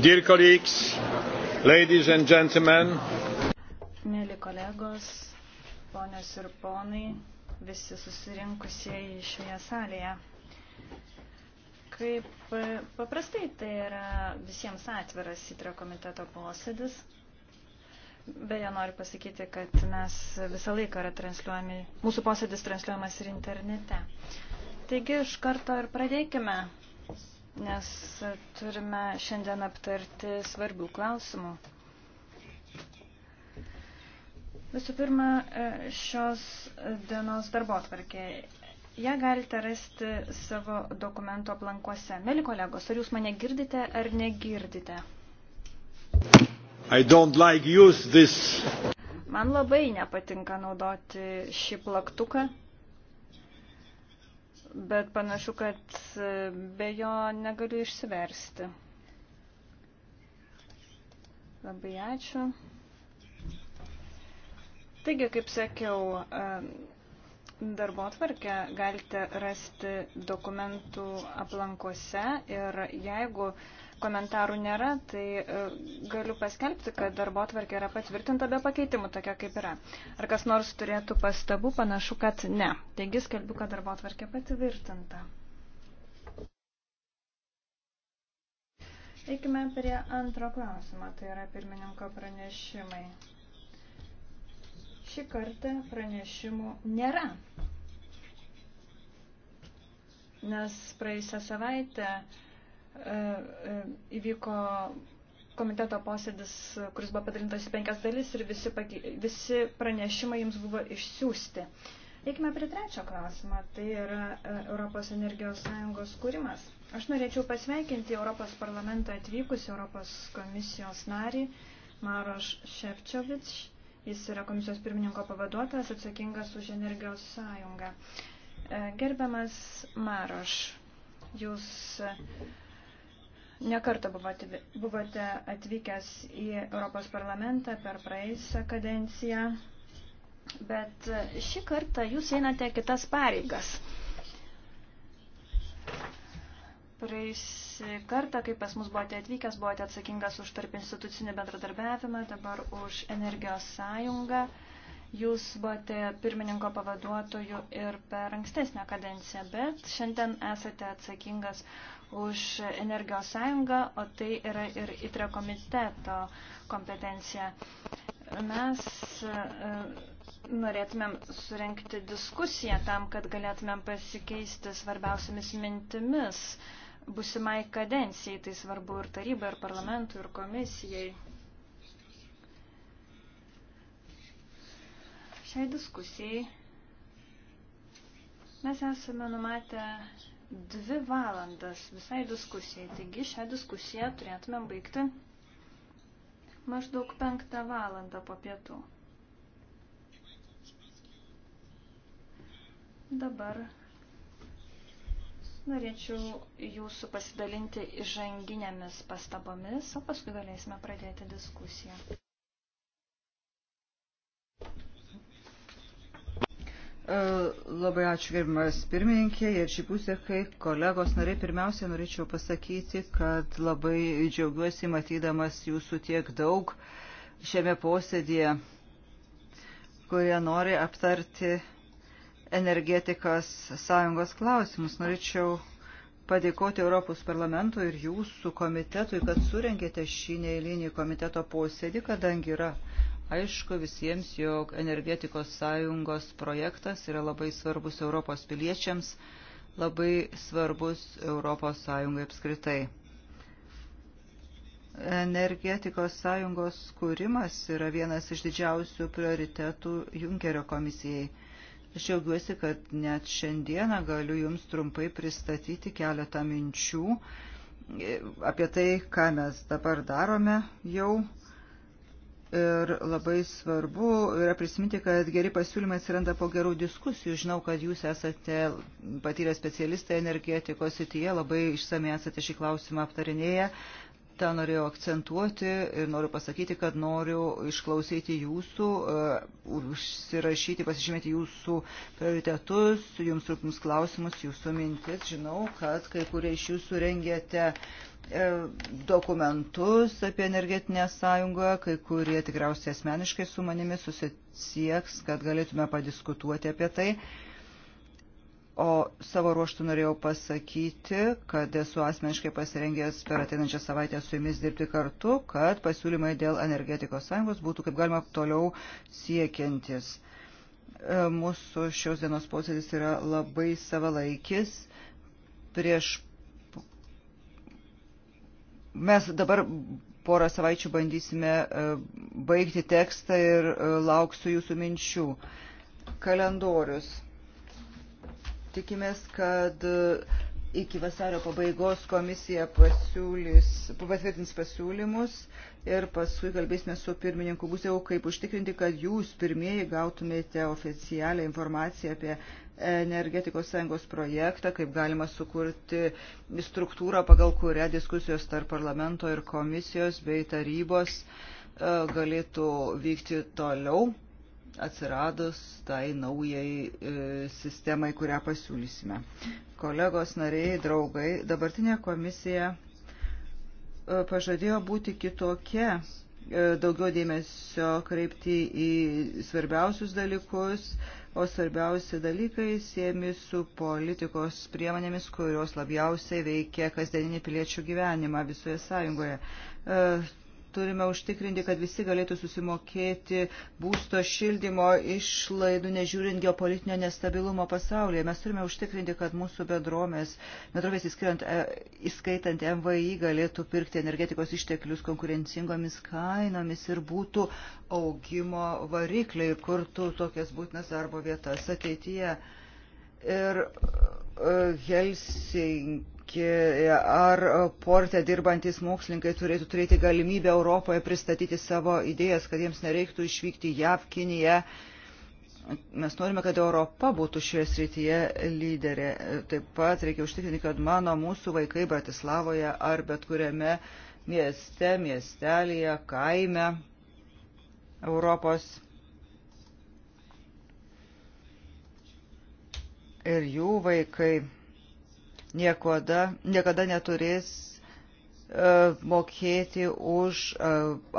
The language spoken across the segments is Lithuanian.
Dear colleagues, ladies and gentlemen. Mėly kolegos, ponios ir ponai, visi susirinkusieji šioje salėje. Kaip e, paprastai tai yra visiems atviras įtrio komiteto posėdis. Beje, noriu pasakyti, kad mes visą laiką yra transliuojami, mūsų posėdis transliuojamas ir internete. Taigi iš karto ir pradėkime nes turime šiandien aptarti svarbių klausimų. Visų pirma, e, šios dienos darbo atvarkė. Ja galite rasti savo dokumento aplankuose. Mėly kolegos, ar jūs mane girdite ar negirdite? I don't like use this. Man labai nepatinka naudoti šį plaktuką bet panašu, kad be jo negaliu išsiversti. Labai ačiū. Taigi, kaip sakiau, darbo atvarkę galite rasti dokumentų aplankuose ir jeigu uh, komentarų nėra, tai e, galiu paskelbti, kad darbo tvarkė yra patvirtinta be pakeitimų, tokia kaip yra. Ar kas nors turėtų pastabų, panašu, kad ne. Taigi skelbiu, kad darbo tvarkė patvirtinta. Eikime prie antro klausimo, tai yra pirmininko pranešimai. Šį kartą pranešimų nėra nes praėjusią savaitę E, e, įvyko komiteto posėdis, kuris buvo padalintas į penkias dalis ir visi, visi pranešimai jums buvo išsiųsti. Eikime prie trečio klausimo, tai yra e, Europos energijos sąjungos kūrimas. Aš norėčiau pasveikinti Europos parlamentą atvykus Europos komisijos narį Maroš Ševčiovič. Jis yra komisijos pirmininko pavaduotojas atsakingas už energijos sąjungą. Gerbiamas Maroš, jūs Nekartą buvote atvykęs į Europos parlamentą per praeisą kadenciją, bet šį kartą jūs einate kitas pareigas. Praeisį kartą, kai pas mus buvote atvykęs, buvote atsakingas už tarp institucinį bendradarbiavimą, dabar už energijos sąjungą. Jūs buvote pirmininko pavaduotoju ir per ankstesnę kadenciją, bet šiandien esate atsakingas už energijos sąjungą, o tai yra ir įtrio komiteto kompetencija. Mes e, norėtumėm surinkti diskusiją tam, kad galėtumėm pasikeisti svarbiausiamis mintimis busimai kadencijai, tai svarbu ir tarybai, ir parlamentui, ir komisijai. Šiai diskusijai mes esame numatę dvi valandas visai diskusijai. Taigi šią diskusiją turėtumėm baigti maždaug penktą valandą po pietų. Dabar norėčiau jūsų pasidalinti įžanginėmis pastabomis, o paskui galėsime pradėti diskusiją. E, labai ačiū gerbimas pirmininkė ir šį pusę, kaip kolegos nariai, pirmiausia norėčiau pasakyti, kad labai džiaugiuosi matydamas jūsų tiek daug šiame posėdėje, kurie nori aptarti energetikos sąjungos klausimus. Norėčiau padėkoti Europos parlamentui ir jūsų komitetui, kad surengėte šį neįlinį komiteto posėdį, kadangi yra Aišku visiems, jog energetikos sąjungos projektas yra labai svarbus Europos piliečiams, labai svarbus Europos sąjungai apskritai. Energetikos sąjungos kūrimas yra vienas iš didžiausių prioritetų Junkerio komisijai. Aš jaugiuosi, kad net šiandieną galiu Jums trumpai pristatyti keletą minčių apie tai, ką mes dabar darome jau Ir labai svarbu yra prisiminti, kad geri pasiūlymai atsiranda po gerų diskusijų. Žinau, kad jūs esate patyrę specialistai energetikos sityje, labai išsamei esate šį klausimą aptarinėję tą norėjau akcentuoti ir noriu pasakyti, kad noriu išklausyti jūsų, e, užsirašyti, pasižymėti jūsų prioritetus, jums rūpimus klausimus, jūsų mintis. Žinau, kad kai kurie iš jūsų rengėte e, dokumentus apie energetinę sąjungą, kai kurie tikriausiai asmeniškai su manimi susisieks, kad galėtume padiskutuoti apie tai. Uh, O savo ruoštų norėjau pasakyti, kad esu asmeniškai pasirengęs per ateinančią savaitę su jumis dirbti kartu, kad pasiūlymai dėl energetikos sąjungos būtų kaip galima toliau siekiantis. E, mūsų šios dienos posėdis yra labai savalaikis. Prieš mes dabar porą savaičių bandysime e, baigti tekstą ir e, lauksiu jūsų minčių. Kalendorius. Tikimės, kad e, iki vasario pabaigos komisija pasiūlys, patvirtins pasiūlymus ir paskui kalbėsime su pirmininku Buseu, kaip užtikrinti, kad jūs pirmieji gautumėte oficialią informaciją apie energetikos sąjungos projektą, kaip galima sukurti struktūrą, pagal kurią diskusijos tarp parlamento ir komisijos bei tarybos e, galėtų vykti toliau atsiradus tai naujai e, sistemai, kurią pasiūlysime. Kolegos, nariai, draugai, dabartinė komisija e, pažadėjo būti kitokia, e, daugiau dėmesio kreipti į svarbiausius dalykus, o svarbiausi dalykai siemi su politikos priemonėmis, kurios labiausiai veikia kasdieninį piliečių gyvenimą visoje sąjungoje turime užtikrinti, kad visi galėtų susimokėti būsto šildymo išlaidų, nežiūrint geopolitinio nestabilumo pasaulyje. Mes turime užtikrinti, kad mūsų bedromės, bedrovės įskaitant e, MVI, galėtų pirkti energetikos išteklius konkurencingomis kainomis ir būtų augimo varikliai, kurtų tokias būtinas darbo vietas ateityje. Ir e, Helsinkio ar porte dirbantis mokslininkai turėtų turėti galimybę Europoje pristatyti savo idėjas, kad jiems nereiktų išvykti JAV, Kiniją. Mes norime, kad Europa būtų šioje srityje lyderė. Taip pat reikia užtikrinti, kad mano mūsų vaikai Bratislavoje ar bet kuriame mieste, miestelėje, kaime Europos ir jų vaikai niekada, niekada neturės e, mokėti už e,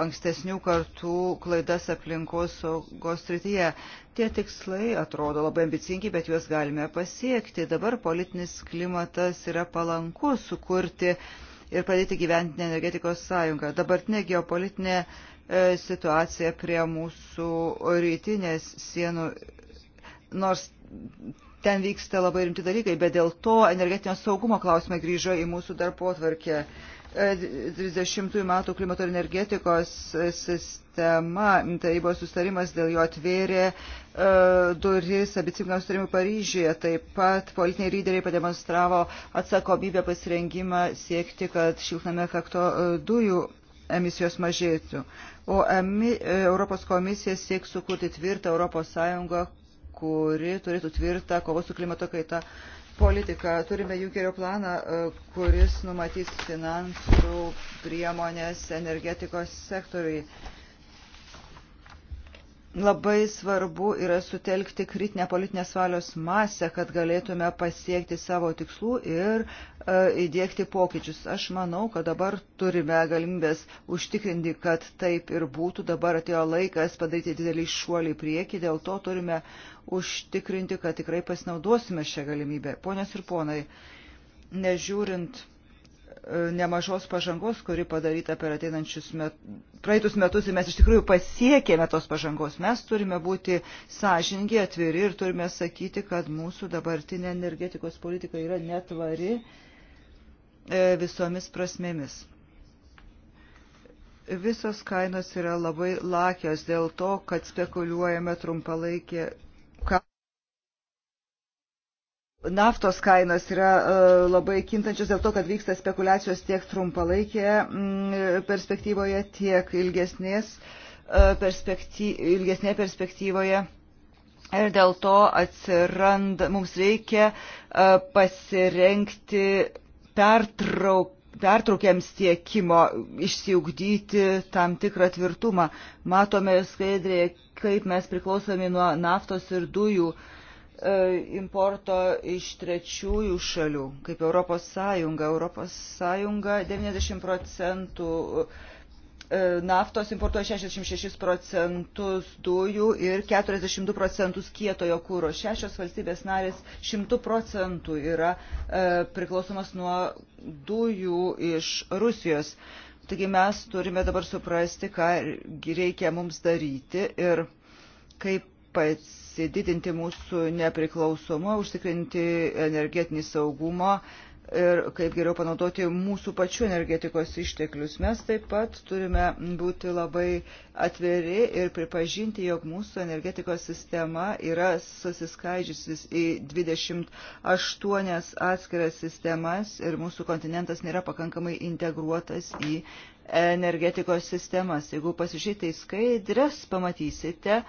ankstesnių kartų klaidas aplinkos saugos srityje. Tie tikslai atrodo labai ambicingi, bet juos galime pasiekti. Dabar politinis klimatas yra palanku sukurti ir padėti gyventi energetikos sąjungą. Dabartinė geopolitinė e, situacija prie mūsų rytinės sienų, nors ten vyksta labai rimti dalykai, bet dėl to energetinio saugumo klausimai grįžo į mūsų darbo tvarkę. 30 e, metų klimato ir energetikos sistema, tarybos sustarimas dėl jo atvėrė e, duris abicingam sustarimui Paryžiuje. Taip pat politiniai lyderiai pademonstravo atsakomybę pasirengimą siekti, kad šiltname efekto e, dujų emisijos mažėtų. O emi, Europos komisija sieks sukurti tvirtą Europos Sąjungą, kuri turėtų tvirtą kovos su klimato kaita politiką. Turime Junkerio planą, e, kuris numatys finansų priemonės energetikos sektoriai labai svarbu yra sutelkti kritinę politinės valios masę, kad galėtume pasiekti savo tikslų ir e, įdėkti pokyčius. Aš manau, kad dabar turime galimybės užtikrinti, kad taip ir būtų. Dabar atėjo laikas padaryti didelį šuolį į priekį, dėl to turime užtikrinti, kad tikrai pasinaudosime šią galimybę. Ponios ir ponai, nežiūrint E, nemažos pažangos, kuri padaryta per ateinančius met, praeitus metus ir mes iš tikrųjų pasiekėme tos pažangos. Mes turime būti sąžiningi, atviri ir turime sakyti, kad mūsų dabartinė energetikos politika yra netvari e, visomis prasmėmis. Visos kainos yra labai lakios dėl to, kad spekuliuojame trumpalaikė Naftos kainos yra e, labai kintančios dėl to, kad vyksta spekulacijos tiek trumpalaikėje perspektyvoje, tiek ilgesnės e, perspekty, ilgesnėje perspektyvoje. Ir dėl to atsiranda, mums reikia e, pasirenkti pertrauk, pertraukiams tiekimo, išsiugdyti tam tikrą tvirtumą. Matome skaidrėje, kaip mes priklausomi nuo naftos ir dujų. Uh, E, importo iš trečiųjų šalių, kaip Europos Sąjunga. Europos Sąjunga 90 procentų e, naftos importuoja 66 procentus dujų ir 42 procentus kietojo kūro. Šešios valstybės narės 100 procentų yra e, priklausomas nuo dujų iš Rusijos. Taigi mes turime dabar suprasti, ką reikia mums daryti ir kaip pats stengiamasi didinti mūsų nepriklausomą, užtikrinti energetinį saugumą ir kaip geriau panaudoti mūsų pačių energetikos išteklius. Mes taip pat turime būti labai atviri ir pripažinti, jog mūsų energetikos sistema yra susiskaidžiusis į 28 atskiras sistemas ir mūsų kontinentas nėra pakankamai integruotas į energetikos sistemas. Jeigu pasižiūrite į skaidrės, pamatysite,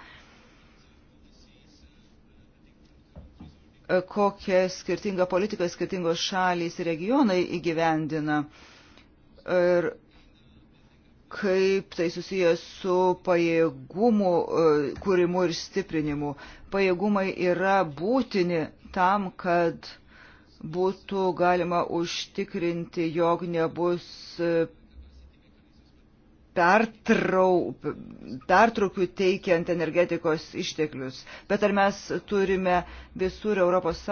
kokią skirtingą politiką skirtingos šalys ir regionai įgyvendina ir kaip tai susijęs su pajėgumų e, kūrimu ir stiprinimu. Pajėgumai yra būtini tam, kad būtų galima užtikrinti, jog nebus e, pertrau, pertraukių teikiant energetikos išteklius. Bet ar mes turime visur ES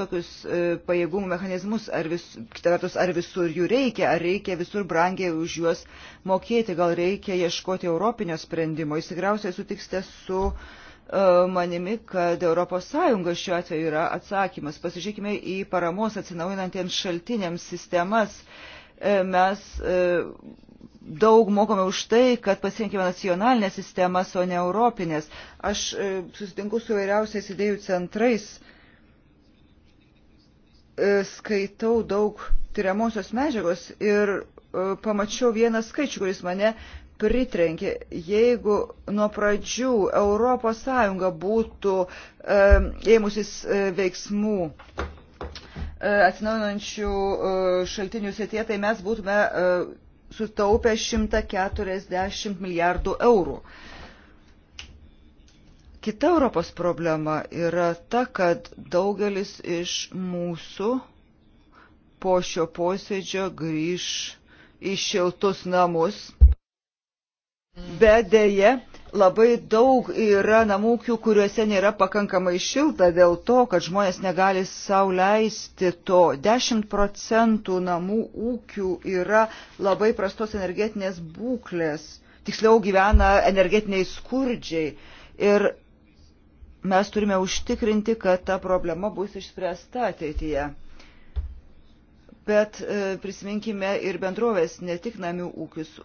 tokius e, pajėgumų mechanizmus, ar, vis, kita vertus, ar visur jų reikia, ar reikia visur brangiai už juos mokėti, gal reikia ieškoti europinio sprendimo. Jūs tikriausiai sutiksite su e, manimi, kad ES šiuo atveju yra atsakymas. Pasižiūrėkime į paramos atsinaujinantiems šaltiniams sistemas. E, E, mes e, daug mokome už tai, kad pasirinkime nacionalinės sistemas, o ne europinės. Aš e, susitinku su vairiausiais idėjų centrais, skaitau daug tyriamosios medžiagos ir pamačiau vieną skaičių, kuris mane pritrenkė. Jeigu nuo pradžių ES būtų ėmusis veiksmų E, atsinaujančių e, šaltinių srityje, tai mes būtume e, sutaupę 140 milijardų eurų. Kita Europos problema yra ta, kad daugelis iš mūsų po šio posėdžio grįž į šiltus namus, bet dėje labai daug yra namūkių, kuriuose nėra pakankamai šilta dėl to, kad žmonės negali sauliaisti to. 10 procentų namų ūkių yra labai prastos energetinės būklės, tiksliau gyvena energetiniai skurdžiai. Ir mes turime užtikrinti, kad ta problema bus išspręsta ateityje. Bet e, prisiminkime ir bendrovės, ne tik namių ūkius,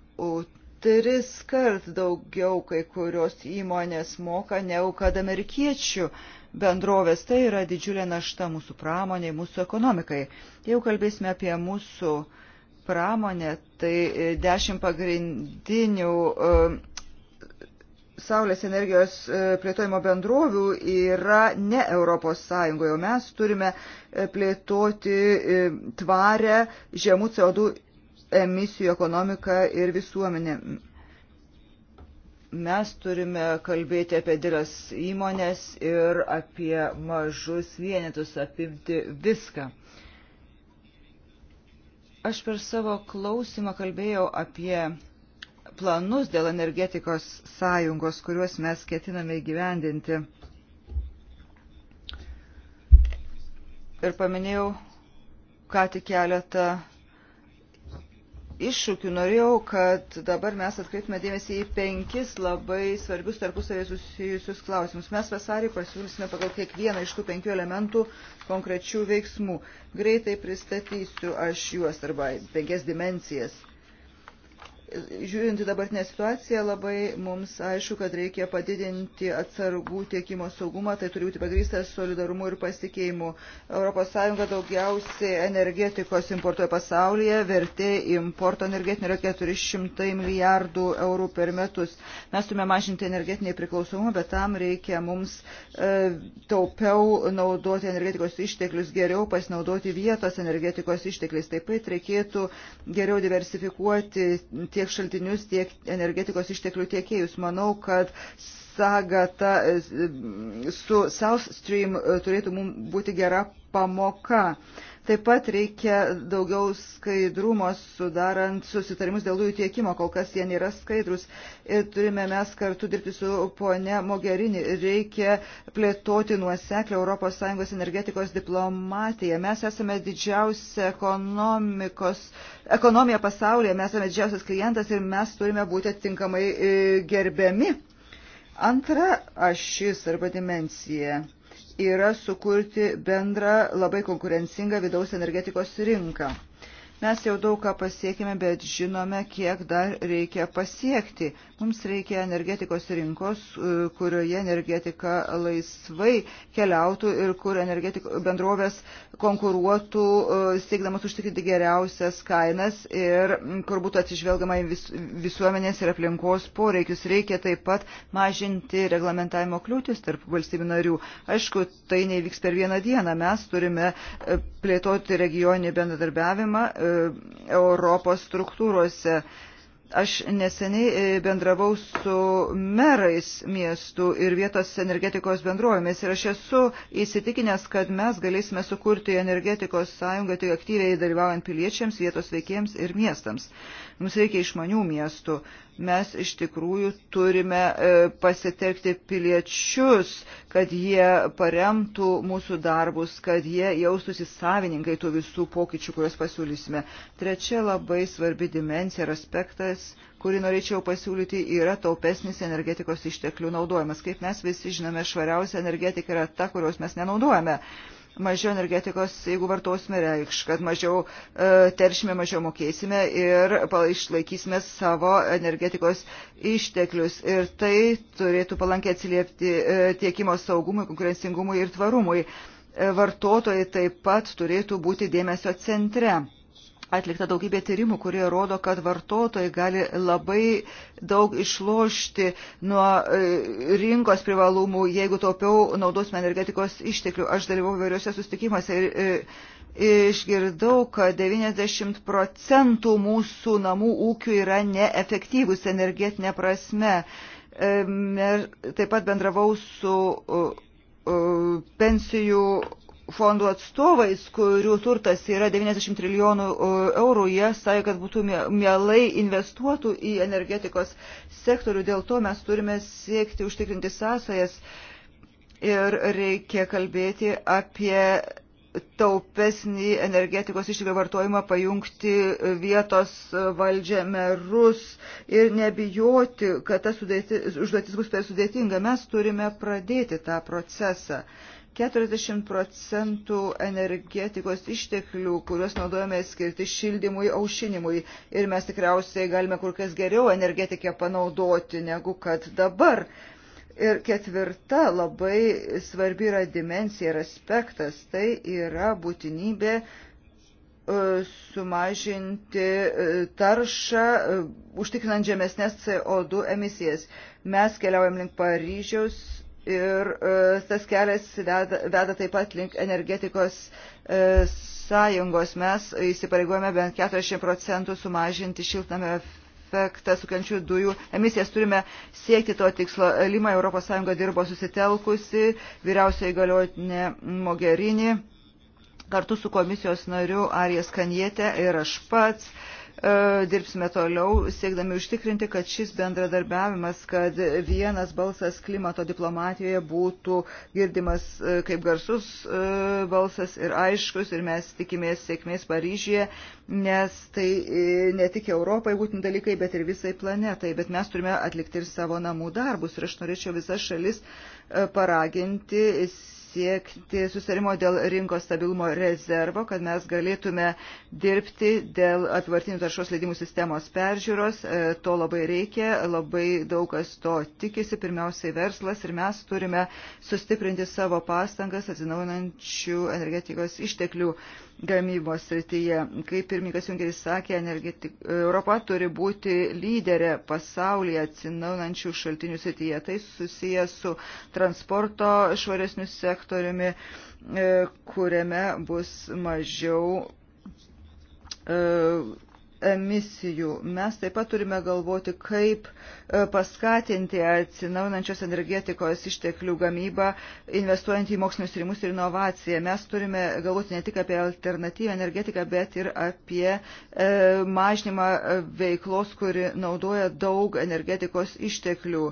tris kart daugiau kai kurios įmonės moka negu kad amerikiečių bendrovės. Tai yra didžiulė našta mūsų pramoniai, mūsų ekonomikai. Jeigu kalbėsime apie mūsų pramonę, tai dešimt pagrindinių e, saulės energijos e, plėtojimo bendrovių yra ne Europos Sąjungoje, o mes turime e, plėtoti tvarę žemų CO2 emisijų ekonomika ir visuomenė. Mes turime kalbėti apie dėlės įmonės ir apie mažus vienetus, apimti viską. Aš per savo klausimą kalbėjau apie planus dėl energetikos sąjungos, kuriuos mes ketiname įgyvendinti. Ir paminėjau ką tik keletą iššūkių. Norėjau, kad dabar mes atkreiptume dėmesį į penkis labai svarbius tarpusavėje susijusius klausimus. Mes vasarį pasiūlysime pagal kiekvieną iš tų penkių elementų konkrečių veiksmų. Greitai pristatysiu aš juos arba penkias dimencijas. Žiūrint į dabartinę situaciją, labai mums aišku, kad reikia padidinti atsargų tiekimo saugumą, tai turi būti pagrįstas solidarumu ir pasitikėjimu. ES daugiausiai energetikos importuoja pasaulyje, vertė importo energetinio yra 400 milijardų eurų per metus. Mes turime mažinti energetinį priklausomumą, bet tam reikia mums e, taupiau naudoti energetikos išteklius, geriau pasinaudoti vietos energetikos ištekliais. Taip pat reikėtų geriau diversifikuoti tiek tiek šaltinius, tiek energetikos išteklių tiekėjus. Manau, kad sagata e, su South Stream e, turėtų mums būti gera pamoka. Taip pat reikia daugiau skaidrumo sudarant susitarimus dėl dujų tiekimo, kol kas jie nėra skaidrus. Ir turime mes kartu dirbti su ponia Mogerini. Reikia plėtoti nuoseklę ES energetikos diplomatiją. Mes esame didžiausia ekonomija pasaulyje, mes esame didžiausias klientas ir mes turime būti atitinkamai e, gerbiami. Antra ašis arba dimensija yra sukurti bendrą labai konkurencingą vidaus energetikos rinką. Mes jau daug ką pasiekime, bet žinome, kiek dar reikia pasiekti. Mums reikia energetikos rinkos, e, kurioje energetika laisvai keliautų ir kur bendrovės konkuruotų, e, siekdamas užtikrinti geriausias kainas ir kur būtų atsižvelgama į vis, visuomenės ir aplinkos poreikius. Reikia taip pat mažinti reglamentavimo kliūtis tarp valstybių narių. Aišku, tai nevyks per vieną dieną. Mes turime e, plėtoti regioninį bendradarbiavimą Europos struktūrose. Aš neseniai e, bendravau su merais miestų ir vietos energetikos bendrovėmis ir aš esu įsitikinęs, kad mes galėsime sukurti energetikos sąjungą tik aktyviai dalyvaujant piliečiams, vietos veikėjams ir miestams. Mums reikia išmanių miestų. Mes iš tikrųjų turime e, pasitelkti piliečius, kad jie paremtų mūsų darbus, kad jie jaustųsi savininkai tų visų pokyčių, kuriuos pasiūlysime. Trečia labai svarbi dimensija ir aspektas kurį norėčiau pasiūlyti, yra taupesnis energetikos išteklių naudojimas. Kaip mes visi žinome, švariausia energetika yra ta, kurios mes nenaudojame. Uh, mažiau energetikos, jeigu vartosime, reikš, kad mažiau e, teršime, mažiau mokėsime ir išlaikysime savo energetikos išteklius. Ir tai turėtų palankiai atsiliepti e, tiekimo saugumui, konkurencingumui ir tvarumui. E, vartotojai taip pat turėtų būti dėmesio centre atlikta daugybė tyrimų, kurie rodo, kad vartotojai gali labai daug išlošti nuo e, rinkos privalumų, jeigu taupiau naudosime energetikos išteklių. Aš dalyvau įvairiuose sustikimuose ir, ir e, išgirdau, kad 90 procentų mūsų namų ūkių yra neefektyvus energetinė prasme. E, taip pat bendravau su pensijų fondų atstovais, kurių turtas yra 90 trilijonų e, eurų, jie sakė, kad būtų mielai investuotų į energetikos sektorių. Dėl to mes turime siekti užtikrinti sąsajas ir reikia kalbėti apie taupesnį energetikos išteklių vartojimą, pajungti vietos valdžią merus ir nebijoti, kad ta sudėti, užduotis bus per sudėtinga. Mes turime pradėti tą procesą. 40 procentų energetikos išteklių, kuriuos naudojame skirti šildymui, aušinimui. Ir mes tikriausiai galime kur kas geriau energetikę panaudoti negu kad dabar. Ir ketvirta labai svarbi yra dimensija ir aspektas. Tai yra būtinybė e, sumažinti e, taršą, e, užtikrinant žemesnės CO2 emisijas. Mes keliaujam link Paryžiaus ir e, tas kelias veda, veda taip pat link energetikos e, sąjungos. Mes įsipareigojame bent 40 procentų sumažinti šiltnamio efektą sukenčių dujų emisijas. Turime siekti to tikslo. Lima ES dirbo susitelkusi, vyriausiai galiotinė Mogerini, kartu su komisijos nariu Arijas Kanjete ir aš pats. Uh, E, dirbsime toliau, siekdami užtikrinti, kad šis bendradarbiavimas, kad vienas balsas klimato diplomatijoje būtų girdimas e, kaip garsus e, balsas ir aiškus, ir mes tikimės sėkmės Paryžyje, nes tai ne tik Europai būtent dalykai, bet ir visai planetai. Bet mes turime atlikti ir savo namų darbus ir aš norėčiau visas šalis paraginti pasiekti susitarimo dėl rinkos stabilumo rezervo, kad mes galėtume dirbti dėl apivartinių taršos leidimų sistemos peržiūros. E, to labai reikia, labai daug kas to tikisi, pirmiausiai verslas ir mes turime sustiprinti savo pastangas atsinaujinančių energetikos išteklių gamybos srityje. Kaip pirmininkas Junkeris sakė, energetik... Europa turi būti lyderė pasaulyje atsinaunančių šaltinių srityje. Tai susiję su transporto švaresniu sektoriumi, e, kuriame bus mažiau e, emisijų. Mes taip pat turime galvoti, kaip e, paskatinti atsinaunančios energetikos išteklių gamybą, investuojant į mokslinius tyrimus ir inovaciją. Mes turime galvoti ne tik apie alternatyvę energetiką, bet ir apie e, mažnymą veiklos, kuri naudoja daug energetikos išteklių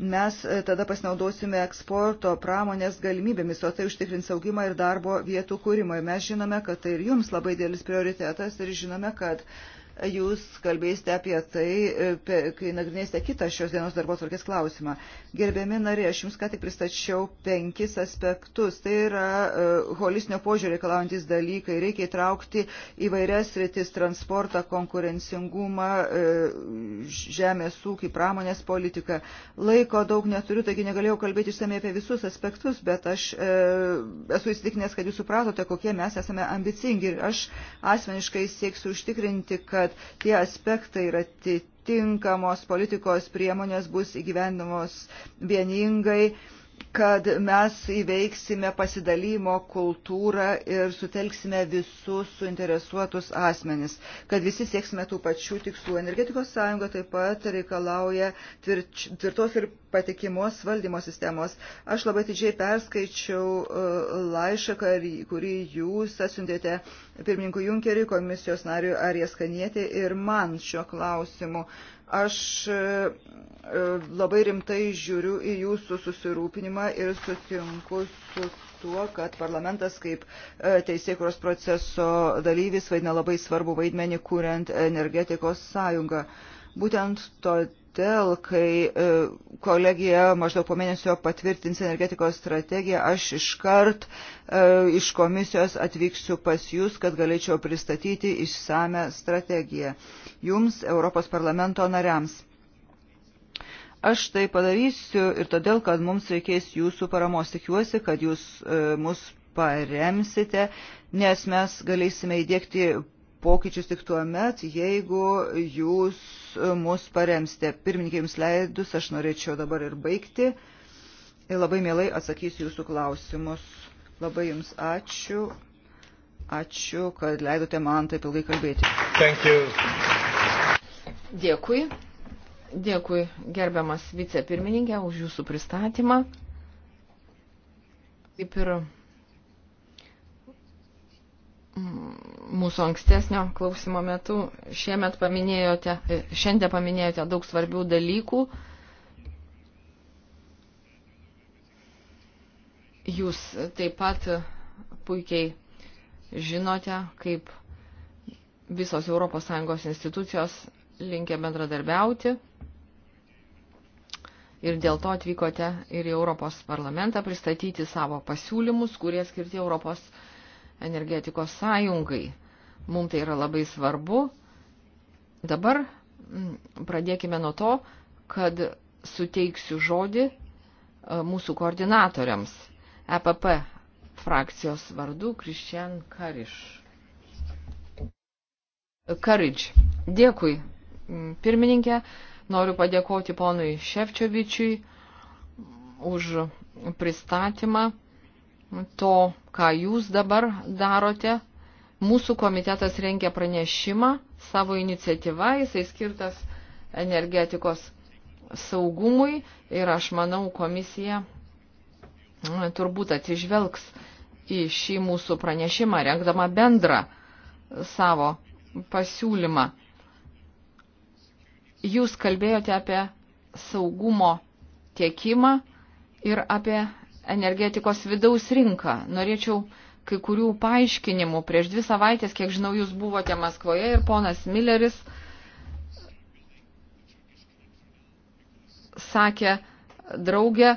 mes e, tada pasinaudosime eksporto pramonės galimybėmis, o tai užtikrins augimą ir darbo vietų kūrimą. Mes žinome, kad tai ir jums labai dėlis prioritetas ir žinome, kad uh, jūs kalbėsite apie tai, e, kai nagrinėsite kitą šios dienos darbo tvarkės klausimą. Gerbiami nariai, aš jums ką tik pristačiau penkis aspektus. Tai yra e, holistinio požiūrį reikalaujantis dalykai. Reikia įtraukti įvairias rytis - transportą, konkurencingumą, e, žemės ūkį, pramonės politiką. Laiko daug neturiu, taigi negalėjau kalbėti išsamei apie visus aspektus, bet aš esu įsitikinęs, kad jūs supratote, kokie mes esame ambicingi. Ir aš asmeniškai sieksiu užtikrinti, kad kad tie aspektai yra tinkamos politikos priemonės bus įgyvendamos vieningai kad mes įveiksime pasidalymo kultūrą ir sutelksime visus suinteresuotus asmenis, kad visi sieksime tų pačių tikslų. Energetikos sąjunga taip pat reikalauja tvirtos ir patikimos valdymo sistemos. Aš labai didžiai perskaičiau uh, laišką, kurį jūs atsiuntėte pirmininkų Junkeriui, komisijos nariui Arieskanietė ir man šiuo klausimu. Uh, Aš e, e, labai rimtai žiūriu į jūsų susirūpinimą ir sutinku su tuo, kad parlamentas kaip e, teisėkuros proceso dalyvis vaidina labai svarbu vaidmenį, kuriant energetikos sąjungą. Būtent todėl Todėl, kai e, kolegija maždaug po mėnesio patvirtins energetikos strategiją, aš iškart e, iš komisijos atvyksiu pas jūs, kad galėčiau pristatyti išsame strategiją jums, Europos parlamento nariams. Aš tai padarysiu ir todėl, kad mums reikės jūsų paramos. Tikiuosi, kad jūs e, mus paremsite, nes mes galėsime įdėkti pokyčius tik tuo met, jeigu jūs mus paremsite. Pirmininkė jums leidus, aš norėčiau dabar ir baigti. Ir labai mielai atsakysiu jūsų klausimus. Labai jums ačiū. Ačiū, kad leidote man taip ilgai kalbėti. Thank you. Dėkui. Dėkui, gerbiamas vicepirmininkė, už jūsų pristatymą. Kaip ir mūsų ankstesnio klausimo metu. Šiemet paminėjote, šiandien paminėjote daug svarbių dalykų. Jūs taip pat puikiai žinote, kaip visos ES institucijos linkia bendradarbiauti. Ir dėl to atvykote ir į Europos parlamentą pristatyti savo pasiūlymus, kurie skirti Europos parlamentą energetikos sąjungai. Mums tai yra labai svarbu. Dabar mm, pradėkime nuo to, kad suteiksiu žodį e, mūsų koordinatoriams EPP frakcijos vardu Kristian Kariš. Karič. Dėkui, mm, pirmininkė. Noriu padėkoti ponui Ševčiovičiui už pristatymą to, ką jūs dabar darote. Mūsų komitetas rengia pranešimą savo iniciatyvą, jisai skirtas energetikos saugumui ir aš manau komisija turbūt atsižvelgs į šį mūsų pranešimą, rengdama bendrą savo pasiūlymą. Jūs kalbėjote apie saugumo tiekimą ir apie energetikos vidaus rinką. Norėčiau kai kurių paaiškinimų. Prieš dvi savaitės, kiek žinau, jūs buvote Maskvoje ir ponas Milleris sakė, draugė,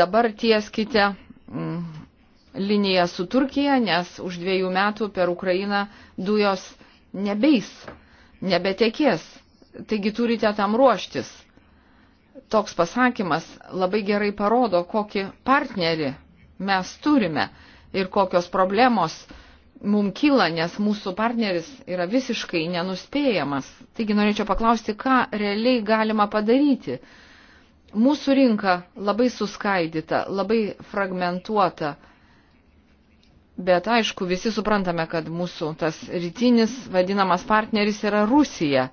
dabar tieskite mm, liniją su Turkija, nes už dviejų metų per Ukrainą dujos nebeis, nebetekės. Taigi turite tam ruoštis toks pasakymas labai gerai parodo, kokį partnerį mes turime ir kokios problemos mums kyla, nes mūsų partneris yra visiškai nenuspėjamas. Taigi norėčiau paklausti, ką realiai galima padaryti. Mūsų rinka labai suskaidyta, labai fragmentuota, bet aišku, visi suprantame, kad mūsų tas rytinis vadinamas partneris yra Rusija.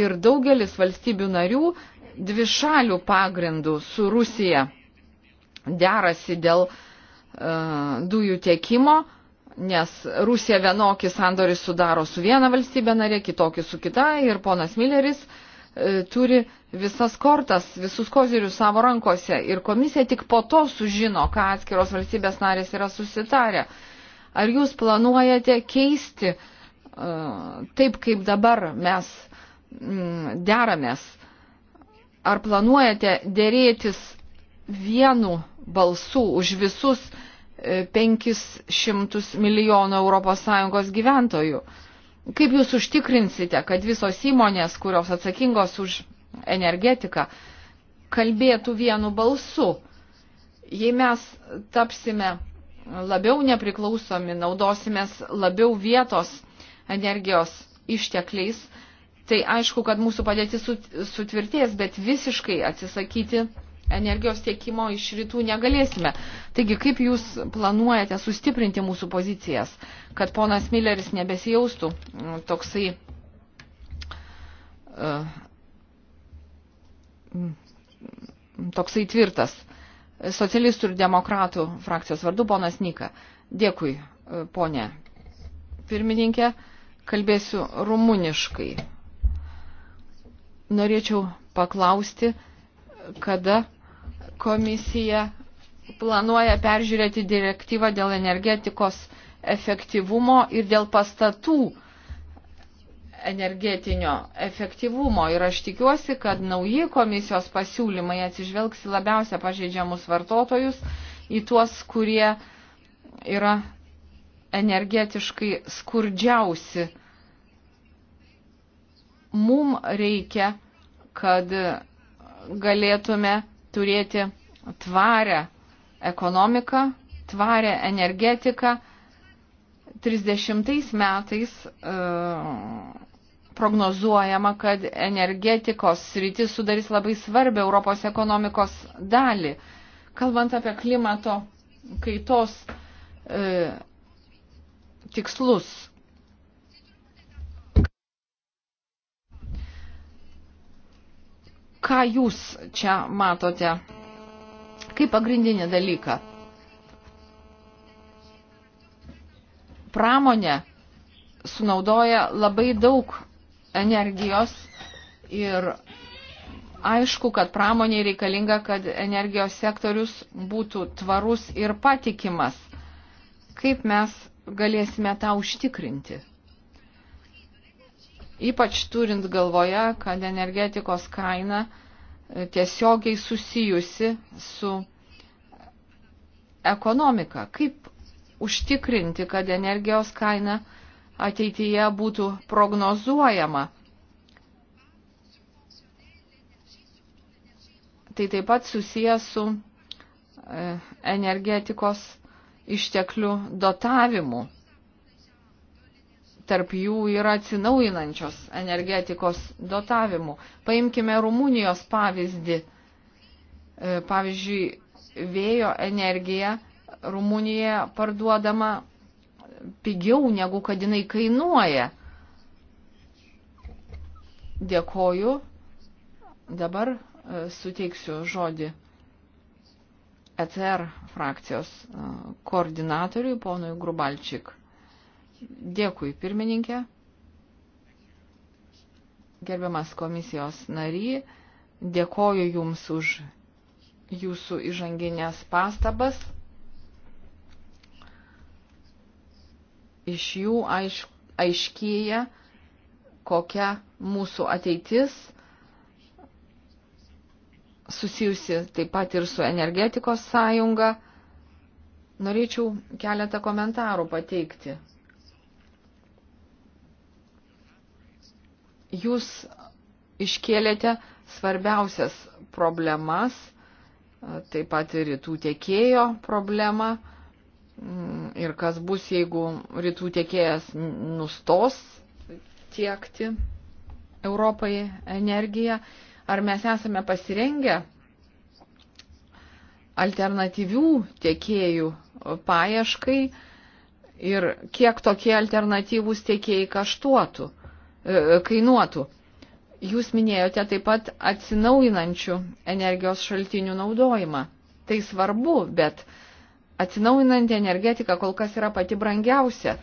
ir daugelis valstybių narių dvišalių pagrindų su Rusija derasi dėl e, dujų tiekimo, nes Rusija vienokį sandorį sudaro su viena valstybė narė, kitokį su kita ir ponas Milleris e, turi visas kortas, visus kozirius savo rankose ir komisija tik po to sužino, ką atskiros valstybės narės yra susitarę. Ar jūs planuojate keisti e, taip, kaip dabar mes Mm, deramės. Ar planuojate dėrėtis vienu balsu už visus 500 e, milijonų ES gyventojų? Kaip jūs užtikrinsite, kad visos įmonės, kurios atsakingos už energetiką, kalbėtų vienu balsu? Jei mes tapsime labiau nepriklausomi, naudosimės labiau vietos energijos ištekliais, tai aišku, kad mūsų padėtis sutvirtės, bet visiškai atsisakyti energijos tiekimo iš rytų negalėsime. Taigi, kaip jūs planuojate sustiprinti mūsų pozicijas, kad ponas Milleris nebesijaustų mm, toksai e, mm, toksai tvirtas. Socialistų ir demokratų frakcijos vardu ponas Nika. Dėkui, e, ponė pirmininkė. Kalbėsiu rumuniškai norėčiau paklausti, kada komisija planuoja peržiūrėti direktyvą dėl energetikos efektyvumo ir dėl pastatų energetinio efektyvumo. Ir aš tikiuosi, kad nauji komisijos pasiūlymai atsižvelgs į labiausia pažeidžiamus vartotojus, į tuos, kurie yra energetiškai skurdžiausi mum reikia, kad galėtume turėti tvarę ekonomiką, tvarę energetiką. 30 metais e, prognozuojama, kad energetikos sritis sudarys labai svarbę Europos ekonomikos dalį. Kalbant apie klimato kaitos e, tikslus, ką jūs čia matote kaip pagrindinį dalyką? Pramonė sunaudoja labai daug energijos ir aišku, kad pramoniai reikalinga, kad energijos sektorius būtų tvarus ir patikimas. Kaip mes galėsime tą užtikrinti? Ypač turint galvoje, kad energetikos kaina e, tiesiogiai susijusi su ekonomika. Kaip užtikrinti, kad energijos kaina ateityje būtų prognozuojama. Tai taip pat susijęs su e, energetikos išteklių dotavimu tarp jų yra atsinaujinančios energetikos dotavimų. Paimkime Rumunijos pavyzdį. E, pavyzdžiui, vėjo energija Rumunijoje parduodama pigiau negu kad jinai kainuoja. Dėkoju. Dabar e, suteiksiu žodį ECR frakcijos e, koordinatoriui, ponui Grubalčik. Dėkui, pirmininkė. Gerbiamas komisijos nary, dėkoju Jums už Jūsų įžanginės pastabas. Iš jų aiš, aiškėja, kokia mūsų ateitis susijusi taip pat ir su energetikos sąjunga. Norėčiau keletą komentarų pateikti. jūs iškėlėte svarbiausias problemas, taip pat ir rytų tiekėjo problemą mm, ir kas bus, jeigu rytų tiekėjas nustos tiekti Europai energiją. Ar mes esame pasirengę alternatyvių tiekėjų paieškai ir kiek tokie alternatyvūs tiekėjai kaštuotų? E, kainuotų. Jūs minėjote taip pat atsinaujinančių energijos šaltinių naudojimą. Tai svarbu, bet atsinaujinanti energetika kol kas yra pati brangiausia.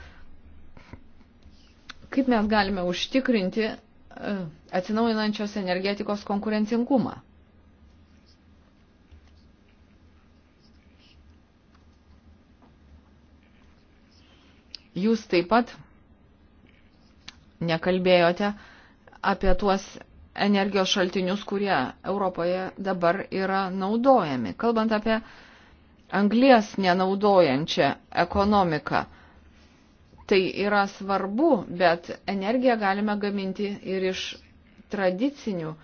Kaip mes galime užtikrinti e, atsinaujinančios energetikos konkurencingumą? Jūs taip pat nekalbėjote apie tuos energijos šaltinius, kurie Europoje dabar yra naudojami. Kalbant apie anglės nenaudojančią ekonomiką, tai yra svarbu, bet energiją galime gaminti ir iš tradicinių e,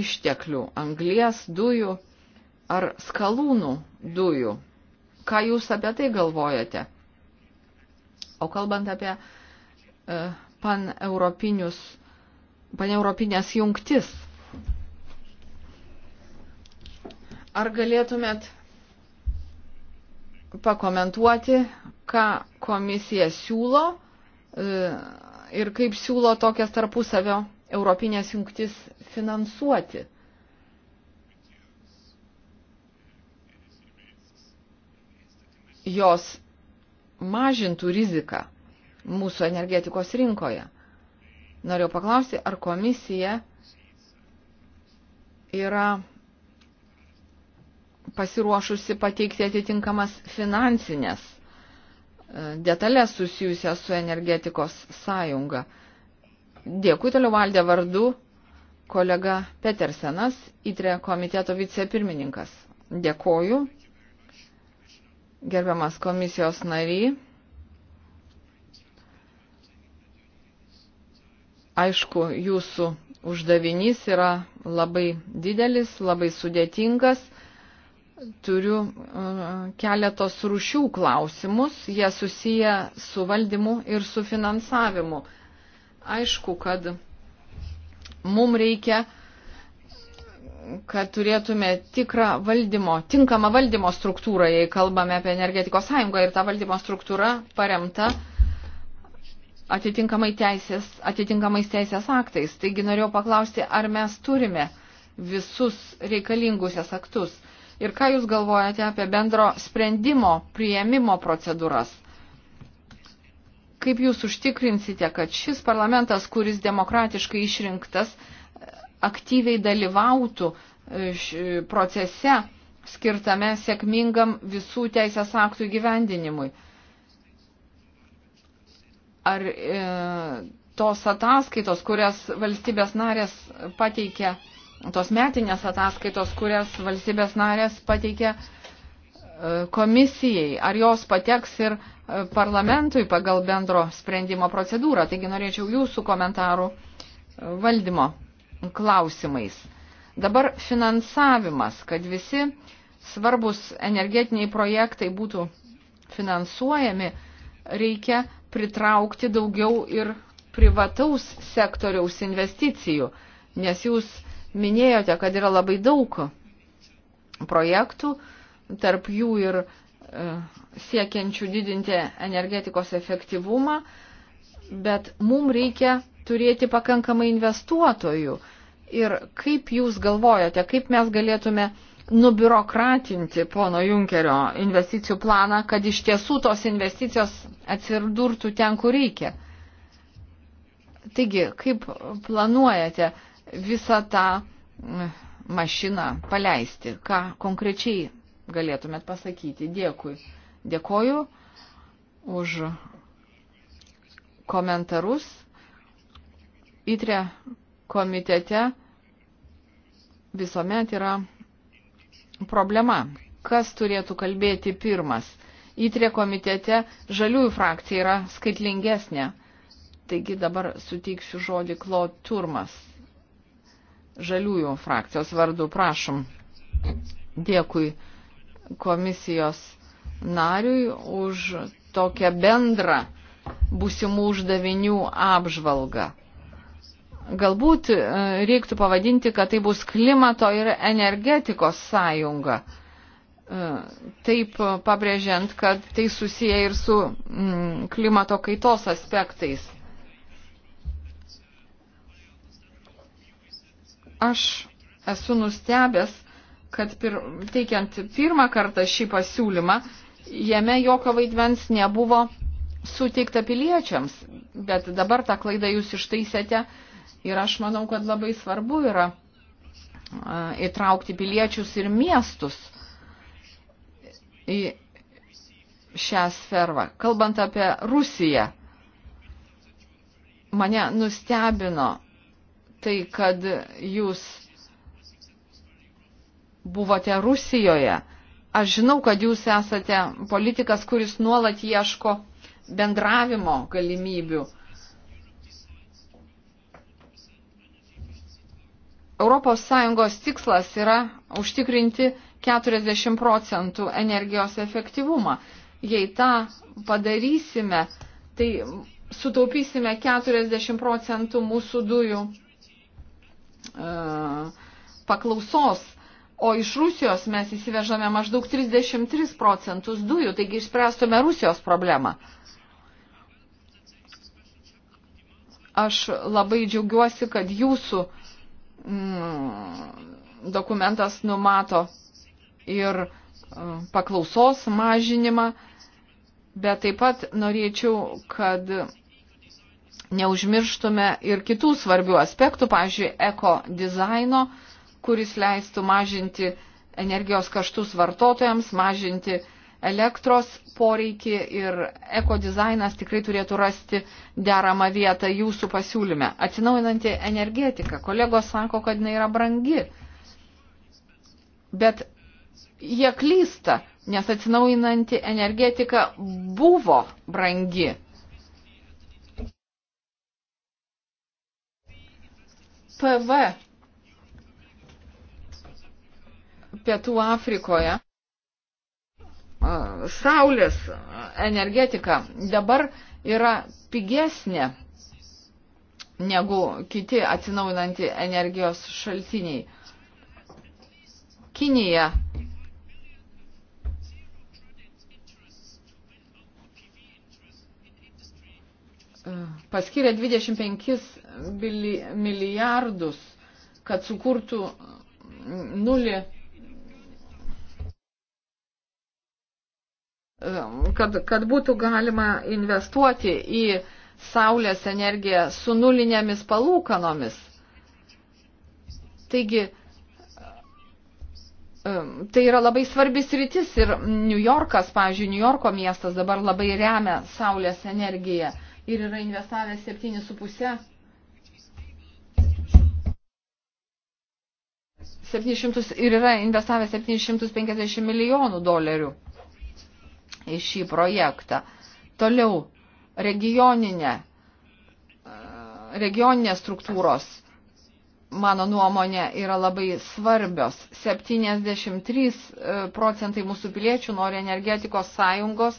išteklių - anglės, dujų ar skalūnų dujų. Ką jūs apie tai galvojate? O kalbant apie e, paneuropinės pan jungtis. Ar galėtumėt pakomentuoti, ką komisija siūlo e, ir kaip siūlo tokias tarpusavio europinės jungtis finansuoti? Jos mažintų riziką mūsų energetikos rinkoje. Noriu paklausti, ar komisija yra pasiruošusi pateikti atitinkamas finansinės e, detalės susijusias su energetikos sąjunga. Dėkui toliau valdė vardu kolega Petersenas, įtrė komiteto vicepirmininkas. Dėkoju, gerbiamas komisijos nariai. Aišku, jūsų uždavinys yra labai didelis, labai sudėtingas. Turiu e, keletos rušių klausimus, jie susiję su valdymu ir su finansavimu. Aišku, kad mums reikia kad turėtume tikrą valdymo, tinkamą valdymo struktūrą, jei kalbame apie energetikos sąjungą ir ta valdymo struktūra paremta uh, atitinkamai teisės, atitinkamais teisės aktais. Taigi norėjau paklausti, ar mes turime visus reikalingusias aktus ir ką Jūs galvojate apie bendro sprendimo prieimimo procedūras. Kaip Jūs užtikrinsite, kad šis parlamentas, kuris demokratiškai išrinktas, aktyviai dalyvautų e, procese skirtame sėkmingam visų teisės aktų gyvendinimui? Ar e, tos ataskaitos, kurias valstybės narės pateikia, tos metinės ataskaitos, kurias valstybės narės pateikia e, komisijai, ar jos pateks ir e, parlamentui pagal bendro sprendimo procedūrą. Taigi norėčiau jūsų komentarų e, valdymo klausimais. Dabar finansavimas, kad visi svarbus energetiniai projektai būtų finansuojami, reikia pritraukti daugiau ir privataus sektoriaus investicijų, nes jūs minėjote, kad yra labai daug projektų, tarp jų ir e, siekiančių didinti energetikos efektyvumą, bet mums reikia turėti pakankamai investuotojų. Ir kaip jūs galvojate, kaip mes galėtume nubiurokratinti pono Junkerio investicijų planą, kad iš tiesų tos investicijos atsidurtų ten, kur reikia. Taigi, kaip planuojate visą tą mašiną paleisti? Ką konkrečiai galėtumėt pasakyti? Dėkui. Dėkoju už komentarus. Įtrė komitete visuomet yra problema. Kas turėtų kalbėti pirmas? Įtrė komitete žaliųjų frakcija yra skaitlingesnė. Taigi dabar suteiksiu žodį Klot Turmas. Žaliųjų frakcijos vardu prašom. Dėkui komisijos nariui už tokią bendrą būsimų uždavinių apžvalgą. Galbūt e, reiktų pavadinti, kad tai bus klimato ir energetikos sąjunga. E, taip pabrėžiant, kad tai susiję ir su mm, klimato kaitos aspektais. Aš esu nustebęs, kad pir, teikiant pirmą kartą šį pasiūlymą, jame jokio vaidmens nebuvo suteikta piliečiams, bet dabar tą klaidą jūs ištaisėte Ir aš manau, kad labai svarbu yra įtraukti piliečius ir miestus į šią sferą. Kalbant apie Rusiją, mane nustebino tai, kad jūs buvote Rusijoje. Aš žinau, kad jūs esate politikas, kuris nuolat ieško bendravimo galimybių ES tikslas yra užtikrinti 40 procentų energijos efektyvumą. Jei tą padarysime, tai sutaupysime 40 procentų mūsų dujų e, paklausos, o iš Rusijos mes įsivežame maždaug 33 procentus dujų, taigi išspręstume Rusijos problemą. Aš labai džiaugiuosi, kad jūsų uh, Mm, dokumentas numato ir e, paklausos mažinimą, bet taip pat norėčiau, kad neužmirštume ir kitų svarbių aspektų, pavyzdžiui, eko dizaino, kuris leistų mažinti energijos kaštus vartotojams, mažinti uh, elektros poreikį ir ekodizainas tikrai turėtų rasti deramą vietą jūsų pasiūlyme. Atsinaujinanti energetika. Kolegos sako, kad jinai yra brangi. Bet jie klysta, nes atsinaujinanti energetika buvo brangi. PV Pietų Afrikoje saulės energetika dabar yra pigesnė negu kiti atsinaujinanti energijos šaltiniai. Kinija paskiria 25 milijardus, kad sukurtų nulį Ehm, kad, kad būtų galima investuoti į saulės energiją su nulinėmis palūkanomis. Taigi, ehm, tai yra labai svarbis rytis ir New Yorkas, pavyzdžiui, New Yorko miestas dabar labai remia saulės energiją ir yra investavęs 7,5 700 ir yra investavęs 750 milijonų dolerių į šį projektą. Toliau regioninė, regioninės struktūros, mano nuomonė, yra labai svarbios. 73 e, procentai mūsų piliečių nori energetikos sąjungos,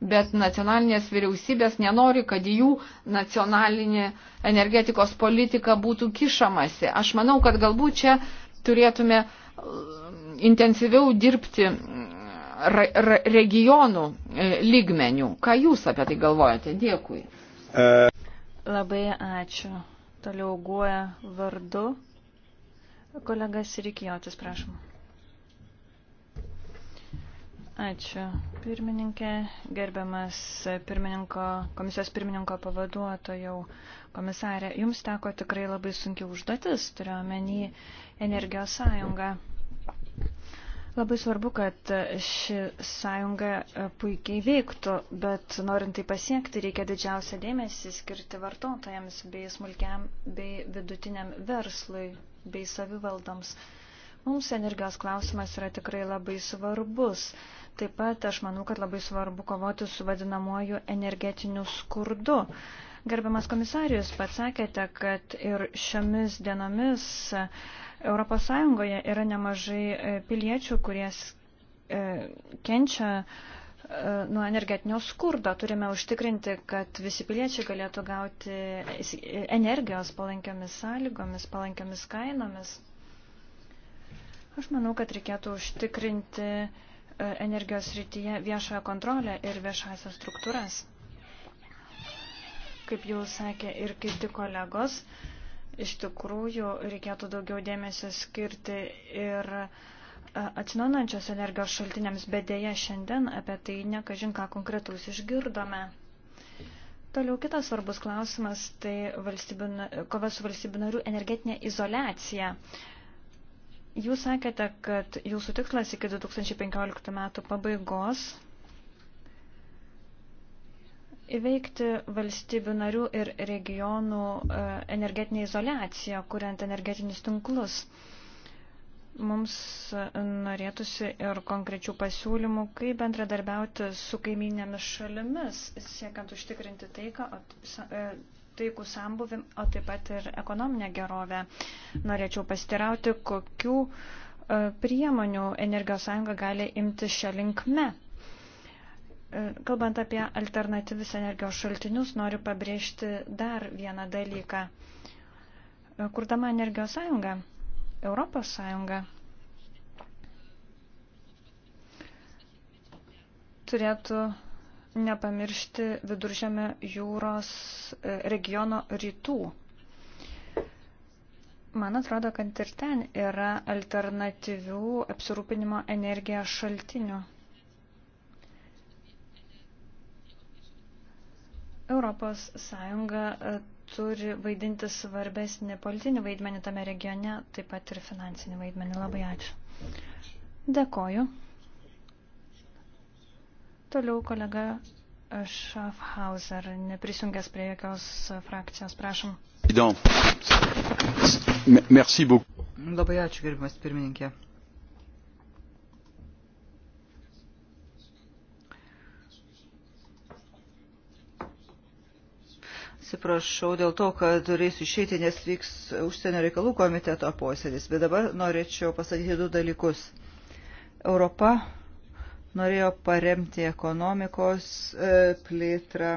bet nacionalinės vyriausybės nenori, kad jų nacionalinė energetikos politika būtų kišamasi. Aš manau, kad galbūt čia turėtume e, intensyviau dirbti ra, ra, regionų e, lygmenių. Ką Jūs apie tai galvojate? Dėkui. E. Labai ačiū. Toliau guoja vardu. Kolegas Rikijotis, prašom. Ačiū. Pirmininkė, gerbiamas pirmininko, komisijos pirmininko pavaduotojau komisarė, jums teko tikrai labai sunki užduotis, turiuomenį energijos sąjungą. Mm. Labai svarbu, kad ši sąjunga e, puikiai veiktų, bet norint tai pasiekti, reikia didžiausią dėmesį skirti vartotojams bei smulkiam bei vidutiniam verslui bei savivaldoms. Mums energijos klausimas yra tikrai labai svarbus. Taip pat aš manau, kad labai svarbu kovoti su vadinamuoju energetiniu skurdu. Gerbiamas komisarijus, pats sakėte, kad ir šiomis dienomis uh, Europos Sąjungoje yra nemažai e, piliečių, kurie e, kenčia e, nuo energetinio skurdo. Turime užtikrinti, kad visi piliečiai galėtų gauti energijos palankiamis sąlygomis, palankiamis kainomis. Aš manau, kad reikėtų užtikrinti energijos rytyje viešoją kontrolę ir viešasias struktūras. Kaip jau sakė ir kiti kolegos, uh, Iš tikrųjų, reikėtų daugiau dėmesio skirti ir e, atsinaujančios energijos šaltiniams, bet dėja šiandien apie tai nekažin ką konkretaus išgirdome. Toliau kitas svarbus klausimas - tai kova su valstybių narių energetinė izolacija. Jūs sakėte, kad jūsų tikslas iki 2015 metų pabaigos Įveikti valstybių narių ir regionų e, energetinę izolaciją, kuriant energetinius tinklus. Mums e, norėtųsi ir konkrečių pasiūlymų, kaip bendradarbiauti su kaiminėmis šalimis, siekiant užtikrinti taiką, e, taikų sambuvim, o taip pat ir ekonominę gerovę. Norėčiau pastirauti, kokių priemonių Energijos sąjunga gali imti šią linkme. E, kalbant apie alternatyvius energijos šaltinius, noriu pabrėžti dar vieną dalyką. E, kurdama energijos sąjungą, Europos sąjungą, turėtų nepamiršti viduržėme jūros e, regiono rytų. Man atrodo, kad ir ten yra alternatyvių apsirūpinimo energijos šaltinių. Europos Sąjunga e, turi vaidinti svarbesnį politinį vaidmenį tame regione, taip pat ir finansinį vaidmenį. Labai ačiū. Dėkoju. Toliau kolega Schaffhauser, neprisijungęs prie jokios frakcijos, prašom. Labai ačiū, gerbimas pirmininkė. Atsiprašau dėl to, kad turėsiu išeiti, nes vyks užsienio reikalų komiteto posėdis, bet dabar norėčiau pasakyti du dalykus. Europa norėjo paremti ekonomikos e, plėtrą.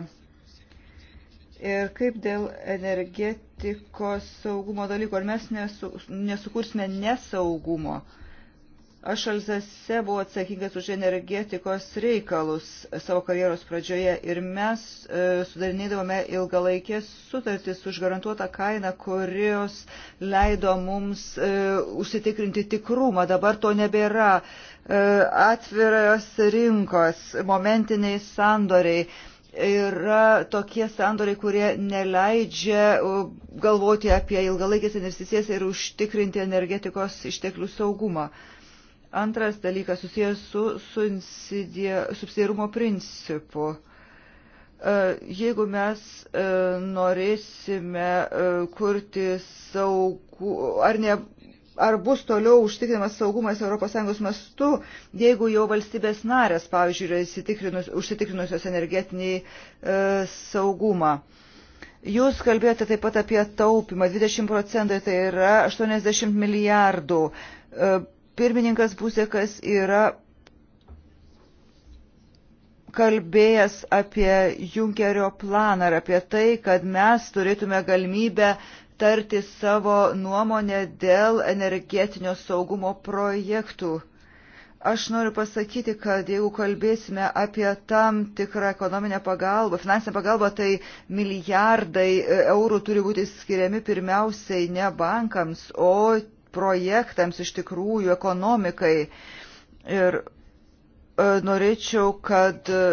Ir kaip dėl energetikos saugumo dalykų, ar mes nesu, nesukursime nesaugumo? Ne Aš Alzase buvau atsakingas už energetikos reikalus savo karjeros pradžioje ir mes e, sudarinėdavome ilgalaikės sutartis už garantuotą kainą, kurios leido mums e, užsitikrinti tikrumą. Dabar to nebėra. E, atviras rinkos, momentiniai sandoriai. Yra tokie sandoriai, kurie neleidžia e, galvoti apie ilgalaikės investicijas ir užtikrinti energetikos išteklių saugumą. E, Antras dalykas susijęs su subsidiarumo principu. E, jeigu mes e, norėsime e, kurti saugų, ar ne, ar bus toliau užtikrinamas saugumas ES mastu, jeigu jau valstybės narės, pavyzdžiui, yra užsitikrinusios energetiniai e, saugumą. Jūs kalbėjote taip pat apie taupimą, 20 procentai tai yra 80 milijardų. E, Pirmininkas Busekas yra kalbėjęs apie Junkerio planą ir apie tai, kad mes turėtume galimybę tarti savo nuomonę dėl energetinio saugumo projektų. Aš noriu pasakyti, kad jeigu kalbėsime apie tam tikrą ekonominę pagalbą, finansinę pagalbą, tai milijardai eurų turi būti skiriami pirmiausiai ne bankams, o projektams, iš tikrųjų ekonomikai. Ir e, norėčiau, kad e,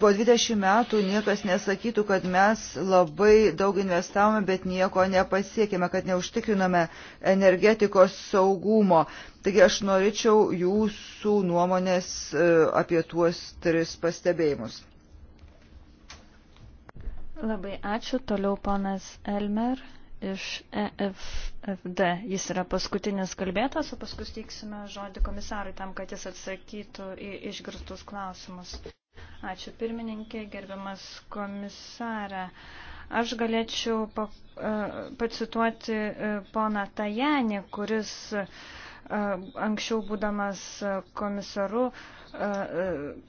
po 20 metų niekas nesakytų, kad mes labai daug investavome, bet nieko nepasiekėme, kad neužtikriname energetikos saugumo. Taigi aš norėčiau jūsų nuomonės e, apie tuos tris pastebėjimus. Labai ačiū. Toliau ponas Elmer iš EFFD. Jis yra paskutinis kalbėtas, o paskui teiksime žodį komisarui tam, kad jis atsakytų į išgirstus klausimus. Ačiū pirmininkė, gerbiamas komisarė. Aš galėčiau pa, e, pacituoti e, poną Tajanį, kuris e, anksčiau būdamas komisaru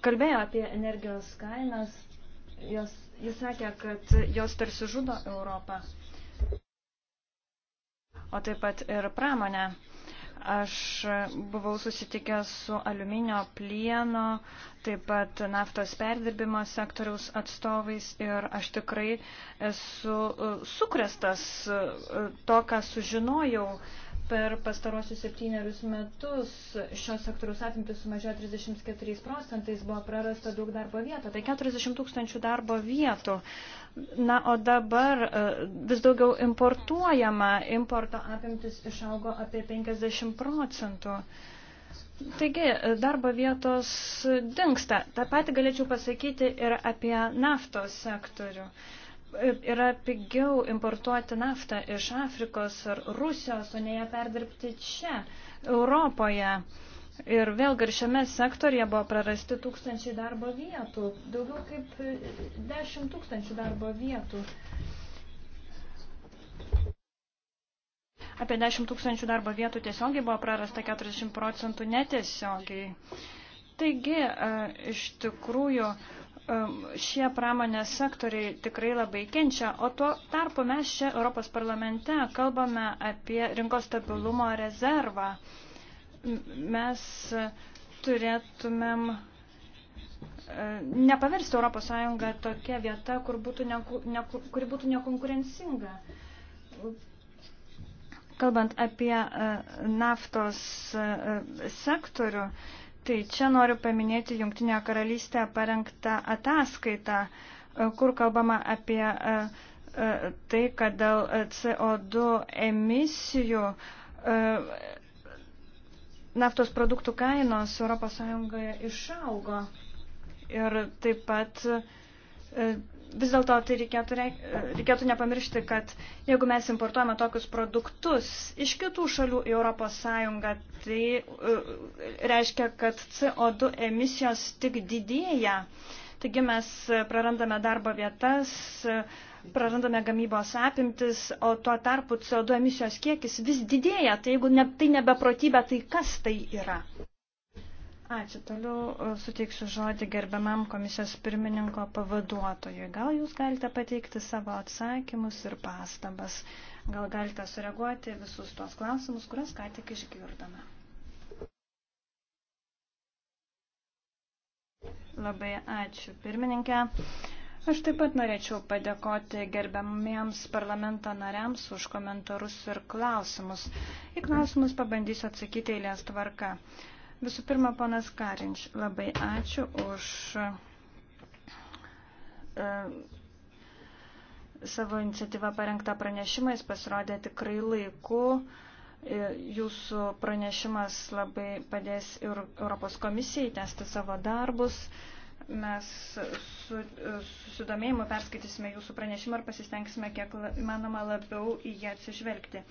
kalbėjo apie energijos kainas. Jos, jis sakė, kad jos tarsi žudo Europą o taip pat ir pramonę. Aš buvau susitikęs su aliuminio plieno, taip pat naftos perdirbimo sektoriaus atstovais ir aš tikrai esu sukrestas e, to, ką sužinojau Per pastarosius septynerius metus šios sektoriaus apimtis sumažėjo 34 procentais, buvo prarasta daug darbo vietų, tai 40 tūkstančių darbo vietų. Na, o dabar e, vis daugiau importuojama, importo apimtis išaugo apie 50 procentų. Taigi, e, darbo vietos dinksta. Ta pati galėčiau pasakyti ir apie naftos sektorių. Uh, yra pigiau importuoti naftą iš Afrikos ar Rusijos, o ne ją perdirbti čia, Europoje. Ir vėlgi ir šiame sektorija buvo prarasti tūkstančiai darbo vietų, daugiau kaip 10 tūkstančių darbo vietų. Apie 10 tūkstančių darbo vietų tiesiogiai buvo prarasta 40 procentų netiesiogiai. Taigi, e, iš tikrųjų, šie pramonės sektoriai tikrai labai kenčia, o tuo tarpu mes čia Europos parlamente kalbame apie rinkos stabilumo rezervą. Mes turėtumėm e, nepaversti Europos Sąjungą tokia vieta, kur būtų neku, neku, kuri būtų nekonkurencinga. Kalbant apie e, naftos e, sektorių, Tai čia noriu paminėti Junktinėje karalystėje parengtą ataskaitą, e, kur kalbama apie e, e, tai, kad dėl CO2 emisijų naftos produktų kainos ES išaugo. Ir taip pat vis dėlto tai reikėtų, reikėtų nepamiršti, kad jeigu mes importuojame tokius produktus iš kitų šalių į ES, tai e, reiškia, kad CO2 emisijos tik didėja. Taigi mes prarandame darbo vietas, prarandame gamybos apimtis, o tuo tarpu CO2 emisijos kiekis vis didėja. Tai jeigu ne, tai nebeprotybė, tai kas tai yra? Ačiū. Toliau e, suteiksiu žodį gerbiamam komisijos pirmininko pavaduotojui. Gal jūs galite pateikti savo atsakymus ir pastabas. Gal galite sureaguoti visus tuos klausimus, kuriuos ką tik išgirdome. Labai ačiū, pirmininkė. Aš taip pat norėčiau padėkoti gerbiamiems parlamento nariams už komentarus ir klausimus. Į klausimus pabandysiu atsakyti eilės tvarka. tvarką. Visų pirma, panas Karinč, labai ačiū už e, savo iniciatyvą parengtą pranešimą. Jis pasirodė tikrai laiku. E, jūsų pranešimas labai padės ir Europos komisijai tęsti savo darbus mes su e, susidomėjimu perskaitysime jūsų pranešimą ir pasistengsime kiek įmanoma labiau į jį atsižvelgti.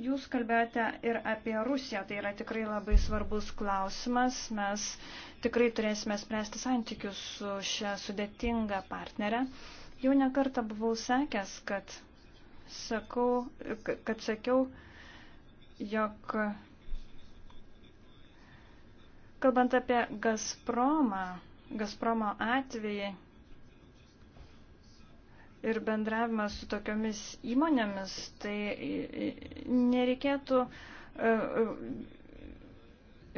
Jūs kalbėjote ir apie Rusiją, tai yra tikrai labai svarbus klausimas. Mes tikrai turėsime spręsti santykius su šia sudėtinga partnerė. Jau nekartą buvau sakęs, kad, sakau, kad sakiau, jog kalbant apie Gazpromą, Gazpromo atvejį, ir bendravimas su tokiomis įmonėmis, tai nereikėtų e, e,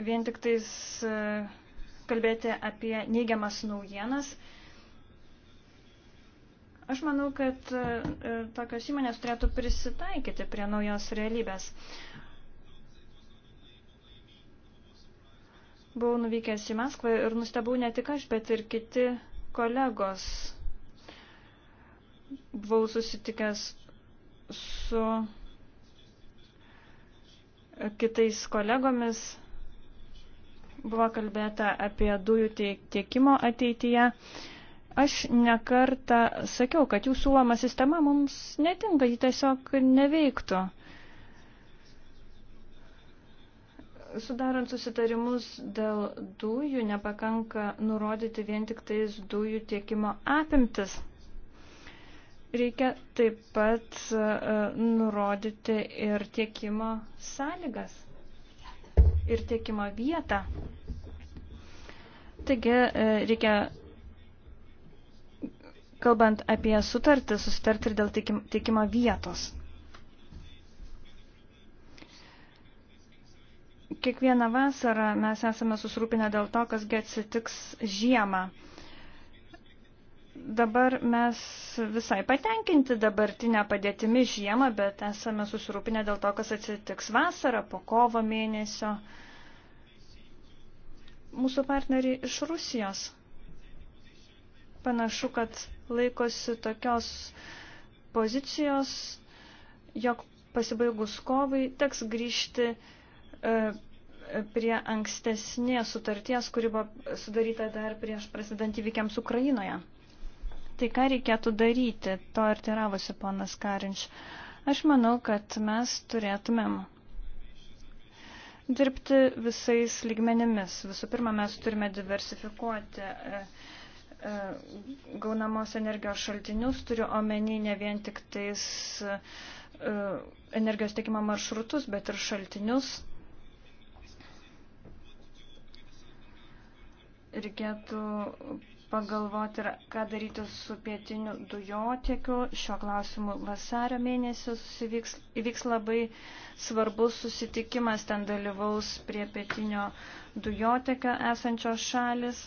vien tik tais e, kalbėti apie neigiamas naujienas. Aš manau, kad tokios įmonės turėtų prisitaikyti prie naujos realybės. Buvau nuvykęs į Maskvą ir nustebau ne tik aš, bet ir kiti kolegos buvau susitikęs su kitais kolegomis. Buvo kalbėta apie dujų tiekimo ateityje. Aš nekartą sakiau, kad jų siūloma sistema mums netinka, ji tiesiog neveiktų. Sudarant susitarimus dėl dujų nepakanka nurodyti vien tik tais dujų tiekimo apimtis. Reikia taip pat e, nurodyti ir tiekimo sąlygas ir tiekimo vietą. Taigi e, reikia, kalbant apie sutartį, susitarti ir dėl tiekimo vietos. Kiekvieną vasarą mes esame susirūpinę dėl to, kasgi atsitiks žiemą dabar mes visai patenkinti dabartinę padėtimi žiemą, bet esame susirūpinę dėl to, kas atsitiks vasarą po kovo mėnesio. Mūsų partneriai iš Rusijos panašu, kad laikosi tokios pozicijos, jog pasibaigus kovai teks grįžti e, prie ankstesnės sutarties, kuri buvo sudaryta dar prieš prasidant įvykiams Ukrainoje. Tai ką reikėtų daryti, to ir teravosi ponas Karinč. Aš manau, kad mes turėtumėm dirbti visais lygmenimis. Visų pirma, mes turime diversifikuoti e, e, gaunamos energijos šaltinius, turiu omeny ne vien tik tais e, energijos tiekimo maršrutus, bet ir šaltinius. Reikėtų pagalvoti ir ką daryti su pietiniu dujotiekiu. Šiuo klausimu vasario mėnesį susivyks, įvyks labai svarbus susitikimas, ten dalyvaus prie pietinio dujotekio esančios šalis.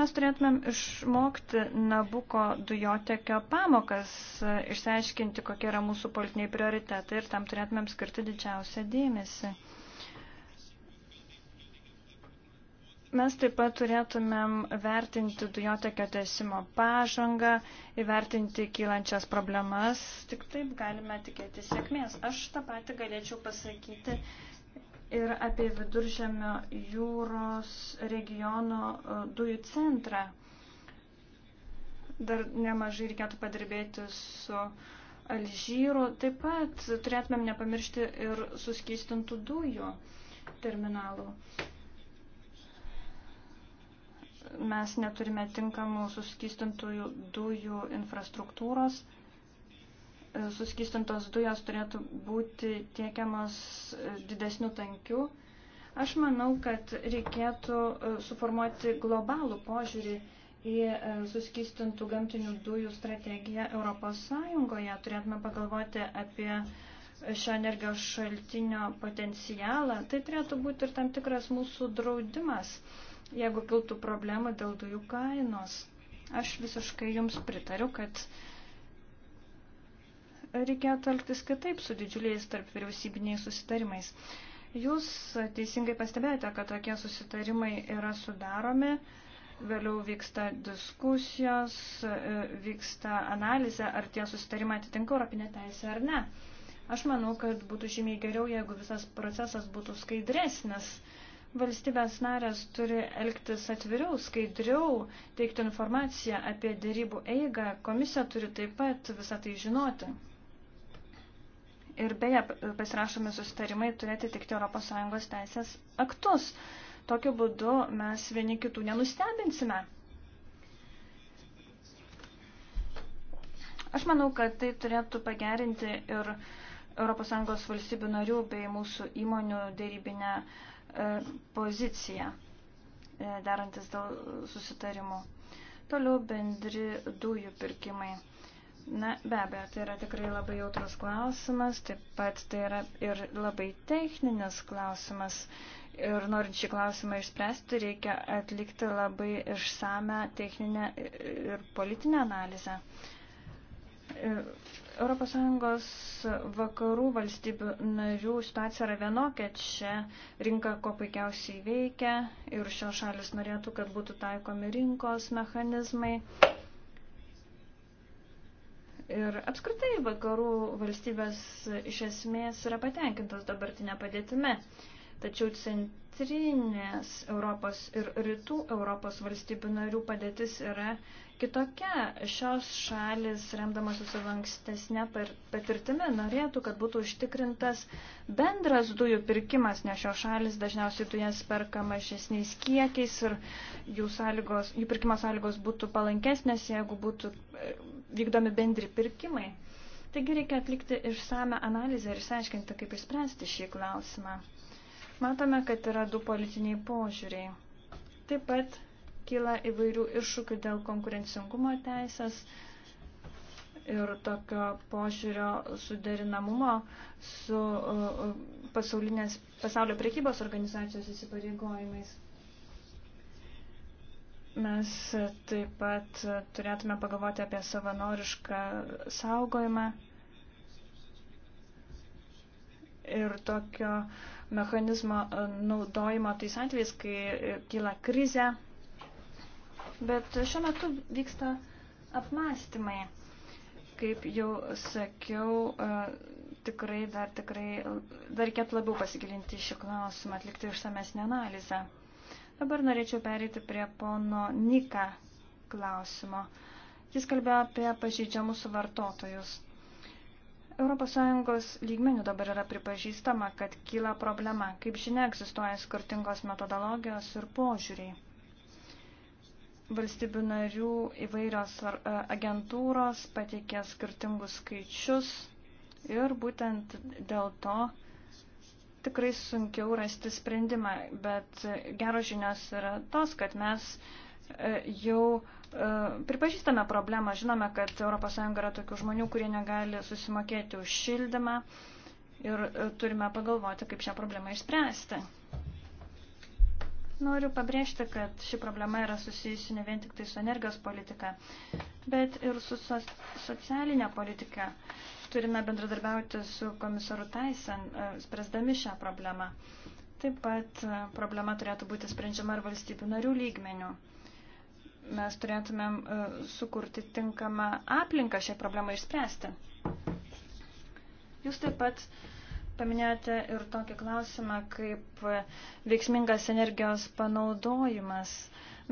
Mes turėtumėm išmokti Nabuko dujotekio pamokas, išsiaiškinti, kokie yra mūsų politiniai prioritetai ir tam turėtumėm skirti didžiausią dėmesį. Mes taip pat turėtumėm vertinti dujotekio tiesimo pažangą, įvertinti kylančias problemas, tik taip galime tikėti sėkmės. Aš tą patį galėčiau pasakyti ir apie viduržėmio jūros regiono e, dujų centrą. Dar nemažai reikėtų padirbėti su Alžyru. Taip pat turėtumėm nepamiršti ir suskystintų dujų terminalų mes neturime tinkamų suskystintųjų dujų infrastruktūros. Suskystintos dujos turėtų būti tiekiamos didesnių tankių. Aš manau, kad reikėtų e, suformuoti globalų požiūrį į e, suskystintų gamtinių dujų strategiją Europos Sąjungoje. Turėtume pagalvoti apie šio energijos šaltinio potencialą. Tai turėtų būti ir tam tikras mūsų draudimas jeigu kiltų problemų dėl dujų kainos. Aš visiškai jums pritariu, kad reikėtų elgtis kitaip su didžiuliais tarp vyriausybiniais susitarimais. Jūs teisingai pastebėjote, kad tokie susitarimai yra sudaromi, vėliau vyksta diskusijos, vyksta analizė, ar tie susitarimai atitinka Europinė teisė ar ne. Aš manau, kad būtų žymiai geriau, jeigu visas procesas būtų skaidresnis. nes Valstybės narės turi elgtis atviriau, skaidriau, teikti informaciją apie dėrybų eigą. Komisija turi taip pat visą tai žinoti. Ir beje, pasirašomi susitarimai turėti tikti ES teisės aktus. Tokiu būdu mes vieni kitų nenustebinsime. Aš manau, kad tai turėtų pagerinti ir ES valstybių narių bei mūsų įmonių dėrybinę uh, E, poziciją, e, darantis dėl susitarimų. Toliau bendri dujų pirkimai. Na, be abejo, tai yra tikrai labai jautrus klausimas, taip pat tai yra ir labai techninis klausimas. Ir norint šį klausimą išspręsti, reikia atlikti labai išsame techninę ir politinę analizę e, ES vakarų valstybių narių situacija yra vienokia, čia rinka ko puikiausiai veikia ir šios šalis norėtų, kad būtų taikomi rinkos mechanizmai. Ir apskritai vakarų valstybės iš esmės yra patenkintos dabartinė padėtime. Tačiau centrinės Europos ir rytų Europos valstybių narių padėtis yra kitokia. Šios šalis, remdamasis savo ankstesnė patirtimi, norėtų, kad būtų užtikrintas bendras dujų pirkimas, nes šios šalis dažniausiai dujas perka mažesniais kiekiais ir jų, sąlygos, jų pirkimo sąlygos būtų palankesnės, jeigu būtų e, vykdomi bendri pirkimai. Taigi reikia atlikti išsame analizę ir išsiaiškinti, kaip išspręsti šį klausimą. Matome, kad yra du politiniai požiūriai. Taip pat kyla įvairių iššūkių dėl konkurencingumo teisės ir tokio požiūrio suderinamumo su pasaulinės, pasaulio priekybos organizacijos įsipareigojimais. Mes taip pat turėtume pagalvoti apie savanorišką saugojimą ir tokio mechanizmo naudojimo tais atvejais, kai kyla krizė bet šiuo metu vyksta apmąstymai. Kaip jau sakiau, e, tikrai dar, tikrai, dar reikėtų labiau pasigilinti šį klausimą, atlikti išsamesnį analizę. Dabar norėčiau pereiti prie pono Nika klausimo. Jis kalbėjo apie pažydžiamus vartotojus. ES lygmenių dabar yra pripažįstama, kad kyla problema. Kaip žinia, egzistuoja skirtingos metodologijos ir požiūriai valstybių narių įvairios e, agentūros pateikė skirtingus skaičius ir būtent dėl to tikrai sunkiau rasti sprendimą, bet geros žinios yra tos, kad mes e, jau e, pripažįstame problemą, žinome, kad ES yra tokių žmonių, kurie negali susimokėti už šildymą ir turime pagalvoti, kaip šią problemą išspręsti. Noriu pabrėžti, kad ši problema yra susijusi ne vien tik tai su energijos politika, bet ir su so socialinė politika. Turime bendradarbiauti su komisaru Tyson, e, spręsdami šią problemą. Taip pat e, problema turėtų būti sprendžiama ir valstybių narių lygmenių mes turėtumėm e, sukurti tinkamą aplinką šią problemą išspręsti. Jūs taip pat paminėjote ir tokį klausimą kaip veiksmingas energijos panaudojimas.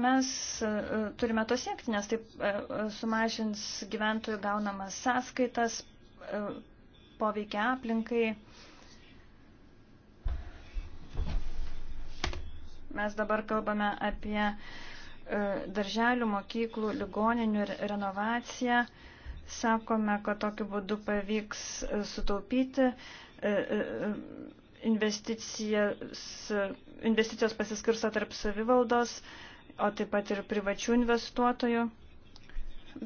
Mes e, turime to siekti, nes taip e, e, sumažins gyventojų gaunamas sąskaitas, poveikia aplinkai. Mes dabar kalbame apie darželių, mokyklų, ligoninių renovaciją. Sakome, kad tokiu būdu pavyks sutaupyti E, e, e, investicijos pasiskirsto tarp savivaldos, o taip pat ir privačių investuotojų.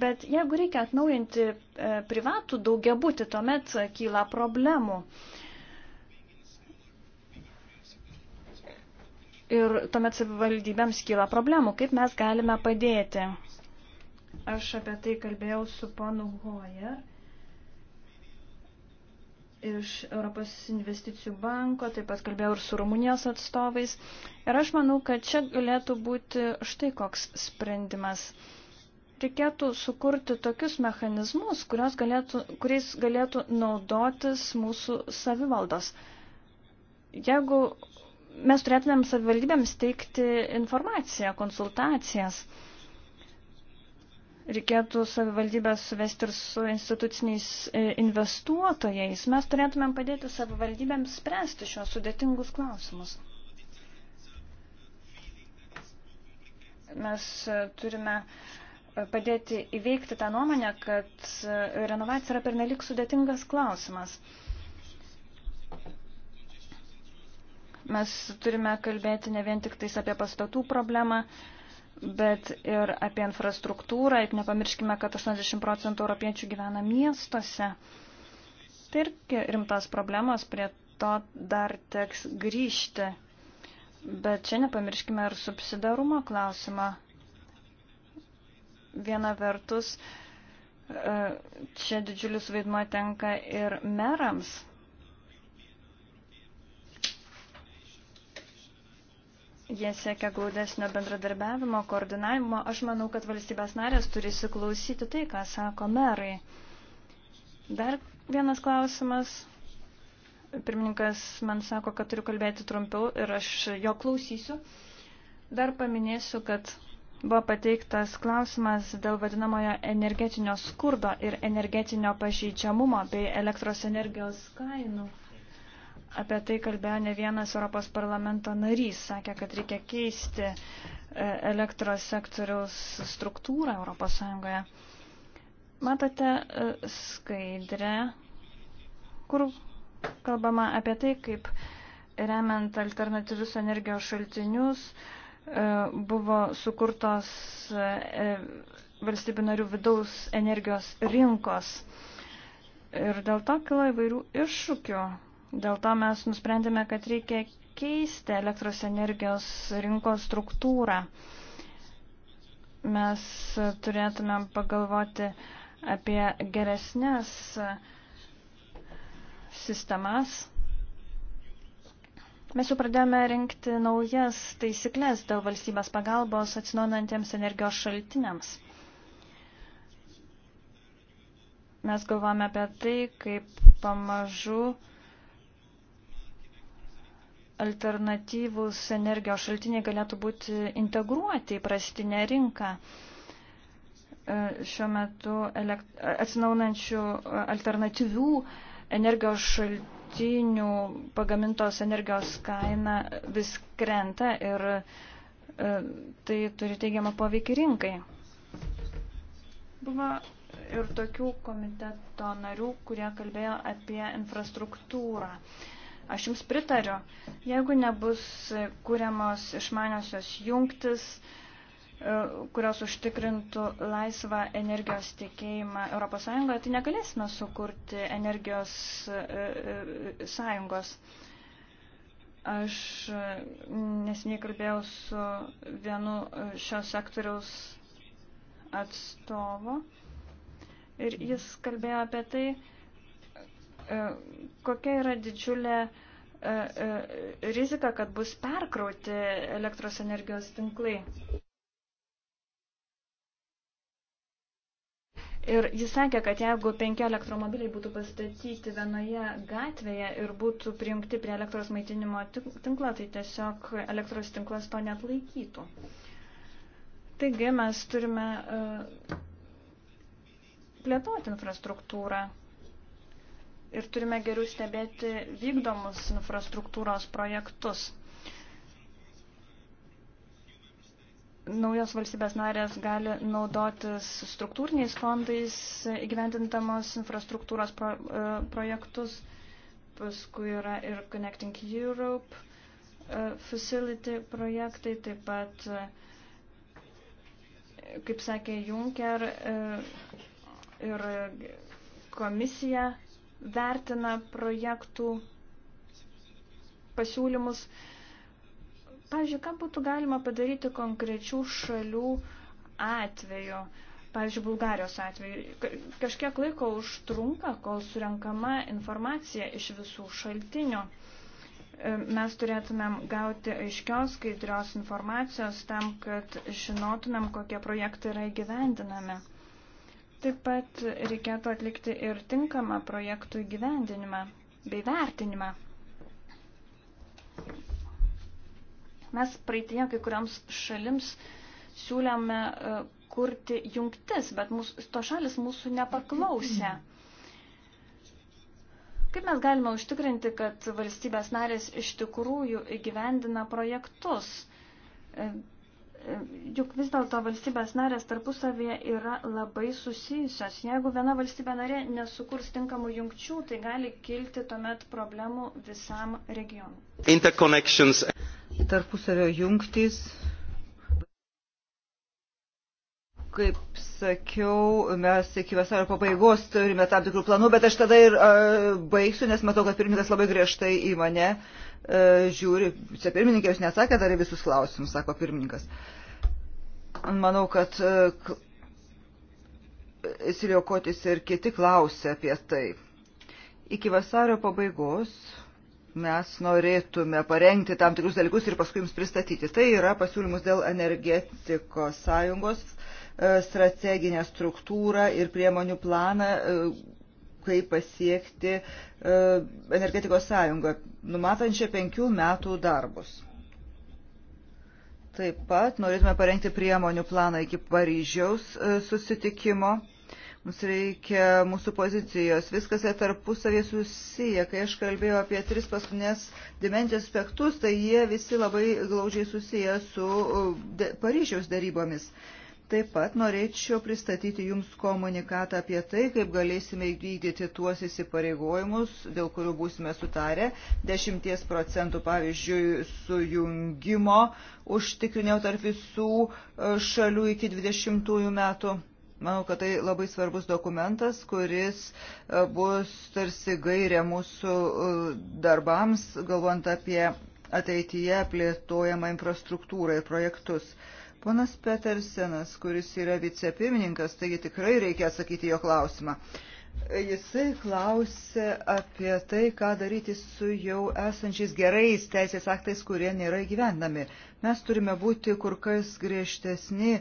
Bet jeigu reikia atnaujinti privatų daugiabutį, tuomet kyla problemų. ir tuomet savivaldybėms kyla problemų, kaip mes galime padėti. Aš apie tai kalbėjau su ponu Hoyer iš Europos investicijų banko, taip pat kalbėjau ir su Rumunijos atstovais. Ir aš manau, kad čia galėtų būti štai koks sprendimas. Reikėtų sukurti tokius mechanizmus, galėtų, kuriais galėtų naudotis mūsų savivaldos. Jeigu mes turėtumėm savivaldybėms teikti informaciją, konsultacijas, reikėtų savivaldybės suvesti ir su instituciniais e, investuotojais. Mes turėtumėm padėti savivaldybėms spręsti šios sudėtingus klausimus. Mes e, turime e, padėti įveikti tą nuomonę, kad renovacija yra pernelik sudėtingas klausimas. Mes turime kalbėti ne vien tik tais apie pastatų problemą, bet ir apie infrastruktūrą. Ir nepamirškime, kad 80 procentų europiečių gyvena miestuose. Tai irgi rimtas problemas, prie to dar teks grįžti. Bet čia nepamirškime ir subsidarumo klausimą. Viena vertus, e, čia didžiulis vaidmo tenka ir merams. Jie siekia glaudesnio bendradarbiavimo, koordinavimo. Aš manau, kad valstybės narės turi įsiklausyti tai, ką sako merai. Dar vienas klausimas. Pirmininkas man sako, kad turiu kalbėti trumpiau ir aš jo klausysiu. Dar paminėsiu, kad buvo pateiktas klausimas dėl vadinamojo energetinio skurdo ir energetinio pažeidžiamumo bei elektros energijos kainų. Apie tai kalbėjo ne vienas Europos parlamento narys, sakė, kad reikia keisti e, elektros sektoriaus struktūrą Europos Sąjungoje. Matote e, skaidrę, kur kalbama apie tai, kaip remiant alternatyvius energijos šaltinius e, buvo sukurtos valstybių narių vidaus energijos rinkos. Ir dėl to kilo įvairių iššūkių Dėl to mes nusprendėme, kad reikia keisti elektros energijos rinkos struktūrą. Mes turėtumėm pagalvoti apie geresnės sistemas. Mes jau pradėjome rinkti naujas taisyklės dėl valstybės pagalbos atsinaujantiems energijos šaltiniams. Mes galvojame apie tai, kaip pamažu uh, alternatyvūs energijos šaltiniai galėtų būti integruoti į prastinę rinką. E, šiuo metu atsinaunančių e, alternatyvių energijos šaltinių pagamintos energijos kaina vis krenta ir e, tai turi teigiamą poveikį rinkai. Buvo ir tokių komiteto narių, kurie kalbėjo apie infrastruktūrą. Uh, Aš jums pritariu, jeigu nebus kūriamos išmaniosios jungtis, e, kurios užtikrintų laisvą energijos tiekėjimą ES, tai negalėsime sukurti energijos e, e, sąjungos. Aš nesiniai kalbėjau su vienu šio sektoriaus atstovu ir jis kalbėjo apie tai, E, kokia yra didžiulė e, e, rizika, kad bus perkrauti elektros energijos tinklai. Ir jis sakė, kad jeigu penki elektromobiliai būtų pastatyti vienoje gatvėje ir būtų prijungti prie elektros maitinimo tinklą, tai tiesiog elektros tinklas to net laikytų. Taigi mes turime plėtoti infrastruktūrą ir turime geriau stebėti vykdomus infrastruktūros projektus. Naujos valstybės narės gali naudotis struktūriniais fondais įgyvendintamos infrastruktūros pro, e, projektus. Paskui yra ir Connecting Europe e, facility projektai, taip pat, e, kaip sakė Juncker ir komisija vertina projektų pasiūlymus. Pavyzdžiui, ką būtų galima padaryti konkrečių šalių atveju, pavyzdžiui, Bulgarijos atveju. Kažkiek laiko užtrunka, kol surenkama informacija iš visų šaltinių. E, mes turėtumėm gauti aiškios, skaidrios informacijos tam, kad žinotumėm, kokie projektai yra įgyvendinami. Taip pat reikėtų atlikti ir tinkamą projektų įgyvendinimą bei vertinimą. Mes praeitinė kai kuriams šalims siūlėme e, kurti jungtis, bet mūsų, to šalis mūsų nepaklausė. Kaip mes galime užtikrinti, kad valstybės narės iš tikrųjų įgyvendina projektus? E, juk vis dėlto valstybės narės tarpusavėje yra labai susijusios. Jeigu viena valstybė narė nesukurs tinkamų jungčių, tai gali kilti tuomet problemų visam regionui. Interconnections. Tarpusavio jungtys. Kaip sakiau, mes iki vasario pabaigos turime tam tikrų planų, bet aš tada ir a, baigsiu, nes matau, kad pirmininkas labai griežtai į mane. A, E, žiūri, čia pirmininkė jūs nesakė dar visus klausimus, sako pirmininkas. Manau, kad e, Siliokotis ir kiti klausė apie tai. Iki vasario pabaigos mes norėtume parengti tam tikrus dalykus ir paskui jums pristatyti. Tai yra pasiūlymus dėl energetikos sąjungos e, strateginę struktūrą ir priemonių planą kaip pasiekti e, energetikos sąjungą, numatančią penkių metų darbus. Taip pat norėtume parengti priemonių planą iki Paryžiaus e, susitikimo. Mums reikia mūsų pozicijos. Viskas yra tarpusavė susiję. Kai aš kalbėjau apie tris paskutinės dimensijos aspektus, tai jie visi labai glaudžiai susiję su e, Paryžiaus darybomis. Uh, Taip pat norėčiau pristatyti Jums komunikatą apie tai, kaip galėsime įvykdyti tuos įsipareigojimus, dėl kurių būsime sutarę. 10 procentų, pavyzdžiui, sujungimo užtikrinėjau tarp visų e, šalių iki 20 metų. Manau, kad tai labai svarbus dokumentas, kuris e, bus tarsi gairė mūsų e, darbams, galvojant apie ateityje plėtojamą infrastruktūrą ir projektus. Ponas Petersenas, kuris yra vicepirmininkas, taigi tikrai reikia atsakyti jo klausimą. Jisai klausė apie tai, ką daryti su jau esančiais gerais teisės aktais, kurie nėra įgyvendami. Mes turime būti kur kas griežtesni,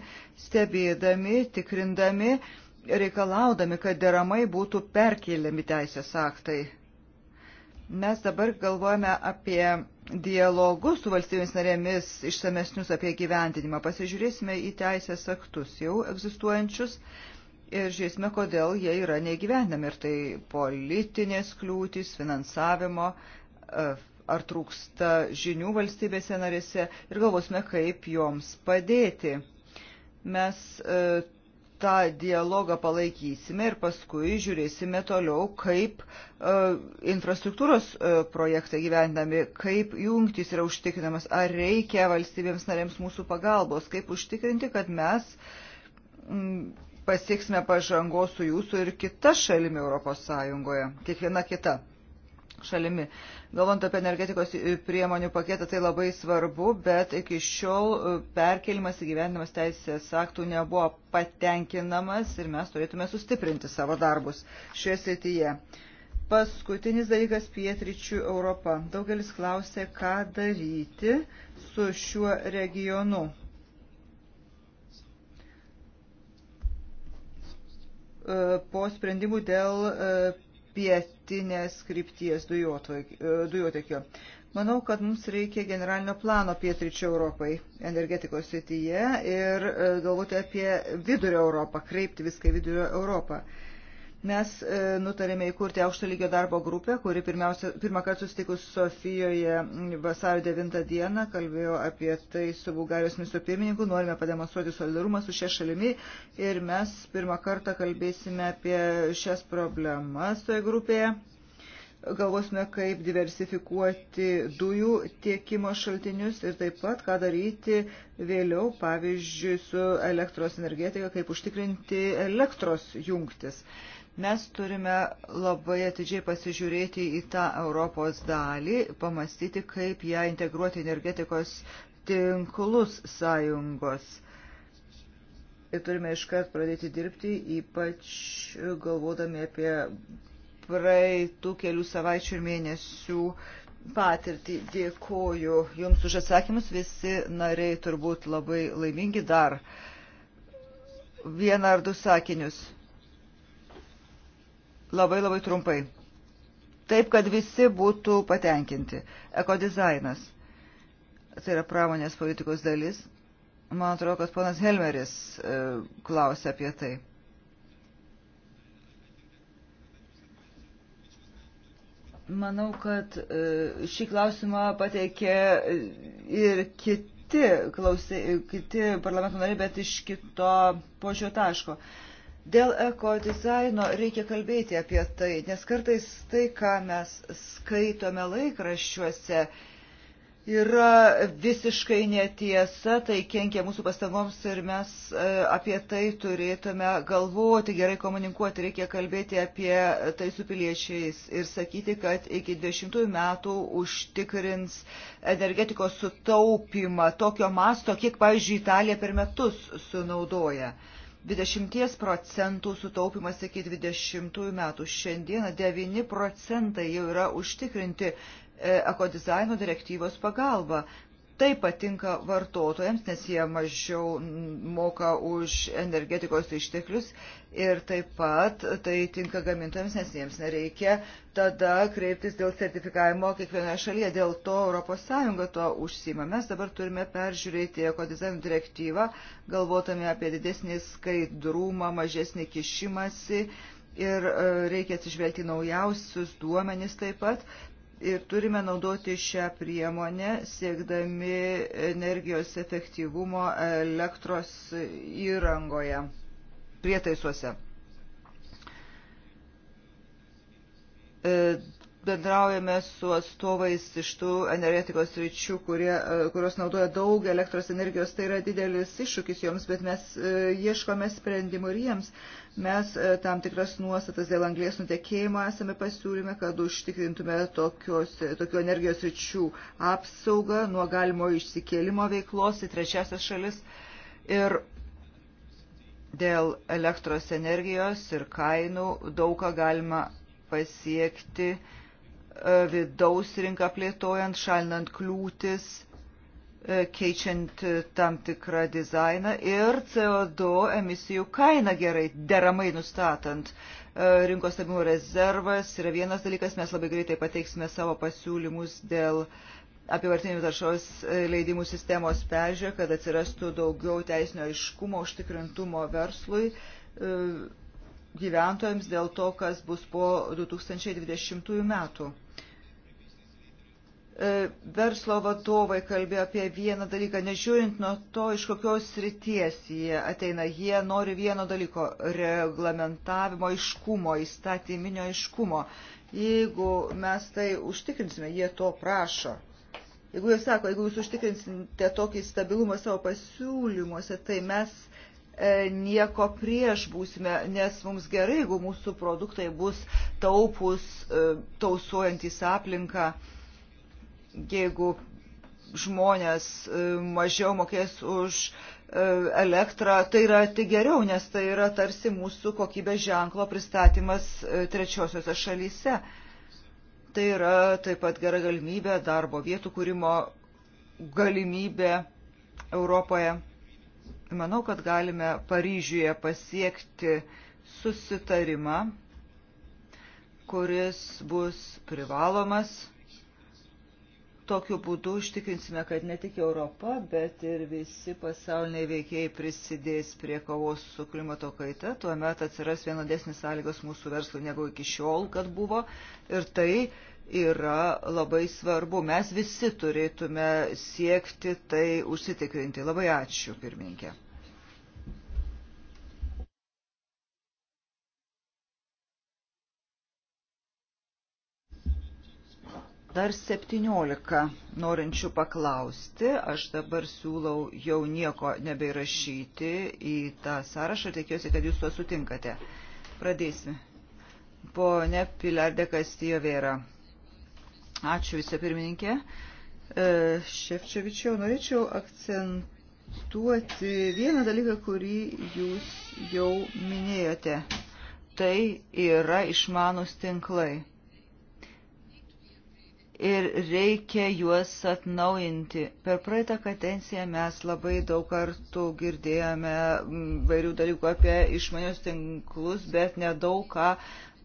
stebėdami, tikrindami, reikalaudami, kad deramai būtų perkeliami teisės aktai. Mes dabar galvojame apie dialogus su valstybėmis narėmis išsamesnius apie gyventinimą. Pasižiūrėsime į teisės aktus jau egzistuojančius ir žiūrėsime, kodėl jie yra neįgyvendami. Ir tai politinės kliūtis, finansavimo, e, ar trūksta žinių valstybėse narėse ir galvosime, kaip joms padėti. Mes e, tą dialogą palaikysime ir paskui žiūrėsime toliau, kaip uh, infrastruktūros uh, e, projektai gyvendami, kaip jungtis yra užtikrinamas, ar reikia valstybėms narėms mūsų pagalbos, kaip užtikrinti, kad mes mm, pasieksime pažangos su jūsų ir kita šalimi Europos Sąjungoje, kiekviena kita šalimi. Galvant apie energetikos priemonių paketą, tai labai svarbu, bet iki šiol e, perkelimas įgyvenimas teisės aktų nebuvo patenkinamas ir mes turėtume sustiprinti savo darbus šioje srityje. Paskutinis dalykas - pietričių Europa. Daugelis klausė, ką daryti su šiuo regionu. E, po sprendimų dėl e, pietinės krypties dujotekio. Manau, kad mums reikia generalinio plano pietričio Europai energetikos srityje ir e, galvoti apie vidurio Europą, kreipti viską į vidurio Europą. Mes e, nutarėme įkurti aukšto lygio darbo grupę, kuri pirmą kartą susitikus Sofijoje vasario 9 dieną kalbėjo apie tai su Bulgarijos ministru pirmininku. Norime pademonstruoti solidarumą su šia šalimi ir mes pirmą kartą kalbėsime apie šias problemas toje grupėje galvosime, kaip diversifikuoti dujų tiekimo šaltinius ir taip pat, ką daryti vėliau, pavyzdžiui, su elektros energetika, kaip užtikrinti elektros jungtis. Uh, Mes turime labai atidžiai pasižiūrėti į tą Europos dalį, pamastyti, kaip ją integruoti energetikos tinklus sąjungos. Ir turime iškart pradėti dirbti, ypač galvodami apie praeitų kelių savaičių ir mėnesių patirtį. Dėkoju Jums už atsakymus. Visi nariai turbūt labai laimingi dar. Vieną ar du sakinius. Labai labai trumpai. Taip, kad visi būtų patenkinti. Ekodizainas. Tai yra pramonės politikos dalis. Man atrodo, kad ponas Helmeris e, klausė apie tai. Manau, kad e, šį klausimą pateikė e, ir kiti, klausė, kiti parlamento nariai, bet iš kito požio taško. E, Dėl ekodizaino reikia kalbėti apie tai, nes kartais tai, ką mes skaitome laikraščiuose, yra visiškai netiesa, tai kenkia mūsų pastangoms ir mes e, apie tai turėtume galvoti, gerai komunikuoti, reikia kalbėti apie tai su piliečiais ir sakyti, kad iki 20 metų užtikrins energetikos sutaupimą tokio masto, kiek, pavyzdžiui, Italija per metus sunaudoja. Uh, 20 procentų sutaupimas iki 20 metų. Šiandieną 9 procentai jau yra užtikrinti e, ekodizaino direktyvos pagalba tai patinka vartotojams, nes jie mažiau moka už energetikos išteklius ir taip pat tai tinka gamintojams, nes jiems nereikia tada kreiptis dėl sertifikavimo kiekvienoje šalyje. Dėl to ES to užsima. Mes dabar turime peržiūrėti ekodizainų direktyvą, galvotami apie didesnį skaidrumą, mažesnį kišimąsi ir e, reikia atsižvelgti naujausius duomenys taip pat ir turime naudoti šią priemonę siekdami energijos efektyvumo elektros įrangoje, prietaisuose. E, bendraujame su atstovais iš tų energetikos ryčių, kurie, e, kurios naudoja daug elektros energijos. Tai yra didelis iššūkis joms, bet mes e, ieškome sprendimų ir jiems. Mes e, tam tikras nuostatas dėl anglės nutekėjimo esame pasiūlyme, kad užtikrintume tokios, e, tokio energijos ryčių apsaugą nuo galimo išsikėlimo veiklos į trečiasias šalis. Ir dėl elektros energijos ir kainų daug ką galima pasiekti e, vidaus rinką plėtojant, šalinant kliūtis E, keičiant tam tikrą dizainą ir CO2 emisijų kainą gerai, deramai nustatant. E, rinkos stabilumo rezervas yra vienas dalykas, mes labai greitai pateiksime savo pasiūlymus dėl apivartinių taršos e, leidimų sistemos peržiūrė, kad atsirastų daugiau teisinio aiškumo, užtikrintumo verslui gyventojams dėl to, kas bus po 2020 metų. E, verslo vadovai kalbėjo apie vieną dalyką, nežiūrint nuo to, iš kokios srities jie ateina. Jie nori vieno dalyko - reglamentavimo aiškumo, įstatyminio aiškumo. Jeigu mes tai užtikrinsime, jie to prašo. Jeigu jie sako, jeigu jūs užtikrinsite tokį stabilumą savo pasiūlymuose, tai mes e, nieko prieš būsime, nes mums gerai, jeigu mūsų produktai bus taupus, e, tausuojantis aplinką jeigu žmonės e, mažiau mokės už e, elektrą, tai yra tik geriau, nes tai yra tarsi mūsų kokybės ženklo pristatymas e, trečiosiuose šalyse. Tai yra taip pat gera galimybė darbo vietų kūrimo galimybė Europoje. Manau, kad galime Paryžiuje pasiekti susitarimą, kuris bus privalomas Tokiu būdu užtikrinsime, kad ne tik Europa, bet ir visi pasauliniai veikėjai prisidės prie kovos su klimato kaita. Tuomet atsiras vienodesnis sąlygos mūsų verslui negu iki šiol, kad buvo. Ir tai yra labai svarbu. Mes visi turėtume siekti tai užsitikrinti. Labai ačiū, pirmininkė. Dar 17 norinčių paklausti. Aš dabar siūlau jau nieko nebeirašyti į tą sąrašą. Tikiuosi, kad jūs tuo sutinkate. Pradėsime. Pone Pilardė Kastijo Vėra. Ačiū vicepirmininkė. E, Šefčiovičiau, norėčiau akcentuoti vieną dalyką, kurį jūs jau minėjote. Tai yra išmanus tinklai ir reikia juos atnaujinti. Per praeitą kadenciją mes labai daug kartų girdėjome mm, vairių dalykų apie išmanius tinklus, bet nedaug ką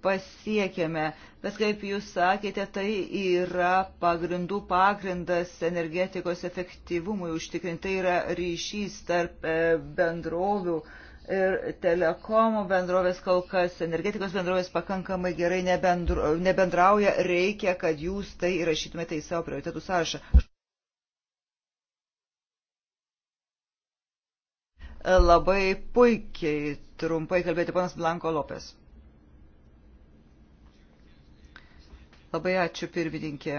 pasiekėme. Bet kaip jūs sakėte, tai yra pagrindų pagrindas energetikos efektyvumui užtikrinti. Tai yra ryšys tarp e, bendrovių. E, ir telekomų bendrovės kol kas, energetikos bendrovės pakankamai gerai nebendru, nebendrauja, reikia, kad jūs tai įrašytumėte į savo prioritetų sąrašą. Labai puikiai trumpai kalbėti panas Blanko Lopes. Labai ačiū pirmininkė.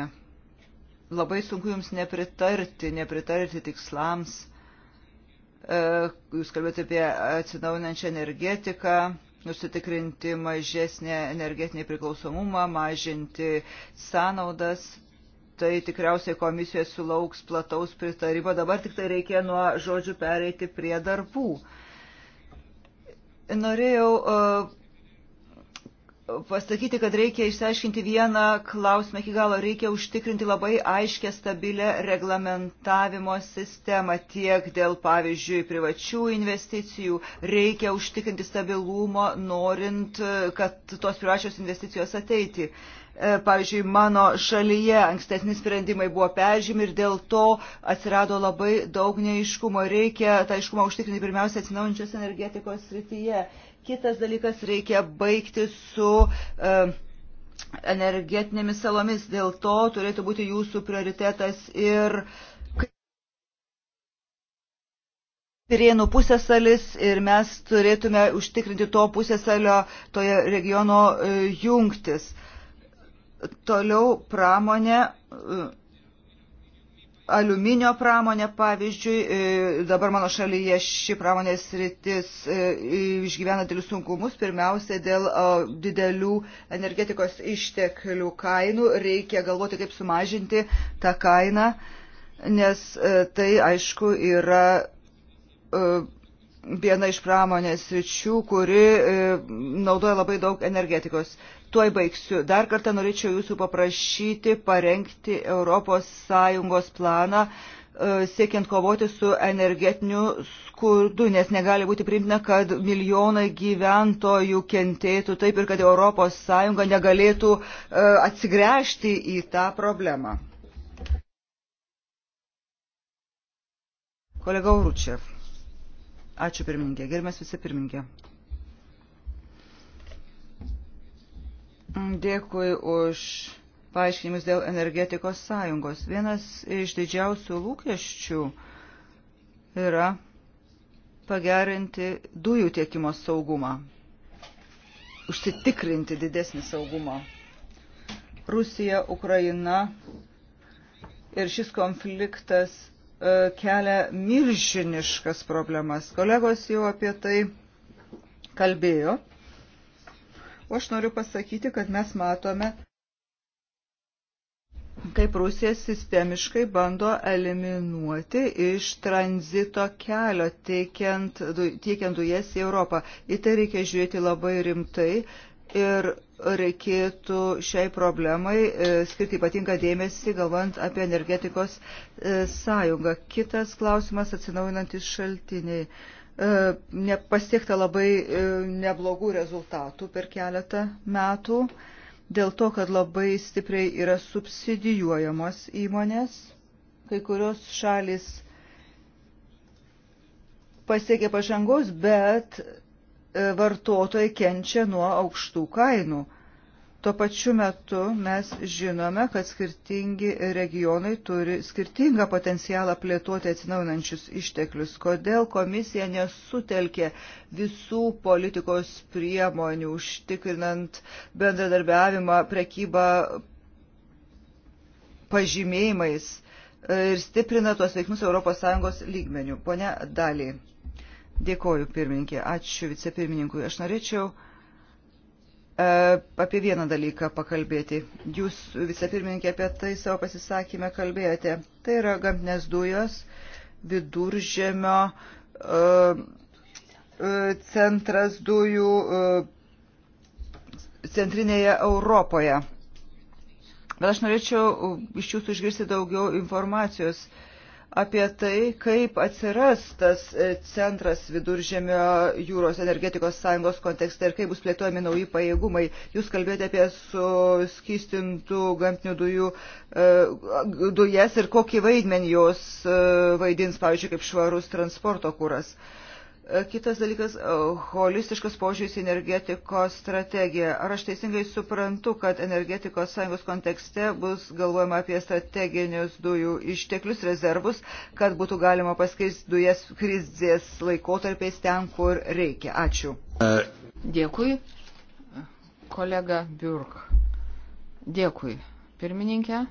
Labai sunku jums nepritarti, nepritarti tikslams E, jūs kalbėjote apie atsinaujinančią energetiką, nusitikrinti mažesnį energetinį priklausomumą, mažinti sąnaudas. Tai tikriausiai komisija sulauks plataus pritarimo. Dabar tik tai reikia nuo žodžių pereiti prie darbų. Norėjau uh, pasakyti, kad reikia išsiaiškinti vieną klausimą iki galo, reikia užtikrinti labai aiškę, stabilę reglamentavimo sistemą tiek dėl, pavyzdžiui, privačių investicijų, reikia užtikrinti stabilumo, norint, kad tos privačios investicijos ateiti. E, pavyzdžiui, mano šalyje ankstesni sprendimai buvo peržymi ir dėl to atsirado labai daug neiškumo. Reikia tą iškumą užtikrinti pirmiausia atsinaujančios energetikos srityje Kitas dalykas reikia baigti su e, energetinėmis salomis, dėl to turėtų būti jūsų prioritetas ir Pirėnų pusėsalis ir mes turėtume užtikrinti to pusėsalio toje regiono e, jungtis. Toliau pramonė e, aliuminio pramonė, pavyzdžiui, e, dabar mano šalyje ši pramonės rytis e, išgyvena dėlius sunkumus, pirmiausia, dėl e, didelių energetikos išteklių kainų reikia galvoti, kaip sumažinti tą kainą, nes tai, aišku, yra viena iš pramonės ryčių, kuri naudoja labai daug energetikos tuoj baigsiu. Dar kartą norėčiau jūsų paprašyti parengti ES planą e, siekiant kovoti su energetiniu skurdu, nes negali būti priimtina, kad milijonai gyventojų kentėtų taip ir kad ES negalėtų e, atsigręžti į tą problemą. Kolega Uručiev. Ačiū pirmininkė. Gerbės visi pirmininkė. Dėkui už paaiškinimus dėl energetikos sąjungos. Vienas iš didžiausių lūkesčių yra pagerinti dujų tiekimo saugumą, užsitikrinti didesnį saugumą. Rusija, Ukraina ir šis konfliktas e, kelia milžiniškas problemas. Kolegos jau apie tai kalbėjo. O aš noriu pasakyti, kad mes matome, kaip Rusija sistemiškai bando eliminuoti iš tranzito kelio tiekiant, tiekiant dujas į Europą. Į tai reikia žiūrėti labai rimtai ir reikėtų šiai problemai e, skirti ypatingą dėmesį, galvant apie energetikos e, sąjungą. Kitas klausimas - atsinaujinantis šaltiniai. E, pasiekta labai e, neblogų rezultatų per keletą metų dėl to, kad labai stipriai yra subsidijuojamos įmonės. Kai kurios šalis pasiekė pažangos, bet e, vartotojai kenčia nuo aukštų kainų. Tuo pačiu metu mes žinome, kad skirtingi regionai turi skirtingą potencialą plėtoti atsinaujinančius išteklius. Kodėl komisija nesutelkė visų politikos priemonių užtikrinant bendradarbiavimą, prekybą pažymėjimais ir stiprina tuos veiksmus ES lygmenių. Pone Daliai, dėkoju pirmininkė, ačiū vicepirmininkui. Aš norėčiau E, apie vieną dalyką pakalbėti. Jūs vicepirmininkė apie tai savo pasisakymę kalbėjote. Tai yra gamtinės dujos viduržėmio e, e, centras dujų centrinėje Europoje. Bet aš norėčiau iš jūsų išgirsti daugiau informacijos apie tai, kaip atsiras tas e, centras viduržėmio jūros energetikos sąjungos kontekste ir kaip bus plėtojami nauji pajėgumai. Jūs kalbėjote apie suskystintų gamtinių dujų e, dujas ir kokį vaidmenį jos e, vaidins, pavyzdžiui, kaip švarus transporto kūras. Uh, Kitas dalykas e, - holistiškas požiūris į energetikos strategiją. Ar aš teisingai suprantu, kad energetikos sąjungos kontekste bus galvojama apie strateginius dujų išteklius rezervus, kad būtų galima paskirsti dujas krizės laikotarpiais ten, kur reikia? Ačiū. Dėkui. Kolega Biurk. Dėkui. Pirmininkė.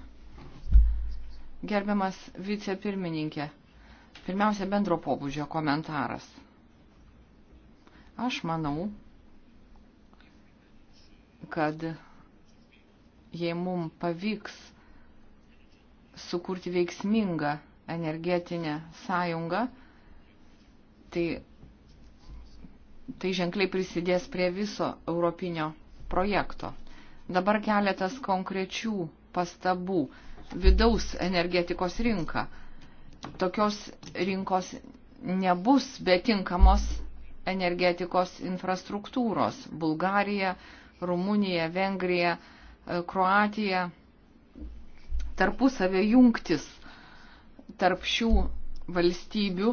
Gerbiamas vicepirmininkė. Pirmiausia, bendro pobūdžio komentaras. Aš manau, kad jei mums pavyks sukurti veiksmingą energetinę sąjungą, tai, tai ženkliai prisidės prie viso europinio projekto. Dabar keletas konkrečių pastabų. Vidaus energetikos rinka. Tokios rinkos nebus be tinkamos energetikos infrastruktūros - Bulgarija, Rumunija, Vengrija, e, Kroatija tarpusavio jungtis tarp šių valstybių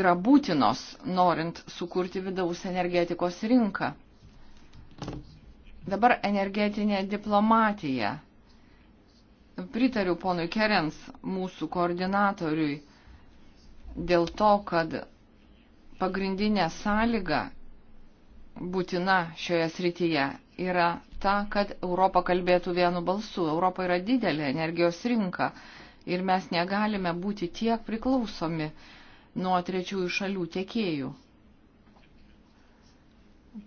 yra būtinos, norint sukurti vidaus energetikos rinką. Dabar energetinė diplomatija. Pritariu ponui Kerens, mūsų koordinatoriui, dėl to, kad pagrindinė sąlyga būtina šioje srityje yra ta, kad Europa kalbėtų vienu balsu. Europa yra didelė energijos rinka ir mes negalime būti tiek priklausomi nuo trečiųjų šalių tiekėjų.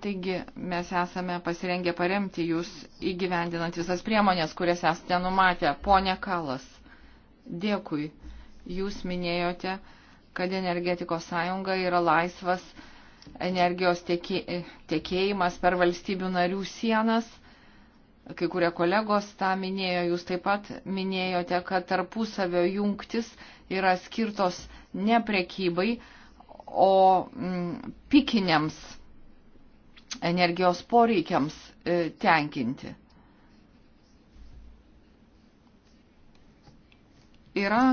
Taigi mes esame pasirengę paremti jūs įgyvendinant visas priemonės, kurias esate numatę. Pone Kalas, dėkui. Jūs minėjote, kad energetikos sąjunga yra laisvas energijos tiekėjimas per valstybių narių sienas. Kai kurie kolegos tą minėjo, jūs taip pat minėjote, kad tarpusavio jungtis yra skirtos ne prekybai, o mm, pikiniams energijos poreikiams e, tenkinti. Yra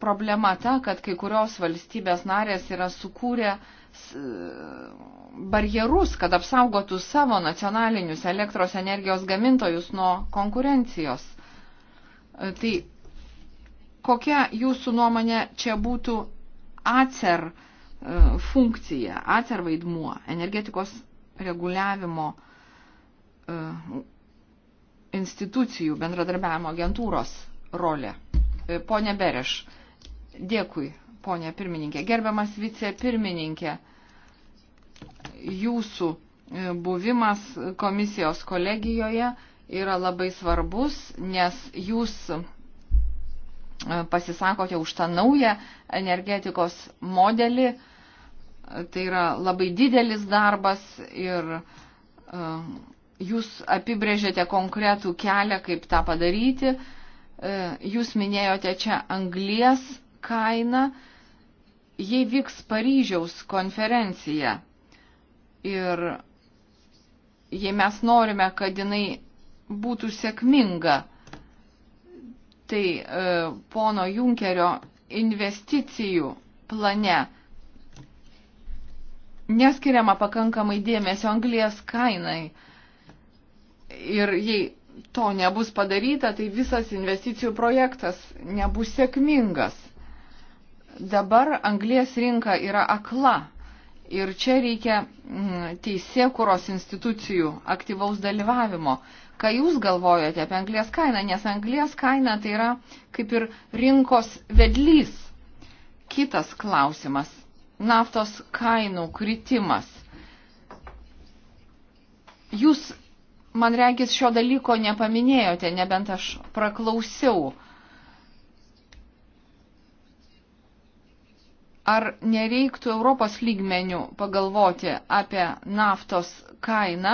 problema ta, kad kai kurios valstybės narės yra sukūrę barjerus, kad apsaugotų savo nacionalinius elektros energijos gamintojus nuo konkurencijos. E, tai kokia jūsų nuomonė čia būtų ACER e, funkcija, ACER vaidmuo, energetikos reguliavimo e, institucijų bendradarbiavimo agentūros rolė? E, Pone Bereš, dėkui, ponė pirmininkė. Gerbiamas vicepirmininkė, jūsų e, buvimas komisijos kolegijoje yra labai svarbus, nes jūs e, pasisakote už tą naują energetikos modelį. Tai yra labai didelis darbas ir jūs apibrėžėte konkretų kelią, kaip tą padaryti. Uh, E, jūs minėjote čia anglies kainą. Jei vyks Paryžiaus konferencija ir jei mes norime, kad jinai būtų sėkminga, tai e, pono Junkerio investicijų plane neskiriama pakankamai dėmesio anglės kainai. Ir jei to nebus padaryta, tai visas investicijų projektas nebus sėkmingas. Dabar anglės rinka yra akla ir čia reikia mm, teisėkuros institucijų aktyvaus dalyvavimo. Ką jūs galvojate apie anglės kainą? Nes anglės kaina tai yra kaip ir rinkos vedlys. Kitas klausimas - naftos kainų kritimas. Jūs man reikės šio dalyko nepaminėjote, nebent aš praklausiau. Ar nereiktų Europos lygmenių pagalvoti apie naftos kainą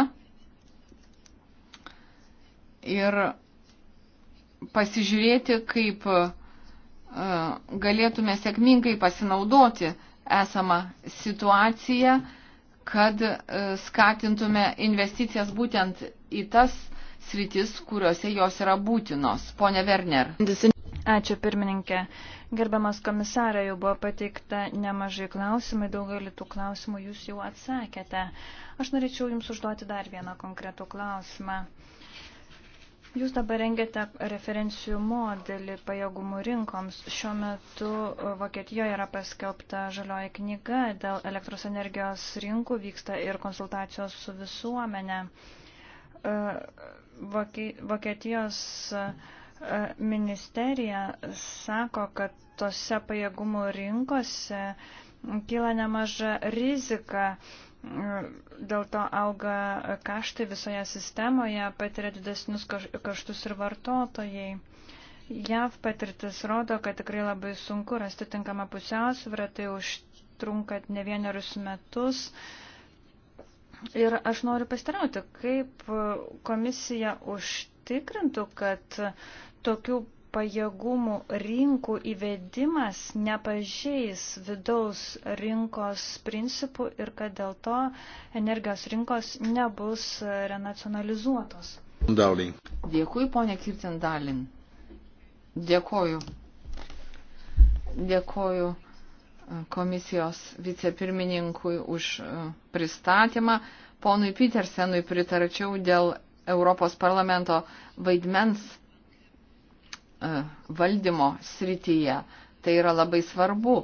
ir pasižiūrėti, kaip e, galėtume sėkmingai pasinaudoti esamą situaciją, kad e, skatintume investicijas būtent į tas sritis, kuriuose jos yra būtinos. Pone Werner. Ačiū pirmininkė. Gerbiamas komisarė, jau buvo pateikta nemažai klausimai, daugelį tų klausimų jūs jau atsakėte. Aš norėčiau Jums užduoti dar vieną konkretų klausimą. Jūs dabar rengiate referencijų modelį pajėgumų rinkoms. Šiuo metu Vokietijoje yra paskelbta žalioji knyga, dėl elektros energijos rinkų vyksta ir konsultacijos su visuomenė. E, Vokietijos e, ministerija sako, kad tose pajėgumų rinkose kyla nemaža rizika, e, dėl to auga kaštai visoje sistemoje, patiria didesnius kaštus ir vartotojai. JAV patirtis rodo, kad tikrai labai sunku rasti tinkamą pusiausvyrą, tai užtrunka ne vienerius metus. Uh, Ir aš noriu pastarauti, kaip komisija užtikrintų, kad tokių pajėgumų rinkų įvedimas nepažeis vidaus rinkos principų ir kad dėl to energijos rinkos nebus renacionalizuotos. Dauling. Dėkui, ponė Kirtin Dalin. Dėkoju. Dėkoju komisijos vicepirmininkui už e, pristatymą. Ponui Petersenui pritarčiau dėl Europos parlamento vaidmens e, valdymo srityje. Tai yra labai svarbu.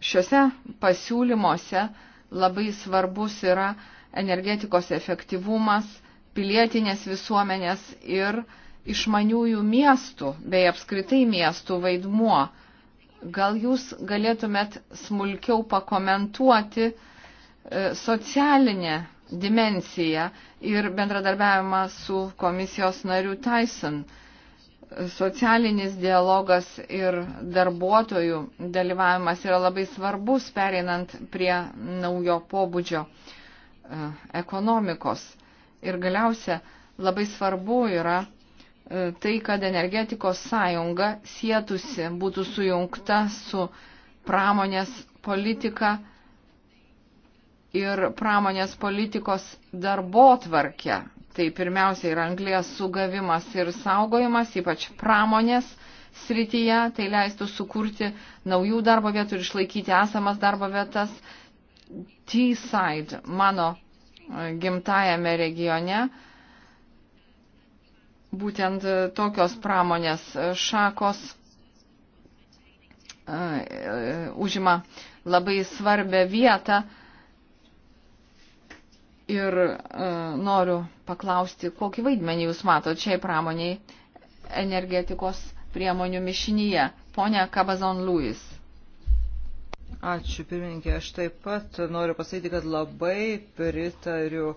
Šiuose pasiūlymuose labai svarbus yra energetikos efektyvumas, pilietinės visuomenės ir išmaniųjų miestų bei apskritai miestų vaidmuo Gal jūs galėtumėt smulkiau pakomentuoti e, socialinę dimensiją ir bendradarbiavimą su komisijos nariu Tyson. Socialinis dialogas ir darbuotojų dalyvavimas yra labai svarbus pereinant prie naujo pobūdžio e, ekonomikos. Ir galiausia, labai svarbu yra E, tai, kad energetikos sąjunga sėtusi būtų sujungta su pramonės politika ir pramonės politikos darbo tvarkė. Tai pirmiausia yra anglės sugavimas ir saugojimas, ypač pramonės srityje, tai leistų sukurti naujų darbo vietų ir išlaikyti esamas darbo vietas. T-side mano e, gimtajame regione būtent e, tokios pramonės e, šakos e, užima labai svarbę vietą. Ir noriu paklausti, kokį vaidmenį jūs matote šiai pramoniai energetikos priemonių mišinyje. Pone Kabazon Lewis. Ačiū, pirmininkė. Aš taip pat noriu pasakyti, kad labai pritariu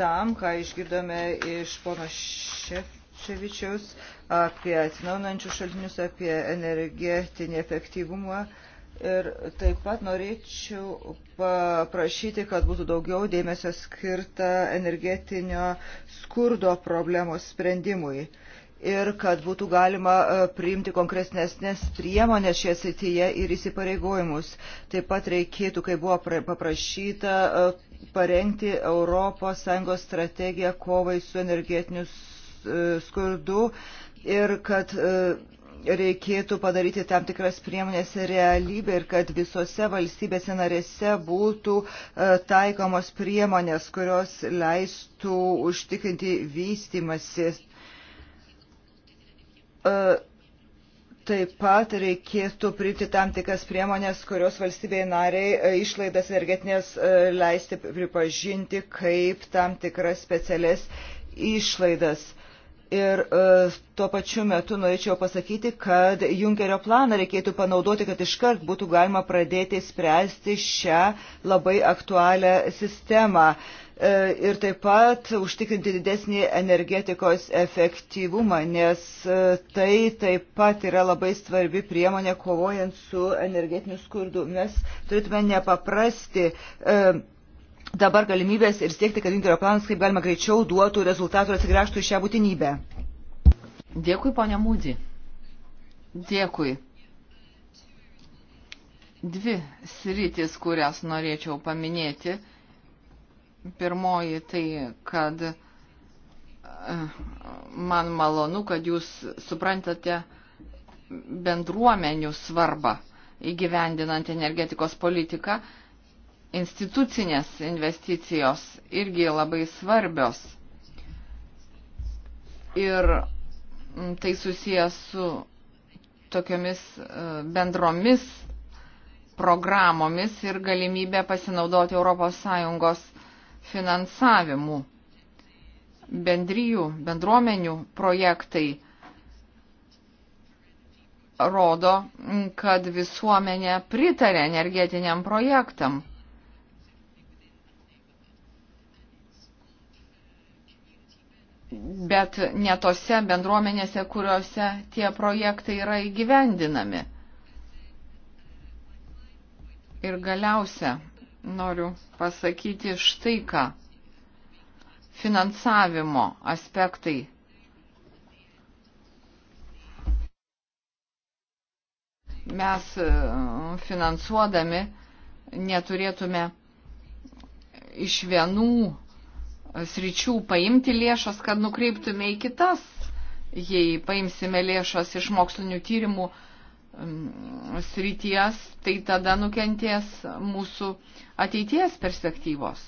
tam, ką išgirdome iš pono Šef Ševčevičiaus apie atsinaunančius šaltinius, apie energetinį efektyvumą. Ir taip pat norėčiau paprašyti, kad būtų daugiau dėmesio skirta energetinio skurdo problemos sprendimui ir kad būtų galima e, priimti konkresnės priemonės šioje srityje ir įsipareigojimus. Taip pat reikėtų, kai buvo paprašyta, e, parengti ES strategiją kovai su energetiniu E, skurdu ir kad e, reikėtų padaryti tam tikras priemonės realybę ir kad visose valstybėse narėse būtų e, taikomos priemonės, kurios leistų užtikrinti vystimasi. Taip pat reikėtų priimti tam tikras priemonės, kurios valstybėje nariai išlaidas energetinės leisti pripažinti kaip tam tikras specialias išlaidas. Uh, Ir e, tuo pačiu metu norėčiau pasakyti, kad Junkerio planą reikėtų panaudoti, kad iškart būtų galima pradėti spręsti šią labai aktualią sistemą. E, ir taip pat užtikrinti didesnį energetikos efektyvumą, nes e, tai taip pat yra labai svarbi priemonė kovojant su energetiniu skurdu. Mes turėtume nepaprasti. E, dabar galimybės ir siekti, kad Junkerio planas kaip galima greičiau duotų rezultatų ir atsigręžtų į šią būtinybę. Dėkui, ponia Mūdį. Dėkui. Dvi sritis, kurias norėčiau paminėti. Pirmoji tai, kad eh, man malonu, kad jūs suprantate bendruomenių svarbą įgyvendinant energetikos politiką institucinės investicijos irgi labai svarbios. Ir tai susijęs su tokiomis e, bendromis programomis ir galimybė pasinaudoti ES finansavimu. Bendrijų, bendruomenių projektai rodo, kad visuomenė pritarė energetiniam projektam. bet ne tose bendruomenėse, kuriuose tie projektai yra įgyvendinami. Ir galiausia noriu pasakyti štai ką. Finansavimo aspektai. Mes e, finansuodami neturėtume iš vienų sričių paimti lėšas, kad nukreiptume į kitas, jei paimsime lėšas iš mokslinių tyrimų mm, srities, tai tada nukentės mūsų ateities perspektyvos.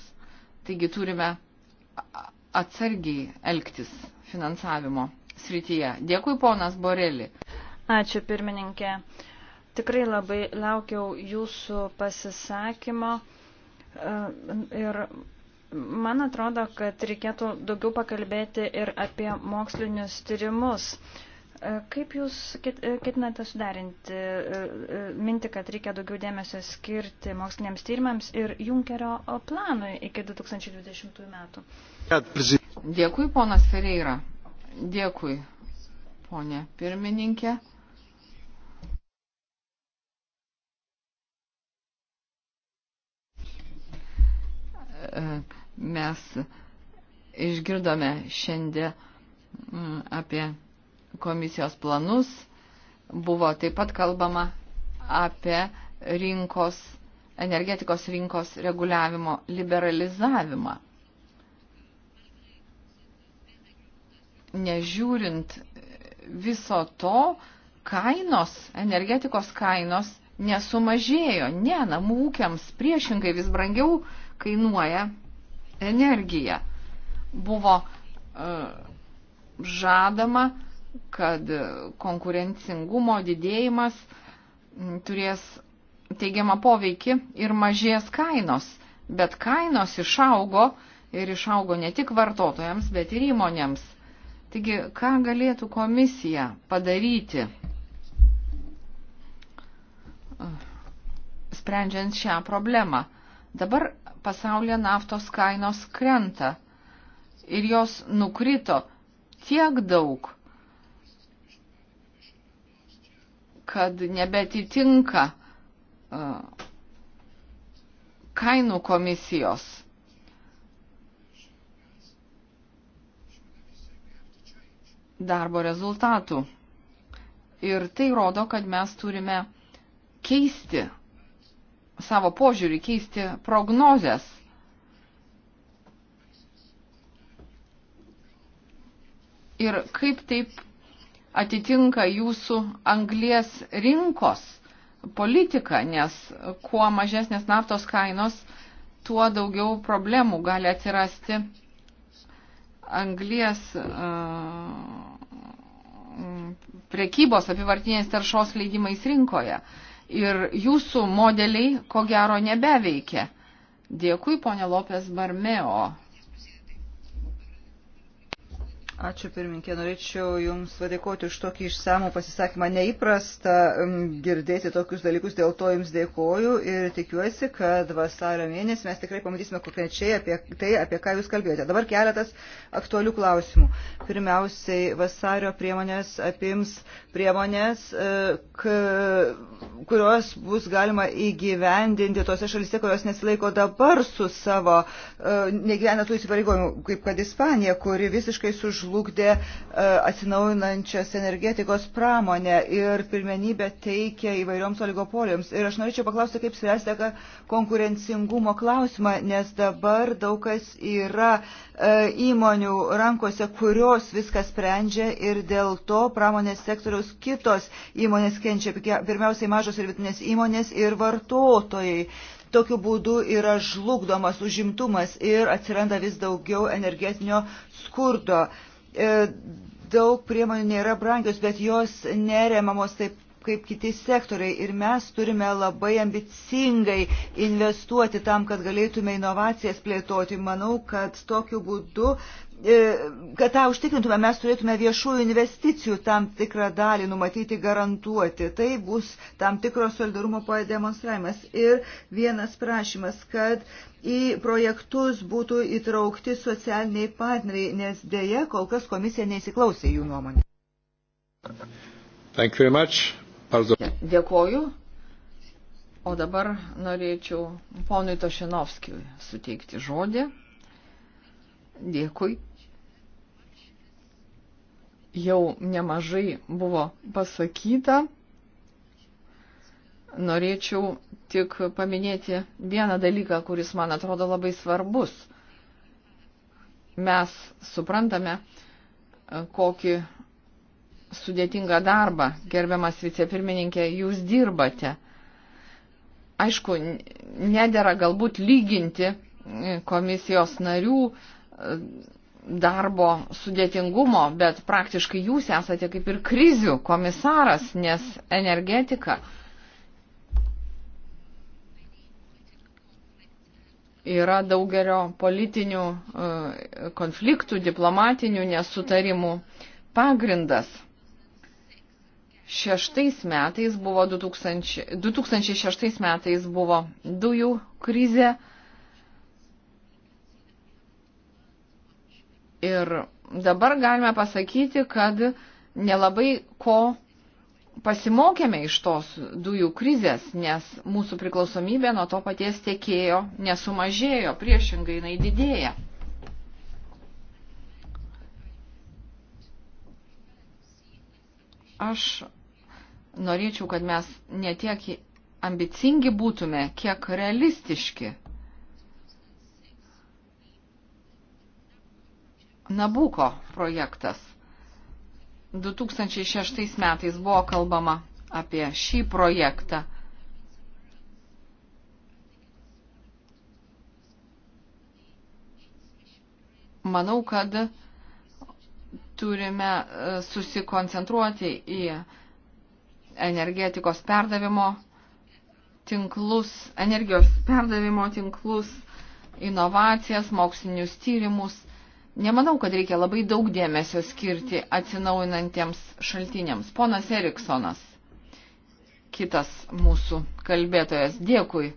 Taigi turime atsargiai elgtis finansavimo srityje. Dėkui, ponas Borelį. Ačiū, pirmininkė. Tikrai labai laukiau jūsų pasisakymo e, ir Man atrodo, kad reikėtų daugiau pakalbėti ir apie mokslinius tyrimus. E, kaip Jūs e, ketinate sudarinti e, mintį, kad reikia daugiau dėmesio skirti moksliniams tyrimams ir Junkerio planui iki 2020 metų? Dėkui, ponas Ferreira. Dėkui, ponė pirmininkė. Uh mes išgirdome šiandien mm, apie komisijos planus. Buvo taip pat kalbama apie rinkos, energetikos rinkos reguliavimo liberalizavimą. Nežiūrint viso to, kainos, energetikos kainos nesumažėjo. Ne, namų ūkiams priešingai vis brangiau kainuoja energiją. Buvo e, žadama, kad konkurencingumo didėjimas turės teigiamą poveikį ir mažės kainos, bet kainos išaugo ir išaugo ne tik vartotojams, bet ir įmonėms. Taigi, ką galėtų komisija padaryti, e, sprendžiant šią problemą? Dabar pasaulyje naftos kainos krenta ir jos nukrito tiek daug, kad nebetitinka e, kainų komisijos. darbo rezultatų. Ir tai rodo, kad mes turime keisti savo požiūrį, keisti prognozes. Ir kaip taip atitinka jūsų anglės rinkos politiką, nes kuo mažesnės naftos kainos, tuo daugiau problemų gali atsirasti anglės uh, prekybos apivartinės taršos leidimais rinkoje. Uh, ir jūsų modeliai ko gero nebeveikia. Dėkui, ponė Lopės Barmeo. Ačiū pirminkė, norėčiau Jums padėkoti už tokį išsamų pasisakymą. Neįprasta girdėti tokius dalykus, dėl to Jums dėkoju ir tikiuosi, kad vasario mėnesį mes tikrai pamatysime konkrečiai apie tai, apie ką Jūs kalbėjote. Dabar keletas aktualių klausimų. Pirmiausiai, vasario priemonės apims priemonės, e, kurios bus galima įgyvendinti tose šalise, kurios nesilaiko dabar su savo e, negyvena tų įsipareigojimų, kaip kad Ispanija, kuri visiškai sužlugdė žlugdė e, atsinaujinančios energetikos pramonę ir pirmenybę teikia įvairioms oligopolijoms. Ir aš norėčiau paklausti, kaip spręsite konkurencingumo klausimą, nes dabar daug kas yra e, įmonių rankose, kurios viską sprendžia ir dėl to pramonės sektoriaus kitos įmonės kenčia, pirmiausiai mažos ir vidutinės įmonės ir vartotojai. Tokiu būdu yra žlugdomas užimtumas ir atsiranda vis daugiau energetinio skurdo. Uh, E, daug priemonių nėra brangios, bet jos neremamos taip kaip kiti sektoriai ir mes turime labai ambicingai investuoti tam, kad galėtume inovacijas plėtoti. Manau, kad tokiu būdu e, kad tą užtikrintume, mes turėtume viešųjų investicijų tam tikrą dalį numatyti, garantuoti. Tai bus tam tikro solidarumo pademonstravimas. Ir vienas prašymas, kad į projektus būtų įtraukti socialiniai partneriai, nes dėja kol kas komisija neįsiklausė jų nuomonę. Thank you very much. Dėkoju. O dabar norėčiau ponui Tošinovskijui suteikti žodį. Dėkui. Jau nemažai buvo pasakyta. Norėčiau tik paminėti vieną dalyką, kuris man atrodo labai svarbus. Mes suprantame, kokį sudėtingą darbą. Gerbiamas vicepirmininkė, jūs dirbate. Aišku, nedėra galbūt lyginti komisijos narių e, darbo sudėtingumo, bet praktiškai jūs esate kaip ir krizių komisaras, nes energetika yra daugelio politinių e, konfliktų, diplomatinių nesutarimų pagrindas. 2006 metais buvo, 2000, 2006 metais buvo dujų krizė ir dabar galime pasakyti, kad nelabai ko pasimokėme iš tos dujų krizės, nes mūsų priklausomybė nuo to paties tiekėjo nesumažėjo, priešingai jinai didėja. Aš norėčiau, kad mes ne tiek ambicingi būtume, kiek realistiški. Nabuko projektas. 2006 metais buvo kalbama apie šį projektą. Manau, kad turime e, susikoncentruoti į energetikos perdavimo tinklus, energijos perdavimo tinklus, inovacijas, mokslinius tyrimus. Nemanau, kad reikia labai daug dėmesio skirti atsinaujinantiems šaltiniams. Ponas Eriksonas, kitas mūsų kalbėtojas, dėkui.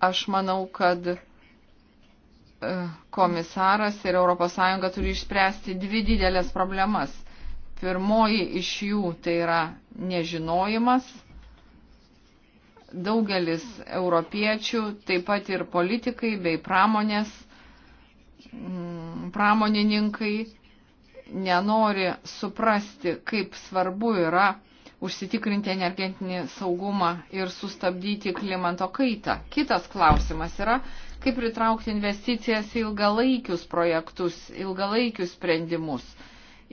Aš manau, kad e, komisaras ir ES turi išspręsti dvi didelės problemas Pirmoji iš jų tai yra nežinojimas. Daugelis europiečių, taip pat ir politikai bei pramonės, mm, pramonininkai nenori suprasti, kaip svarbu yra užsitikrinti energetinį saugumą ir sustabdyti klimato kaitą. Kitas klausimas yra, kaip pritraukti investicijas į ilgalaikius projektus, ilgalaikius sprendimus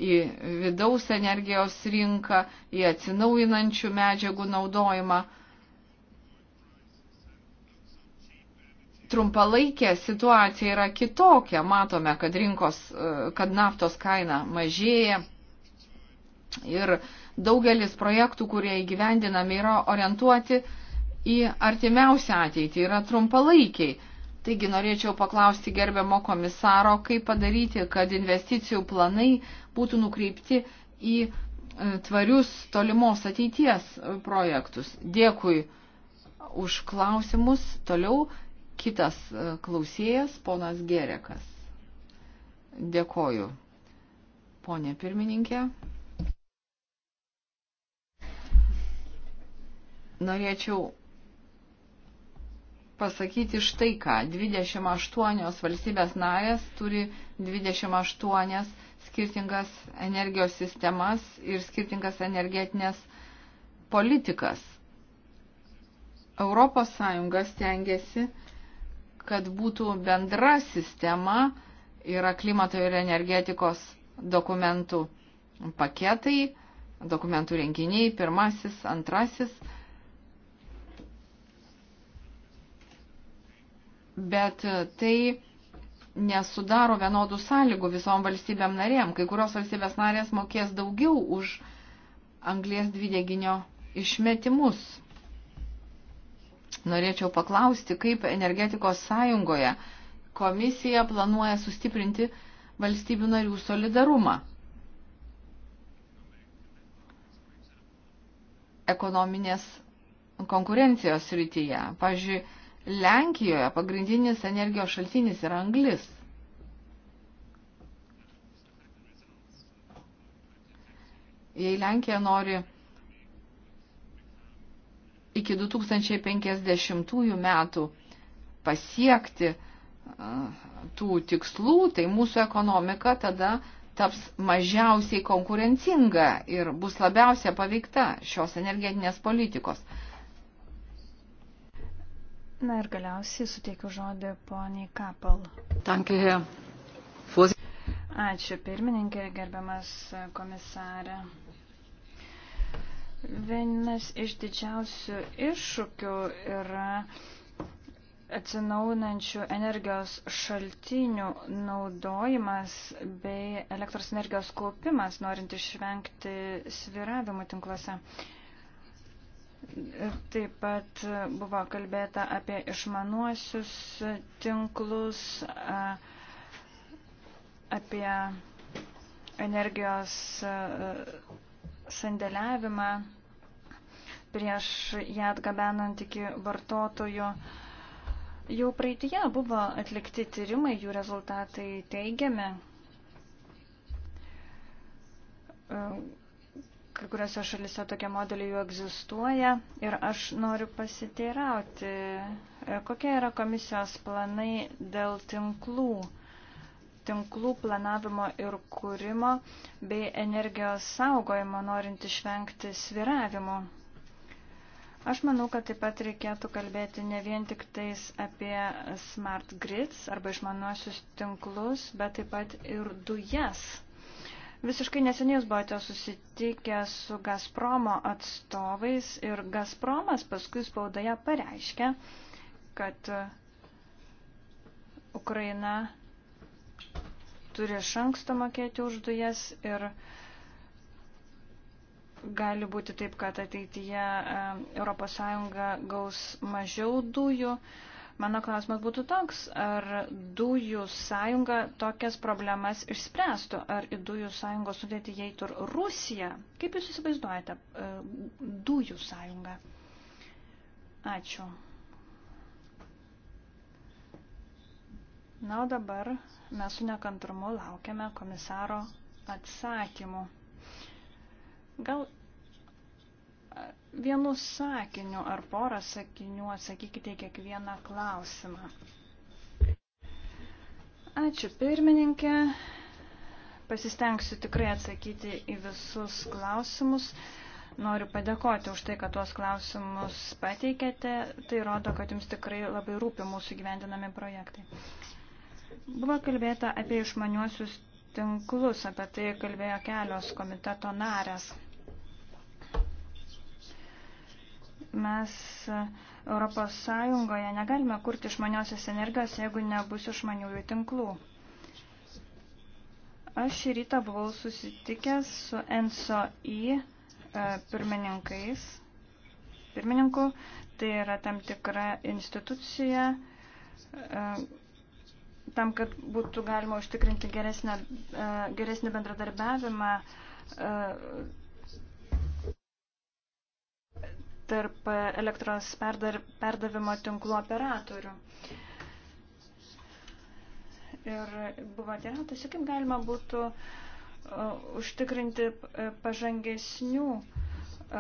į vidaus energijos rinką, į atsinaujinančių medžiagų naudojimą. Trumpalaikė situacija yra kitokia. Matome, kad, rinkos, kad naftos kaina mažėja ir daugelis projektų, kurie įgyvendinami, yra orientuoti į artimiausią ateitį, yra trumpalaikiai Taigi norėčiau paklausti gerbiamo komisaro, kaip padaryti, kad investicijų planai būtų nukreipti į e, tvarius tolimos ateities e, projektus. Dėkui už klausimus. Toliau kitas e, klausėjas, ponas Gerekas. Dėkoju, ponė pirmininkė. Norėčiau pasakyti štai ką. 28 valstybės narės turi 28 skirtingas energijos sistemas ir skirtingas energetinės politikas. Europos Sąjunga stengiasi, kad būtų bendra sistema, yra klimato ir energetikos dokumentų paketai, dokumentų renginiai, pirmasis, antrasis bet e, tai nesudaro vienodų sąlygų visom valstybėm narėm. Kai kurios valstybės narės mokės daugiau už anglės dvideginio išmetimus. Norėčiau paklausti, kaip energetikos sąjungoje komisija planuoja sustiprinti valstybių narių solidarumą. Ekonominės konkurencijos rytyje. Pavyzdžiui, Lenkijoje pagrindinis energijos šaltinis yra anglis. Jei Lenkija nori iki 2050 metų pasiekti tų tikslų, tai mūsų ekonomika tada taps mažiausiai konkurencinga ir bus labiausia paveikta šios energetinės politikos. Na ir galiausiai suteikiu žodį poniai Kapal. Tankėje. Ačiū pirmininkė, gerbiamas komisarė. Vienas iš didžiausių iššūkių yra atsinaunančių energijos šaltinių naudojimas bei elektros energijos kaupimas, norint išvengti sviravimų tinkluose. Uh, Taip pat buvo kalbėta apie išmanuosius tinklus, apie energijos sandėliavimą prieš ją atgabenant iki vartotojų. Jau praeitie buvo atlikti tyrimai, jų rezultatai teigiami Kai kuriuose šalise tokie modeliai jau egzistuoja ir aš noriu pasiteirauti, e, kokie yra komisijos planai dėl tinklų, tinklų planavimo ir kūrimo bei energijos saugojimo, norint išvengti sviravimo. Aš manau, kad taip pat reikėtų kalbėti ne vien tik tais apie smart grids arba išmanuosius tinklus, bet taip pat ir dujas. Visiškai neseniai jūs buvote susitikę su Gazpromo atstovais ir Gazpromas paskui spaudoje pareiškė, kad uh, Ukraina turi iš anksto mokėti už dujas ir gali būti taip, kad ateityje uh, ES gaus mažiau dujų. Uh, Mano klausimas būtų toks, ar dujų sąjunga tokias problemas išspręstų, ar į dujų sąjungos sudėti įeitų ir Rusija? Kaip jūs įsivaizduojate e, dujų sąjungą? Ačiū. Na, o dabar mes su nekantrumu laukiame komisaro atsakymų. Gal vienu sakiniu ar porą sakinių atsakykite kiekvieną klausimą. Ačiū pirmininkė. Pasistengsiu tikrai atsakyti į visus klausimus. Noriu padėkoti už tai, kad tuos klausimus pateikėte. Tai rodo, kad jums tikrai labai rūpi mūsų gyvendinami projektai. Buvo kalbėta apie išmaniuosius tinklus, apie tai kalbėjo kelios komiteto narės. mes ES negalime kurti išmaniosios energijos, jeigu nebus išmaniųjų tinklų. Aš šį rytą buvau susitikęs su NSOI e, pirmininkais, pirmininku, tai yra tam tikra institucija, e, tam, kad būtų galima užtikrinti geresnę, e, geresnį bendradarbiavimą tarp elektros perdar, perdavimo tinklų operatorių. Ir buvo teirautasi, kaip galima būtų uh, užtikrinti pažangesnių uh,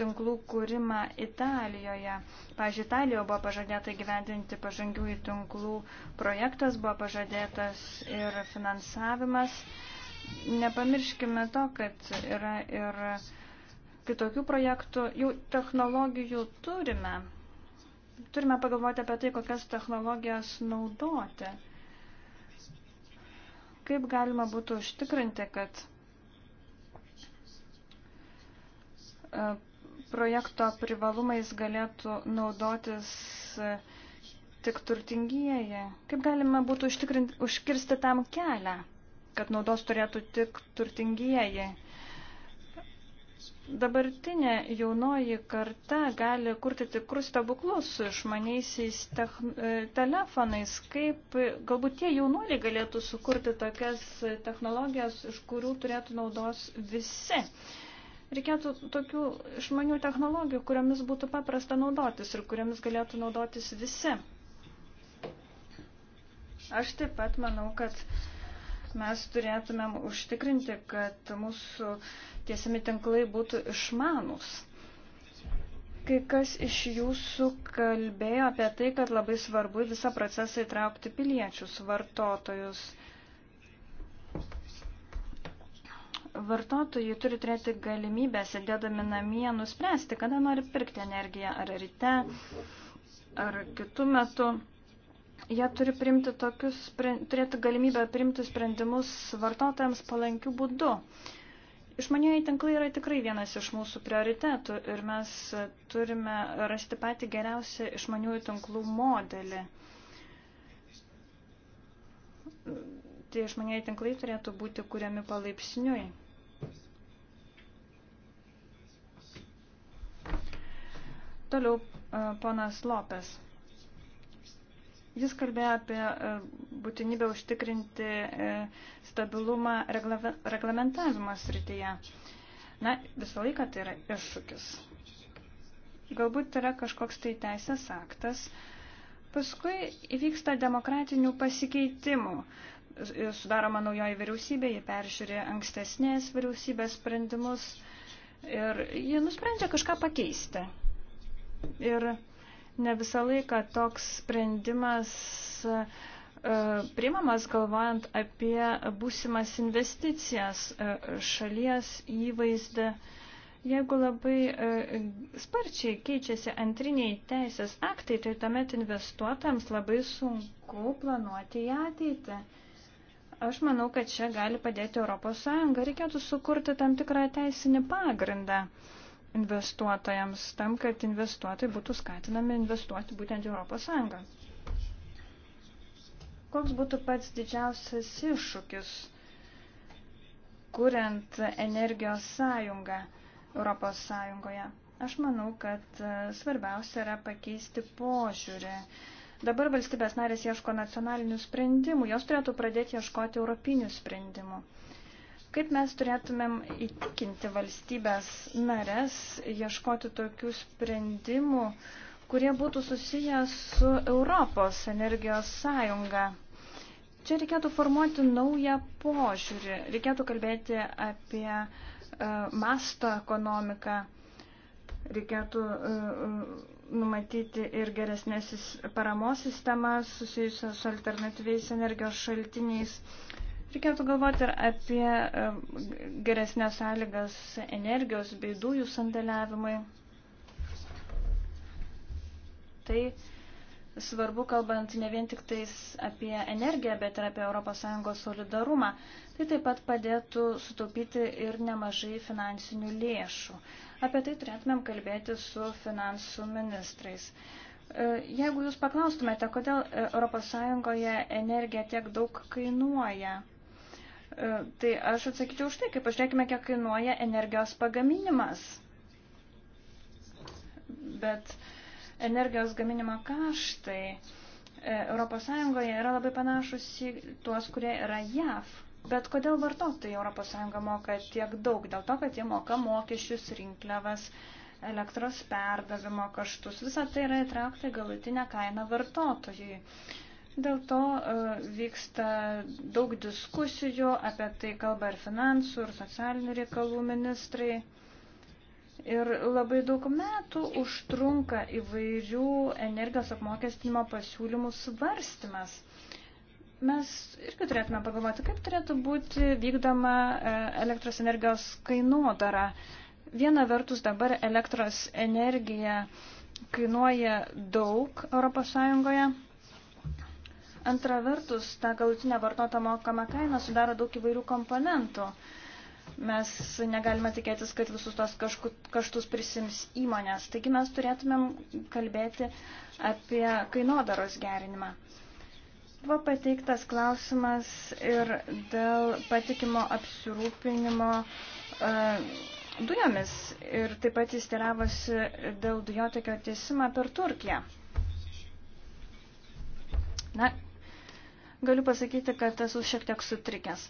tinklų kūrimą Italijoje. Pavyzdžiui, Italijoje buvo pažadėta gyvendinti pažangiųjų tinklų projektas, buvo pažadėtas ir finansavimas. Nepamirškime to, kad yra ir uh, kitokių projektų, jau technologijų turime. Turime pagalvoti apie tai, kokias technologijas naudoti. Kaip galima būtų užtikrinti, kad e, projekto privalumais galėtų naudotis e, tik turtingieji. Kaip galima būtų užkirsti tam kelią, kad naudos turėtų tik turtingieji? Dabartinė jaunoji karta gali kurti tikrus stebuklus su išmaniaisiais e, telefonais. Kaip galbūt tie jaunuoliai galėtų sukurti tokias technologijas, iš kurių turėtų naudos visi. Reikėtų tokių išmanių technologijų, kuriomis būtų paprasta naudotis ir kuriomis galėtų naudotis visi. Aš taip pat manau, kad mes turėtumėm užtikrinti, kad mūsų tiesiami tinklai būtų išmanus. Kai kas iš jūsų kalbėjo apie tai, kad labai svarbu visą procesą įtraukti piliečius, vartotojus. Vartotojai turi turėti galimybę, sėdėdami namie, nuspręsti, kada nori pirkti energiją, ar ryte, ar kitų metų. Jie turi primti tokius, turėtų galimybę primti sprendimus vartotojams palankių būdų. Išmanieji tinklai yra tikrai vienas iš mūsų prioritetų ir mes turime rasti patį geriausią išmaniųjų tinklų modelį. Tie išmanieji tinklai turėtų būti kuriami palaipsniui. Toliau e, ponas Lopes. Jis kalbėjo apie e, būtinybę užtikrinti e, stabilumą reglamentavimo srityje. Na, visą laiką tai yra iššūkis. Galbūt yra kažkoks tai teisės aktas. Paskui įvyksta demokratinių pasikeitimų. E, sudaroma naujoji vyriausybė, jie peržiūrė ankstesnės vyriausybės sprendimus ir jie nusprendžia kažką pakeisti. Ir Ne visą laiką toks sprendimas e, primamas galvojant apie būsimas investicijas e, šalies įvaizdį. Jeigu labai e, sparčiai keičiasi antriniai teisės aktai, tai tuomet investuotams labai sunku planuoti į ateitį. Aš manau, kad čia gali padėti ES. Reikėtų sukurti tam tikrą teisinį pagrindą. Uh, investuotojams, tam, kad investuotojai būtų skatinami investuoti būtent į Europos Sąjungą. Koks būtų pats didžiausias iššūkis, kuriant energijos sąjungą Europos Sąjungoje? Aš manau, kad e, svarbiausia yra pakeisti požiūrį. Dabar valstybės narės ieško nacionalinių sprendimų, jos turėtų pradėti ieškoti europinių sprendimų. Kaip mes turėtumėm įtikinti valstybės narės ieškoti tokių sprendimų, kurie būtų susiję su Europos energijos sąjunga? Čia reikėtų formuoti naują požiūrį, reikėtų kalbėti apie uh, masto ekonomiką, reikėtų uh, numatyti ir geresnės paramos sistemas susijusios su alternatyviais energijos šaltiniais. Uh, Reikėtų galvoti ir apie e, geresnės sąlygas energijos bei dujų sandėliavimui. Tai svarbu, kalbant ne vien tik tais apie energiją, bet ir apie ES solidarumą. Tai taip pat padėtų sutaupyti ir nemažai finansinių lėšų. Apie tai turėtumėm kalbėti su finansų ministrais. E, jeigu jūs paklaustumėte, kodėl ES energija tiek daug kainuoja, E, tai aš atsakyčiau už tai, kaip pažiūrėkime, kiek kainuoja energijos pagaminimas. Bet energijos gaminimo kaštai ES yra labai panašus į tuos, kurie yra JAV. Bet kodėl vartotojai ES moka tiek daug? Dėl to, kad jie moka mokesčius, rinkliavas, elektros perdavimo kaštus. Visą tai yra įtraukta galutinė kaina vartotojui. Dėl to e, vyksta daug diskusijų, apie tai kalba ir finansų, ir socialinių reikalų ministrai. Ir labai daug metų užtrunka įvairių energijos apmokestinimo pasiūlymų svarstymas. Mes irgi turėtume pagalvoti, kaip turėtų būti vykdoma e, elektros energijos kainodara. Viena vertus dabar elektros energija kainuoja daug ES, Antra vertus, tą galutinę vartotą mokamą kainą sudaro daug įvairių komponentų. Mes negalime tikėtis, kad visus tos kaštus prisims įmonės. Taigi mes turėtumėm kalbėti apie kainodaros gerinimą. Buvo pateiktas klausimas ir dėl patikimo apsirūpinimo e, dujomis ir taip pat jis teravosi dėl dujotekio tiesimą per Turkiją. Na, Galiu pasakyti, kad esu šiek tiek sutrikęs.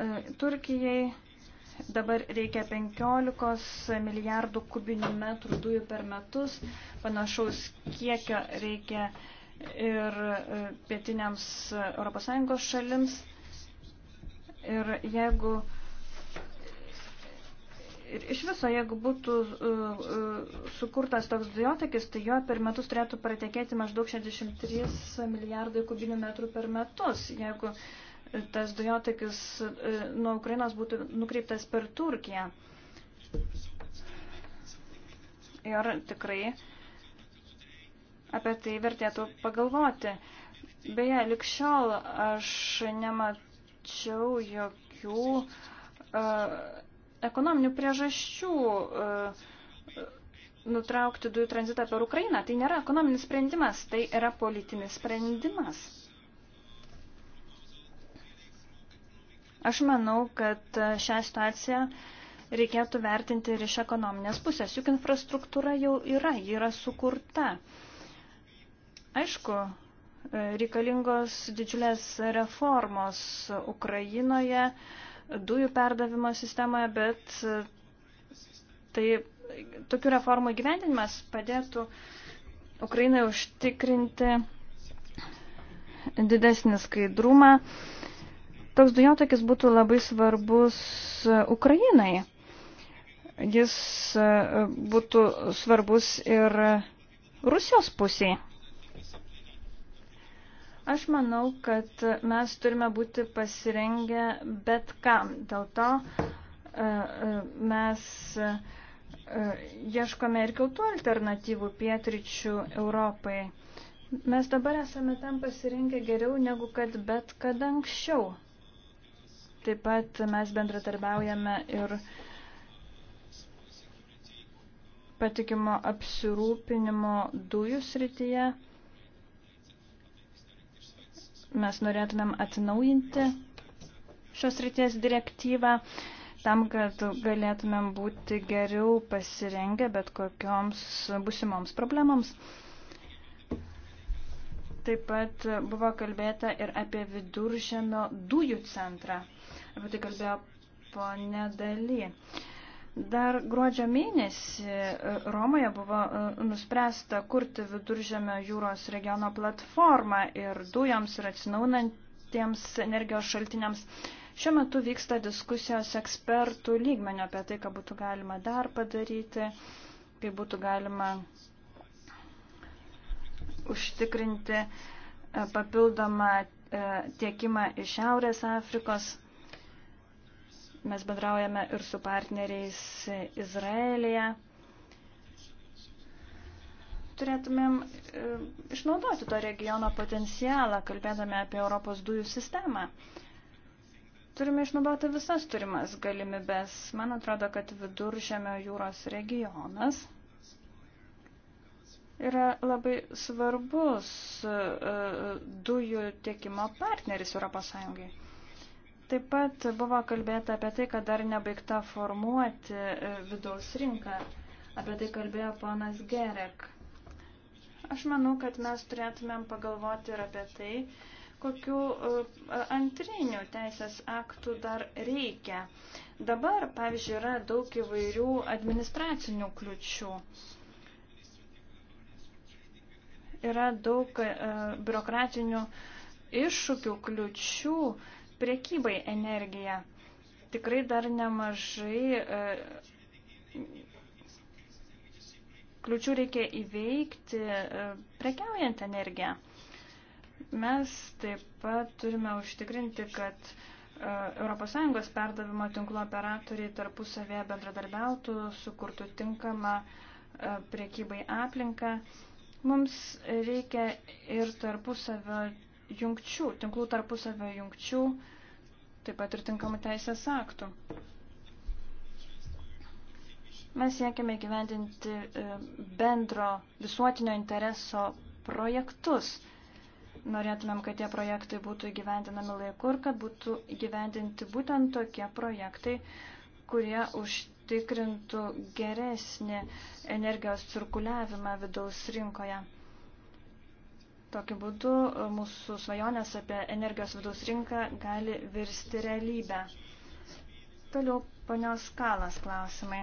E, Turkijai dabar reikia 15 milijardų kubinių metrų dujų per metus, panašaus kiekio reikia ir e, pietiniams ES šalims. Ir jeigu uh, Ir iš viso, jeigu būtų uh, uh, sukurtas toks dujotekis, tai jo per metus turėtų pratekėti maždaug 63 milijardai kubinių metrų per metus, jeigu e, tas dujotekis uh, nuo Ukrainos būtų nukreiptas per Turkiją. Ir tikrai apie tai vertėtų pagalvoti. Beje, likščiol aš nemačiau jokių uh, ekonominių priežasčių e, e, nutraukti dujų tranzitą per Ukrainą. Tai nėra ekonominis sprendimas, tai yra politinis sprendimas. Aš manau, kad e, šią situaciją reikėtų vertinti ir iš ekonominės pusės, juk infrastruktūra jau yra, ji yra sukurta. Aišku, reikalingos didžiulės reformos Ukrainoje, dujų perdavimo sistemoje, bet e, tai tokių reformų gyvendinimas padėtų Ukrainai užtikrinti didesnį skaidrumą. Toks dujotakis būtų labai svarbus Ukrainai. Jis e, būtų svarbus ir Rusijos pusėje. Aš manau, kad mes turime būti pasirengę bet kam. Dėl to e, e, mes e, ieškome ir kitų alternatyvų pietričių Europai. Mes dabar esame tam pasirinkę geriau negu kad bet kada anksčiau. Taip pat mes bendratarbiaujame ir patikimo apsirūpinimo dujų srityje. Mes norėtumėm atnaujinti šios ryties direktyvą tam, kad galėtumėm būti geriau pasirengę bet kokioms busimoms problemams. Taip pat buvo kalbėta ir apie viduržemio dujų centrą. Apie tai kalbėjo ponė Daly. Uh, Dar gruodžio mėnesį e, Romoje buvo e, nuspręsta kurti viduržėmio jūros regiono platformą ir dujoms ir atsinaunantiems energijos šaltiniams. Šiuo metu vyksta diskusijos ekspertų lygmenio apie tai, ką būtų galima dar padaryti, kaip būtų galima užtikrinti e, papildomą tiekimą iš Šiaurės Afrikos. Mes bendraujame ir su partneriais Izraelija. Turėtumėm e, išnaudoti to regiono potencialą, kalbėdami apie Europos dujų sistemą. Turime išnaudoti visas turimas galimybės. Man atrodo, kad viduržėmio jūros regionas yra labai svarbus e, e, dujų tiekimo partneris Europos Sąjungai. Taip pat buvo kalbėta apie tai, kad dar nebaigta formuoti e, vidaus rinką. Apie tai kalbėjo ponas Gerek. Aš manau, kad mes turėtumėm pagalvoti ir apie tai, kokiu e, antrinių teisės aktų dar reikia. Dabar, pavyzdžiui, yra daug įvairių administracinių kliučių. Yra daug e, biurokratinių iššūkių kliučių priekybai energiją. Tikrai dar nemažai e, kliučių reikia įveikti e, prekiaujant energiją. Mes taip pat turime užtikrinti, kad e, ES perdavimo tinklo operatoriai tarpusavėje bendradarbiautų, sukurtų tinkamą priekybai aplinką. Mums reikia ir tarpusavio jungčių, tinklų tarpusavio jungčių, taip pat ir tinkamų teisės aktų. Mes siekiame gyvendinti e, bendro visuotinio intereso projektus. Norėtumėm, kad tie projektai būtų įgyvendinami laiku ir kad būtų įgyvendinti būtent tokie projektai, kurie užtikrintų geresnį energijos cirkuliavimą vidaus rinkoje. Tokiu būdu e, mūsų svajonės apie energijos vidaus rinką gali virsti realybę. Toliau ponios Kalas klausimai.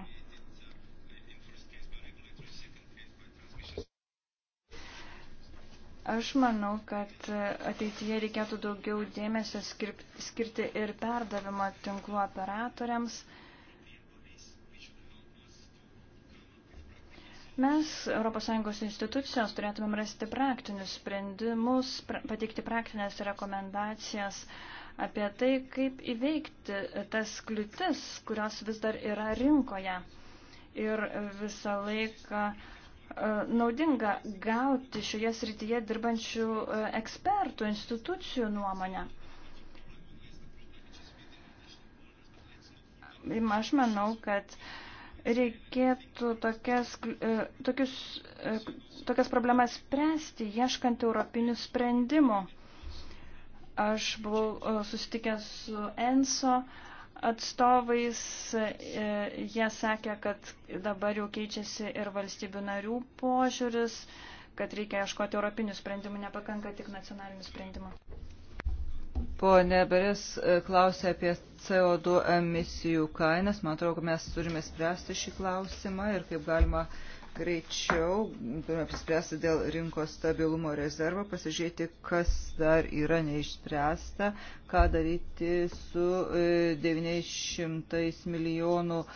Aš manau, kad ateityje reikėtų daugiau dėmesio skirti ir perdavimo tinklų operatoriams. Uh, Mes, ES institucijos, turėtumėm rasti praktinius sprendimus, pra, pateikti praktinės rekomendacijas apie tai, kaip įveikti tas kliūtis, kurios vis dar yra rinkoje. Ir visą laiką e, naudinga gauti šioje srityje dirbančių e, ekspertų, institucijų nuomonę. Aš manau, kad uh, reikėtų tokias, e, tokius, e, tokias problemas spręsti, ieškant europinių sprendimų. Aš buvau e, susitikęs su ENSO atstovais, jie sakė, kad dabar jau keičiasi ir valstybių narių požiūris, kad reikia ieškoti europinių sprendimų, nepakanka tik nacionalinių sprendimų. Pone Beres e, klausė apie CO2 emisijų kainas. Man atrodo, mes turime spręsti šį klausimą ir kaip galima greičiau turime apsispręsti dėl rinkos stabilumo rezervo, pasižiūrėti, kas dar yra neišspręsta, ką daryti su 900 e, milijonų e,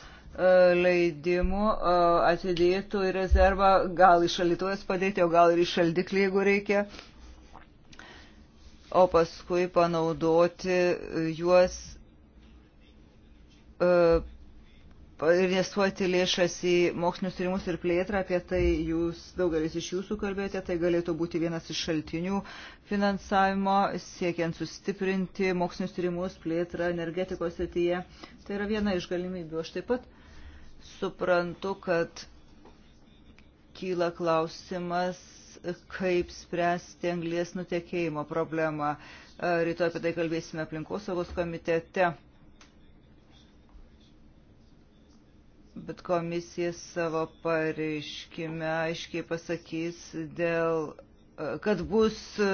leidimų atidėtų į rezervą, gal į šaldytuves padėti, o gal ir į šaldiklį, jeigu reikia o paskui panaudoti juos ir e, investuoti lėšas į mokslinius tyrimus ir plėtrą. Apie tai jūs daugelis iš jūsų kalbėjote. Tai galėtų būti vienas iš šaltinių finansavimo, siekiant sustiprinti mokslinius tyrimus, plėtrą energetikos srityje. Tai yra viena iš galimybių. Aš taip pat suprantu, kad kyla klausimas kaip spręsti anglės nutekėjimo problemą. E, rytoj apie tai kalbėsime aplinkosaugos komitete. Bet komisija savo pareiškime aiškiai pasakys dėl e, kad bus e,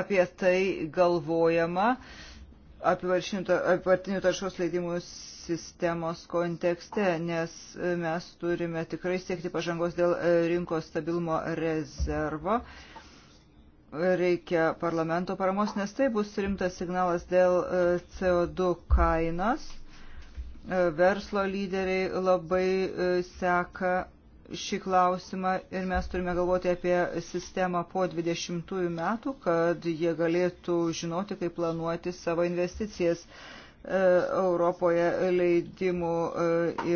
apie tai galvojama apivartinių taršos leidimų sistemos kontekste, nes mes turime tikrai siekti pažangos dėl e, rinkos stabilumo rezervo. Reikia parlamento paramos, nes tai bus rimtas signalas dėl e, CO2 kainos. E, verslo lyderiai labai seka šį klausimą ir mes turime galvoti apie sistemą po 20 metų, kad jie galėtų žinoti, kaip planuoti savo investicijas. E, Europoje leidimų e,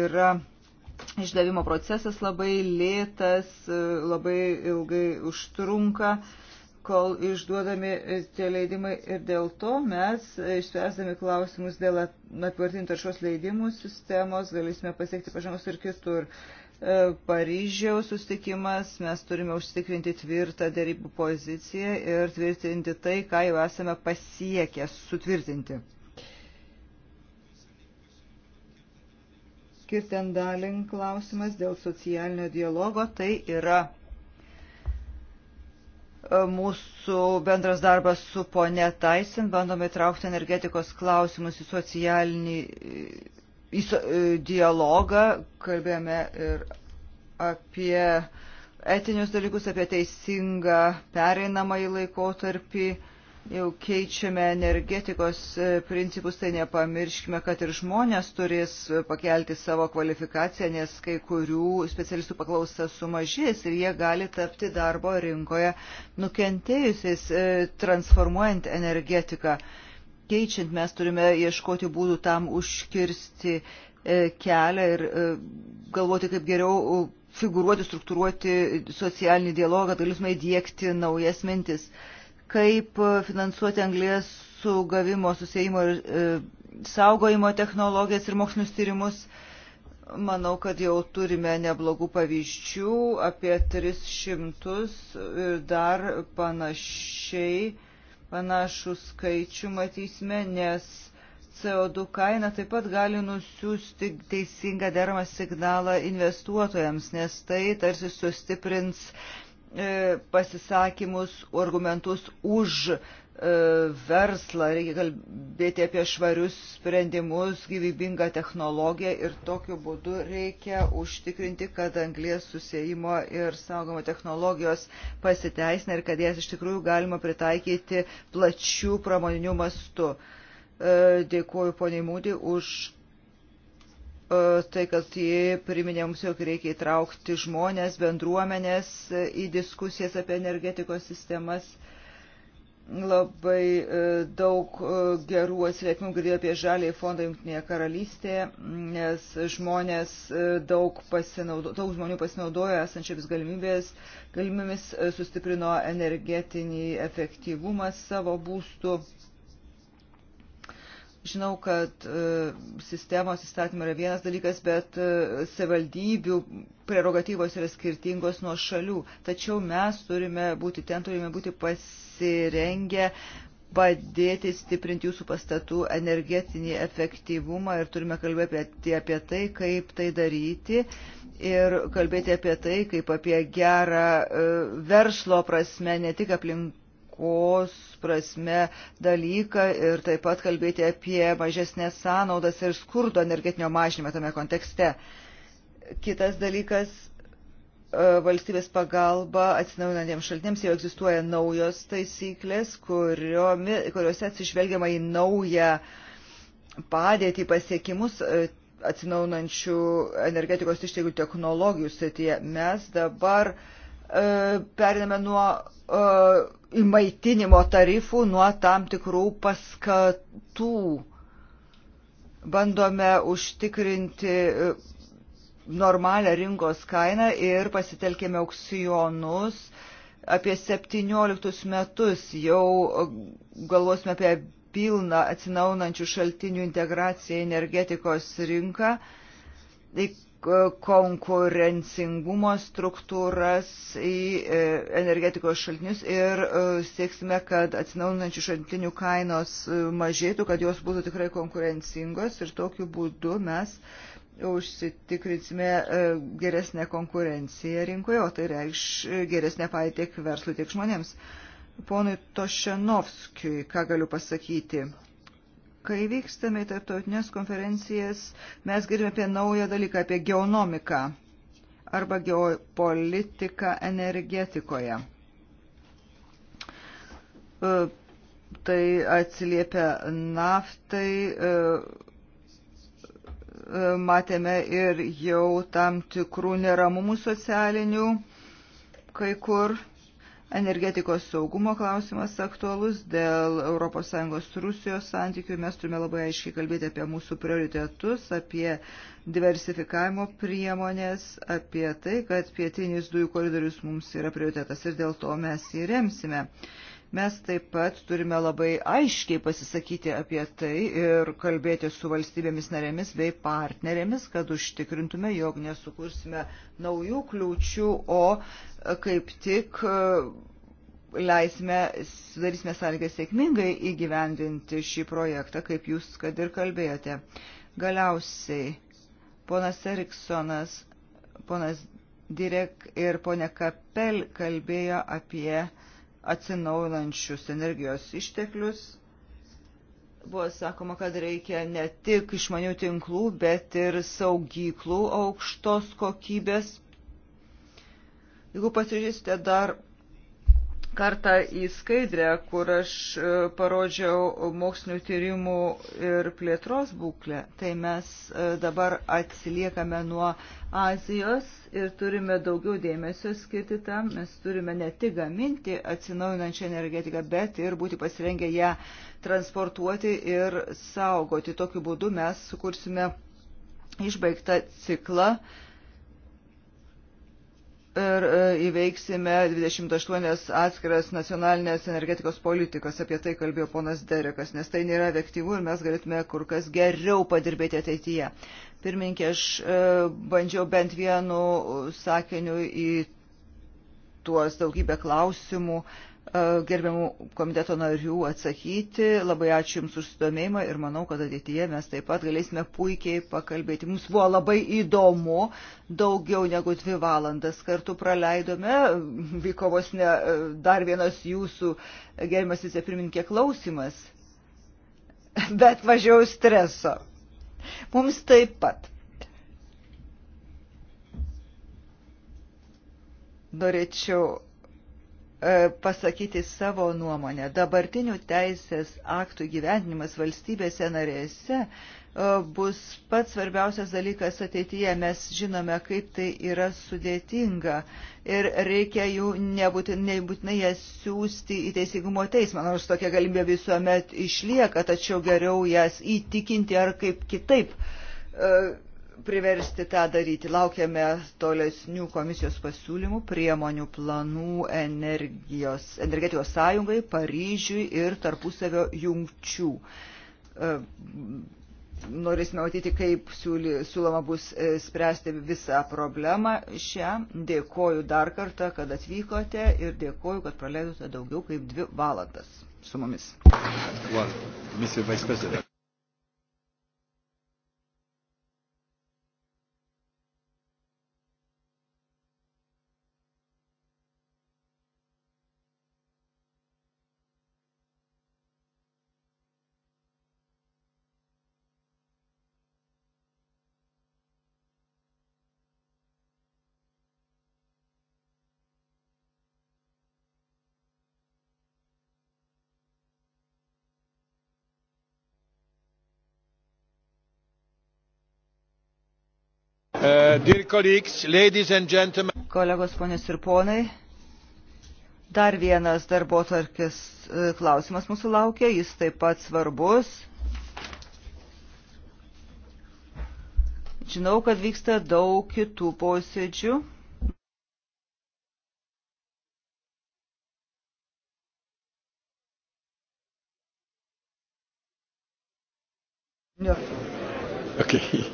yra išdavimo procesas labai lėtas, e, labai ilgai užtrunka kol išduodami tie leidimai ir dėl to mes, išspręsdami klausimus dėl apivartinių taršos leidimų sistemos, galėsime pasiekti pažangos ir kitur. Uh, E, Paryžiaus sustikimas, mes turime užtikrinti tvirtą dėrybų poziciją ir tvirtinti tai, ką jau esame pasiekę sutvirtinti. Kirten Dalin klausimas dėl socialinio dialogo, tai yra e, mūsų bendras darbas su ponė Taisin, bandome įtraukti energetikos klausimus į socialinį E, dialogą, kalbėjome ir apie etinius dalykus, apie teisingą pereinamąjį laikotarpį, jau keičiame energetikos e, principus, tai nepamirškime, kad ir žmonės turės pakelti savo kvalifikaciją, nes kai kurių specialistų paklausa sumažės ir jie gali tapti darbo rinkoje nukentėjusiais, e, transformuojant energetiką keičiant mes turime ieškoti būdų tam užkirsti e, kelią ir e, galvoti, kaip geriau e, figuruoti, struktūruoti socialinį dialogą, galėtume įdėkti naujas mintis. Kaip finansuoti anglės sugavimo, susėjimo ir e, saugojimo technologijas ir mokslinius tyrimus. Manau, kad jau turime neblogų pavyzdžių, apie 300 ir dar panašiai panašų skaičių matysime, nes CO2 kaina taip pat gali nusiųsti teisingą deramą signalą investuotojams, nes tai tarsi sustiprins e, pasisakymus, argumentus už E, verslą, reikia kalbėti apie švarius sprendimus, gyvybingą technologiją ir tokiu būdu reikia užtikrinti, kad anglės susėjimo ir saugomo technologijos pasiteisina ir kad jas iš tikrųjų galima pritaikyti plačių pramoninių mastų. E, dėkuoju poniai Mūdį už e, tai, kad jie priminė mums, jog reikia įtraukti žmonės, bendruomenės į diskusijas apie energetikos sistemas labai e, daug e, gerų atsiliepimų girdėjau apie žalį fondą Junktinėje karalystėje, nes žmonės e, daug, pasinaudo, daug žmonių pasinaudojo esančiamis galimybės, galimybėmis sustiprino energetinį efektyvumą savo būstų. Žinau, kad e, sistemos įstatymai yra vienas dalykas, bet e, savivaldybių prerogatyvos yra skirtingos nuo šalių. Tačiau mes turime būti ten, turime būti pasirengę padėti stiprinti jūsų pastatų energetinį efektyvumą ir turime kalbėti apie tai, tai kaip tai daryti ir kalbėti apie tai, kaip apie gerą e, verslo prasme, ne tik aplink aplinkos prasme dalyką ir taip pat kalbėti apie mažesnės sąnaudas ir skurdo energetinio mažinimą tame kontekste. Kitas dalykas e, valstybės pagalba atsinaujinantiems šaltiniams jau egzistuoja naujos taisyklės, kuriomi, kuriuose atsižvelgiama į naują padėtį pasiekimus e, atsinaujinančių energetikos išteklių technologijų srityje. Mes dabar uh, periname nuo e, įmaitinimo tarifų, nuo tam tikrų paskatų. Bandome užtikrinti e, normalią rinkos kainą ir pasitelkėme aukcionus. Apie 17 metus jau e, galvosime apie pilną atsinaunančių šaltinių integraciją į energetikos rinką konkurencingumo struktūras, į e, energetikos šaltinius ir e, sieksime, kad atsinaujinančių šaltinių kainos e, mažėtų, kad jos būtų tikrai konkurencingos ir tokiu būdu mes užsitikrinsime geresnę konkurenciją rinkoje, o tai reikš geresnę paį tiek verslui, tiek žmonėms. Ponui Tošenovskijui, ką galiu pasakyti? Kai vykstame į tarptautinės konferencijas, mes girdime apie naują dalyką, apie geonomiką arba geopolitiką energetikoje. E, tai atsiliepia naftai, e, e, matėme ir jau tam tikrų neramumų socialinių kai kur Energetikos saugumo klausimas aktualus dėl ES Rusijos santykių. Mes turime labai aiškiai kalbėti apie mūsų prioritetus, apie diversifikavimo priemonės, apie tai, kad pietinis dujų koridorius mums yra prioritetas ir dėl to mes jį remsime. Mes taip pat turime labai aiškiai pasisakyti apie tai ir kalbėti su valstybėmis narėmis bei partnerėmis, kad užtikrintume, jog nesukursime naujų kliūčių, o kaip tik e, leisime, sudarysime sąlygas sėkmingai įgyvendinti šį projektą, kaip jūs kad ir kalbėjote. Galiausiai, ponas Eriksonas, ponas Direk ir ponė Kapel kalbėjo apie uh, atsinaujinančius energijos išteklius. Buvo sakoma, kad reikia ne tik išmanių tinklų, bet ir saugyklų aukštos kokybės. Jeigu pasižiūrėsite dar kartą į skaidrę, kur aš e, parodžiau mokslinių tyrimų ir plėtros būklę. Tai mes e, dabar atsiliekame nuo Azijos ir turime daugiau dėmesio skirti tam. Mes turime ne tik gaminti atsinaujinančią energetiką, bet ir būti pasirengę ją transportuoti ir saugoti. Tokiu būdu mes sukursime išbaigtą ciklą ir e, įveiksime 28 atskiras nacionalinės energetikos politikas. Apie tai kalbėjo ponas Derekas, nes tai nėra efektyvu ir mes galėtume kur kas geriau padirbėti ateityje. Pirminkė, aš e, bandžiau bent vienu sakiniu į tuos daugybę klausimų E, gerbiamų komiteto narių atsakyti. Labai ačiū Jums už sudomėjimą ir manau, kad ateityje mes taip pat galėsime puikiai pakalbėti. Mums buvo labai įdomu, daugiau negu dvi valandas kartu praleidome. Vyko vos ne e, dar vienas Jūsų e, gerbiamas vicepirmininkė klausimas, bet mažiau streso. Mums taip pat. Norėčiau E, pasakyti savo nuomonę. Dabartinių teisės aktų gyvenimas valstybėse narėse e, bus pats svarbiausias dalykas ateityje. Mes žinome, kaip tai yra sudėtinga ir reikia jų nebūtinai, nebūtinai jas siūsti į Teisingumo teismą, nors tokia galimybė visuomet išlieka, tačiau geriau jas įtikinti ar kaip kitaip e, priversti tą daryti. Laukiame tolesnių komisijos pasiūlymų, priemonių planų energijos, energetikos sąjungai, Paryžiui ir tarpusavio jungčių. E, norėsime matyti, kaip siūly, siūloma bus e, spręsti visą problemą šią. Dėkoju dar kartą, kad atvykote ir dėkoju, kad praleidote daugiau kaip dvi valandas su mumis. Well, Uh, Kolegos, ponės ir ponai, dar vienas darbo tvarkės uh, klausimas mūsų laukia, jis taip pat svarbus. Žinau, kad vyksta daug kitų posėdžių. Okay.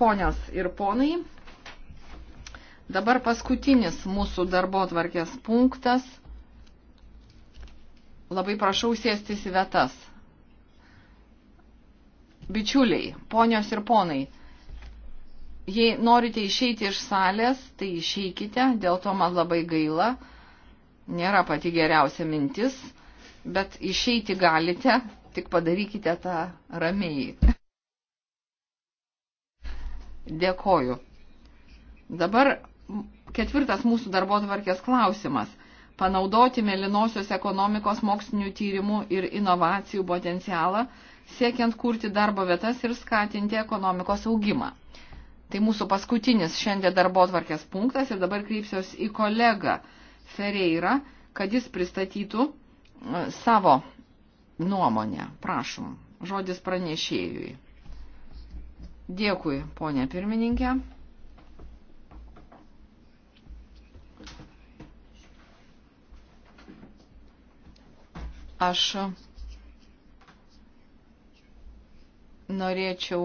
Ponios ir ponai, dabar paskutinis mūsų darbo tvarkės punktas. Labai prašau sėstis į vietas. Bičiuliai, ponios ir ponai, jei norite išeiti iš salės, tai išeikite, dėl to man labai gaila. Nėra pati geriausia mintis, bet išeiti galite tik padarykite tą ramiai. Dėkoju. Dabar ketvirtas mūsų darbo tvarkės klausimas - panaudoti mėlynosios ekonomikos mokslinių tyrimų ir inovacijų potencialą, siekiant kurti darbo vietas ir skatinti ekonomikos augimą. Tai mūsų paskutinis šiandien darbo tvarkės punktas ir dabar kreipsiuosi į kolegą Fereirą, kad jis pristatytų e, savo nuomonę. Prašom, žodis pranešėjui. Dėkui, ponė pirmininkė. Aš norėčiau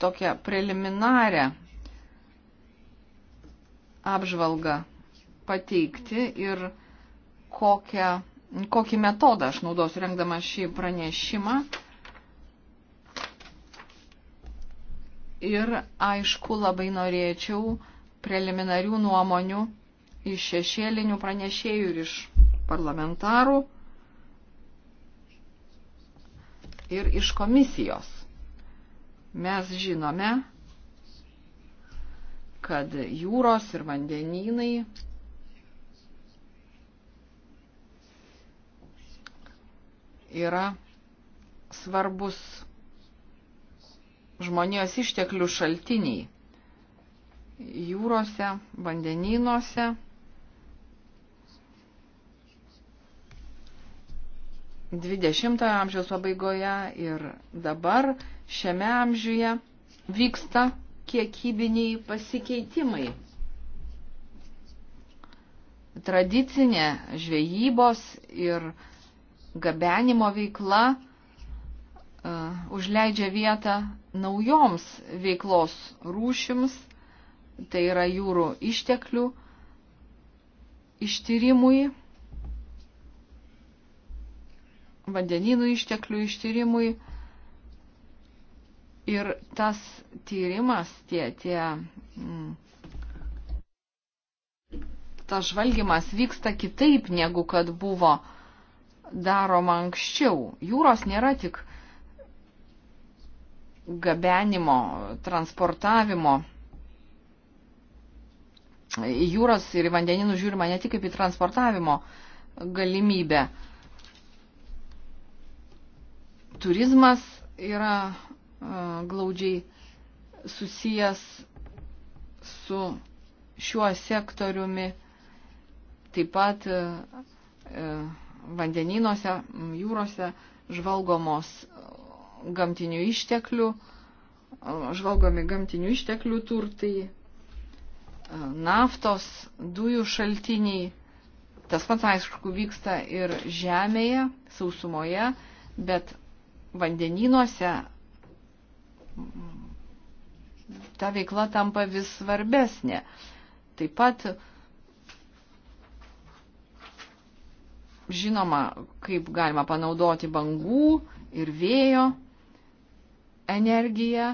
tokią preliminarę apžvalgą pateikti ir kokią kokį metodą aš naudosiu rengdama šį pranešimą. Ir aišku, labai norėčiau preliminarių nuomonių iš šešėlinių pranešėjų ir iš parlamentarų ir iš komisijos. Mes žinome, kad jūros ir vandenynai yra svarbus žmonijos išteklių šaltiniai jūrose, vandenynuose. XX amžiaus pabaigoje ir dabar šiame amžiuje vyksta kiekybiniai pasikeitimai. Tradicinė žvejybos ir gabenimo veikla e, užleidžia vietą naujoms veiklos rūšims, tai yra jūrų išteklių ištyrimui, vandeninų išteklių ištyrimui. Ir tas tyrimas, tie, tie, mm, tas žvalgymas vyksta kitaip, negu kad buvo daroma anksčiau. Jūros nėra tik gabenimo, transportavimo. Į jūros ir į vandeninų žiūrima ne tik kaip į transportavimo galimybę. Turizmas yra e, glaudžiai susijęs su šiuo sektoriumi. Taip pat e, e, vandenynuose, jūrose žvalgomos gamtinių išteklių, žvalgomi gamtinių išteklių turtai, naftos, dujų šaltiniai. Tas pats, aišku, vyksta ir žemėje, sausumoje, bet vandenynuose ta veikla tampa vis svarbesnė. Taip pat žinoma, kaip galima panaudoti bangų ir vėjo energiją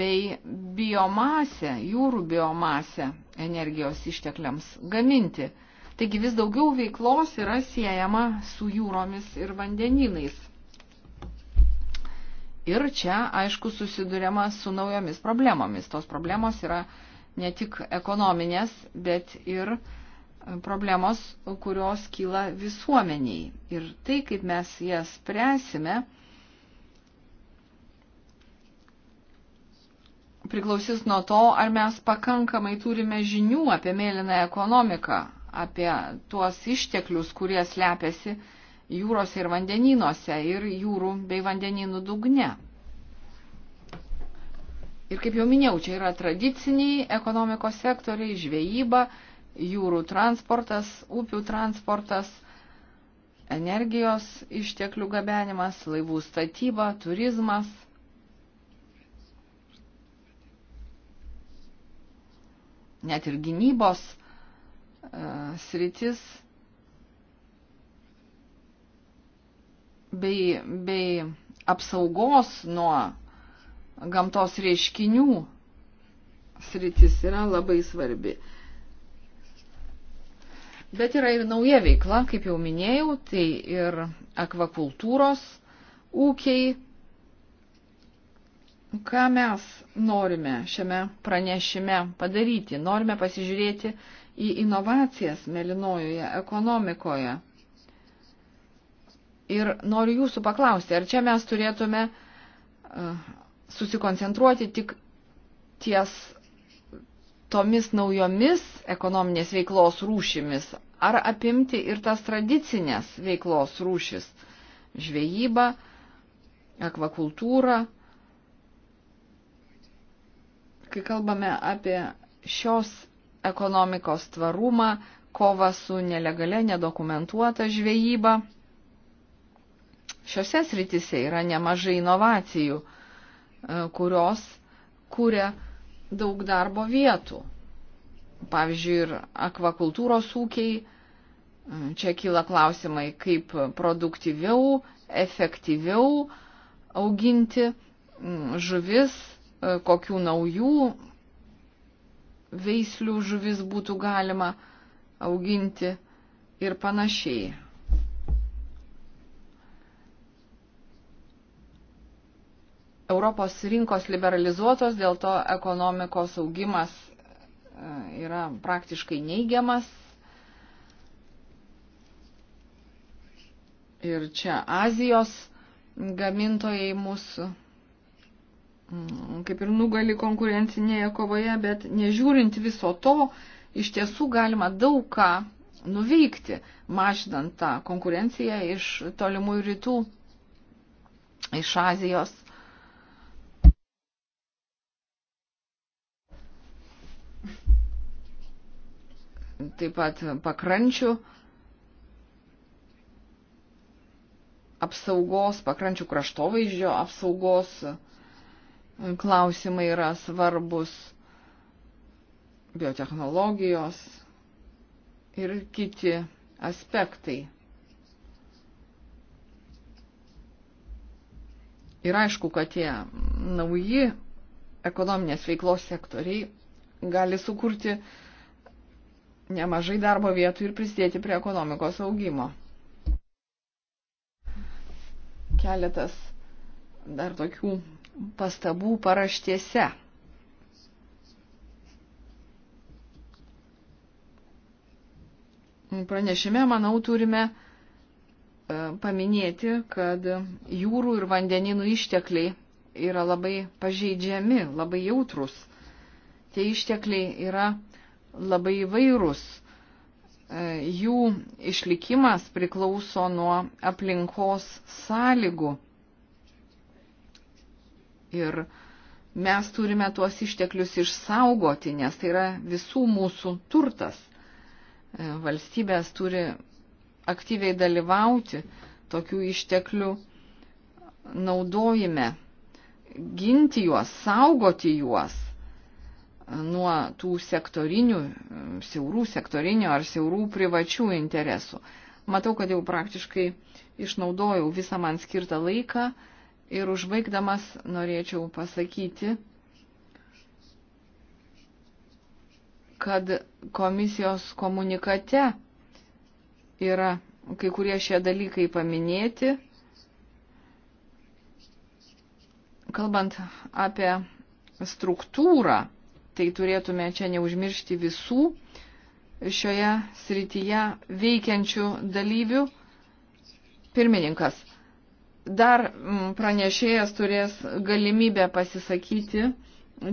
bei biomasę, jūrų biomasę energijos ištekliams gaminti. Taigi vis daugiau veiklos yra siejama su jūromis ir vandeninais. Ir čia, aišku, susidurėma su naujomis problemomis. Tos problemos yra ne tik ekonominės, bet ir uh, problemos, kurios kyla visuomeniai. Ir tai, kaip mes jas spręsime, priklausys nuo to, ar mes pakankamai turime žinių apie mėlyną ekonomiką, apie tuos išteklius, kurie slepiasi jūrose ir vandenynuose ir jūrų bei vandenynų dugne. Ir kaip jau minėjau, čia yra tradiciniai ekonomikos sektoriai, žvejyba, jūrų transportas, upių transportas, energijos išteklių gabenimas, laivų statyba, turizmas. Net ir gynybos e, sritis bei, bei apsaugos nuo gamtos reiškinių sritis yra labai svarbi. E, Bet yra ir nauja veikla, kaip jau minėjau, tai ir akvakultūros ūkiai. Ką mes norime šiame pranešime padaryti? Norime pasižiūrėti į inovacijas melinojoje ekonomikoje. Ir noriu jūsų paklausti, ar čia mes turėtume uh, susikoncentruoti tik ties tomis naujomis ekonominės veiklos rūšimis, ar apimti ir tas tradicinės veiklos rūšis - žvejybą, akvakultūrą. Kai kalbame apie šios ekonomikos tvarumą, kovą su nelegale nedokumentuota žvejyba, šiuose sritise yra nemažai inovacijų, e, kurios kūrė kuria daug darbo vietų. Pavyzdžiui, ir akvakultūros ūkiai. Čia kyla klausimai, kaip produktyviau, efektyviau auginti mm, žuvis, e, kokių naujų veislių žuvis būtų galima auginti ir panašiai. Europos rinkos liberalizuotos, dėl to ekonomikos augimas e, yra praktiškai neigiamas. Ir čia Azijos gamintojai mūsų mm, kaip ir nugali konkurencinėje kovoje, bet nežiūrint viso to, iš tiesų galima daug ką nuveikti, mažinant tą konkurenciją iš tolimųjų rytų, iš Azijos. taip pat pakrančių apsaugos, pakrančių kraštovaizdžio apsaugos klausimai yra svarbus, biotehnologijos ir kiti aspektai. Ir aišku, kad tie nauji ekonominės veiklos sektoriai gali sukurti nemažai darbo vietų ir prisidėti prie ekonomikos augimo. Keletas dar tokių pastabų paraštėse. Pranešime, manau, turime e, paminėti, kad jūrų ir vandeninų ištekliai yra labai pažeidžiami, labai jautrus. Tie ištekliai yra labai įvairūs. E, jų išlikimas priklauso nuo aplinkos sąlygų. Ir mes turime tuos išteklius išsaugoti, nes tai yra visų mūsų turtas. E, valstybės turi aktyviai dalyvauti tokių išteklių naudojime, ginti juos, saugoti juos nuo tų sektorinių, siaurų sektorinių ar siaurų privačių interesų. Matau, kad jau praktiškai išnaudojau visą man skirtą laiką ir užbaigdamas norėčiau pasakyti, kad komisijos komunikate yra kai kurie šie dalykai paminėti. Kalbant apie struktūrą, tai turėtume čia neužmiršti visų šioje srityje veikiančių dalyvių. Pirmininkas, dar mm, pranešėjas turės galimybę pasisakyti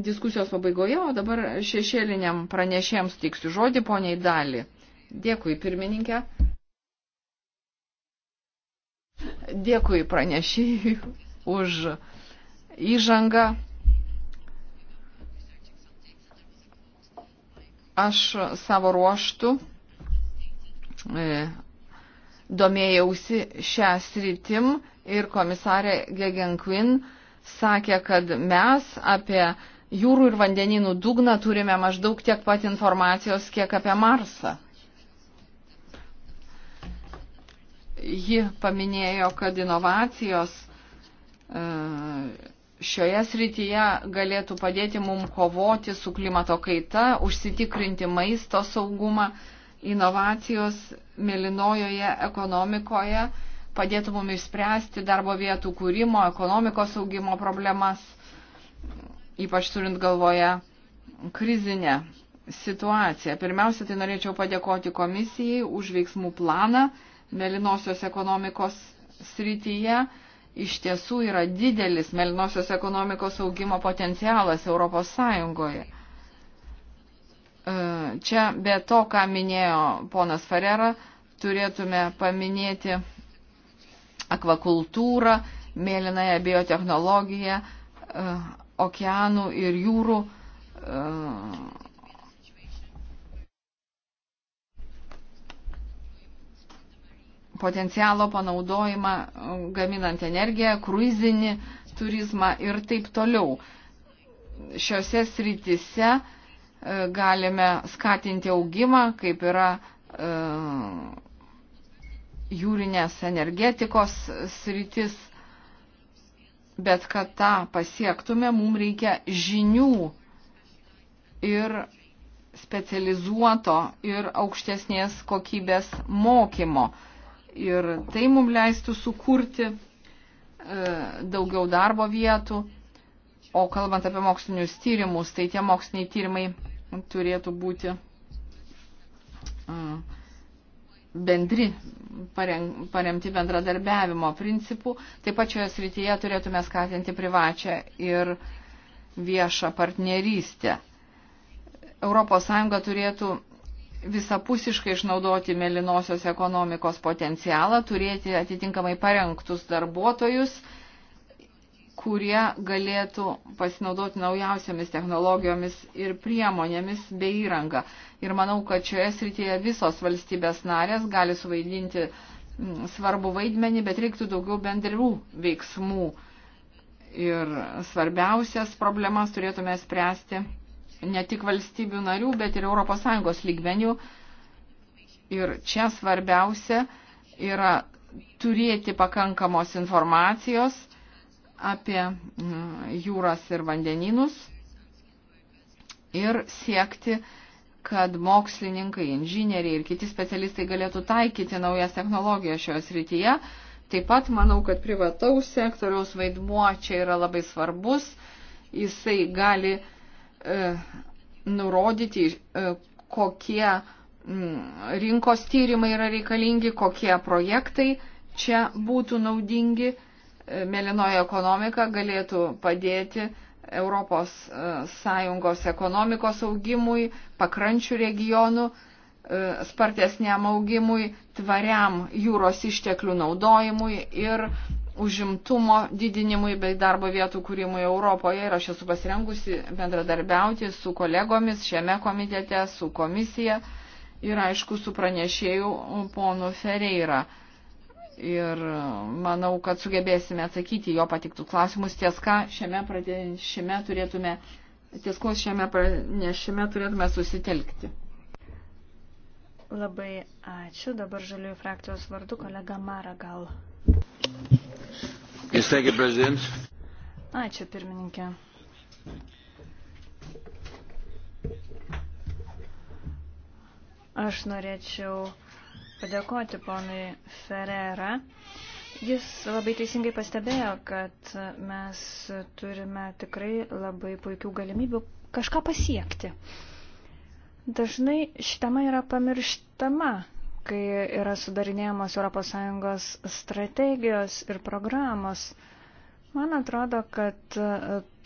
diskusijos pabaigoje, o dabar šešėliniam pranešėjams tiksiu žodį poniai dalį. Dėkui, pirmininkė. Dėkui pranešėjui už įžangą. Aš savo ruoštų e, domėjausi šią sritim ir komisarė Gegenkvin sakė, kad mes apie jūrų ir vandeninų dugną turime maždaug tiek pat informacijos, kiek apie Marsą. Ji paminėjo, kad inovacijos e, šioje srityje galėtų padėti mum kovoti su klimato kaita, užsitikrinti maisto saugumą, inovacijos mėlynojoje ekonomikoje, padėtų mum išspręsti darbo vietų kūrimo, ekonomikos augimo problemas, ypač turint galvoje krizinę situaciją. Pirmiausia, tai norėčiau padėkoti komisijai už veiksmų planą mėlynosios ekonomikos srityje iš tiesų yra didelis melinosios ekonomikos augimo potencialas Europos Sąjungoje. E, čia be to, ką minėjo ponas Farera, turėtume paminėti akvakultūrą, mėlynąją biotehnologiją, e, okeanų ir jūrų e, potencialo panaudojimą gaminant energiją, kruizinį turizmą ir taip toliau. Šiuose srityse e, galime skatinti augimą, kaip yra e, jūrinės energetikos sritis, bet kad tą pasiektume, mums reikia žinių ir specializuoto ir aukštesnės kokybės mokymo ir tai mums leistų sukurti e, daugiau darbo vietų. O kalbant apie mokslinius tyrimus, tai tie moksliniai tyrimai turėtų būti e, bendri, paremti bendradarbiavimo principų. Taip pat šioje srityje turėtume skatinti privačią ir viešą partnerystę. ES turėtų visapusiškai išnaudoti mėlynosios ekonomikos potencialą, turėti atitinkamai parengtus darbuotojus, kurie galėtų pasinaudoti naujausiamis technologijomis ir priemonėmis bei įranga. Ir manau, kad šioje srityje visos valstybės narės gali suvaidinti mm, svarbu vaidmenį, bet reiktų daugiau bendrų veiksmų. Ir svarbiausias problemas turėtume spręsti ne tik valstybių narių, bet ir ES lygmenių. Ir čia svarbiausia yra turėti pakankamos informacijos apie mm, jūras ir vandeninus ir siekti, kad mokslininkai, inžinieriai ir kiti specialistai galėtų taikyti naujas technologijas šioje srityje. Taip pat manau, kad privataus sektoriaus vaidmuo čia yra labai svarbus. Jisai gali uh, E, nurodyti, e, kokie rinkos tyrimai yra reikalingi, kokie projektai čia būtų naudingi. E, mėlynoji ekonomika galėtų padėti Europos Sąjungos ekonomikos augimui, pakrančių regionų, spartesniam augimui, tvariam jūros išteklių naudojimui ir užimtumo didinimui bei darbo vietų kūrimui Europoje ir aš esu pasirengusi bendradarbiauti su kolegomis šiame komitete, su komisija ir aišku su pranešėju ponu Ferreira. Ir manau, kad sugebėsime atsakyti jo patiktų klausimus ties, ką šiame pranešime turėtume, ties, ko šiame pranešime turėtume susitelkti. Labai ačiū. Dabar žaliųjų frakcijos vardu kolega Mara gal. Ačiū pirmininkė. Aš norėčiau padėkoti ponui Ferrera. Jis labai teisingai pastebėjo, kad mes turime tikrai labai puikių galimybių kažką pasiekti. Dažnai šitama yra pamirštama, kai yra sudarinėjamos ES strategijos ir programos. Man atrodo, kad e,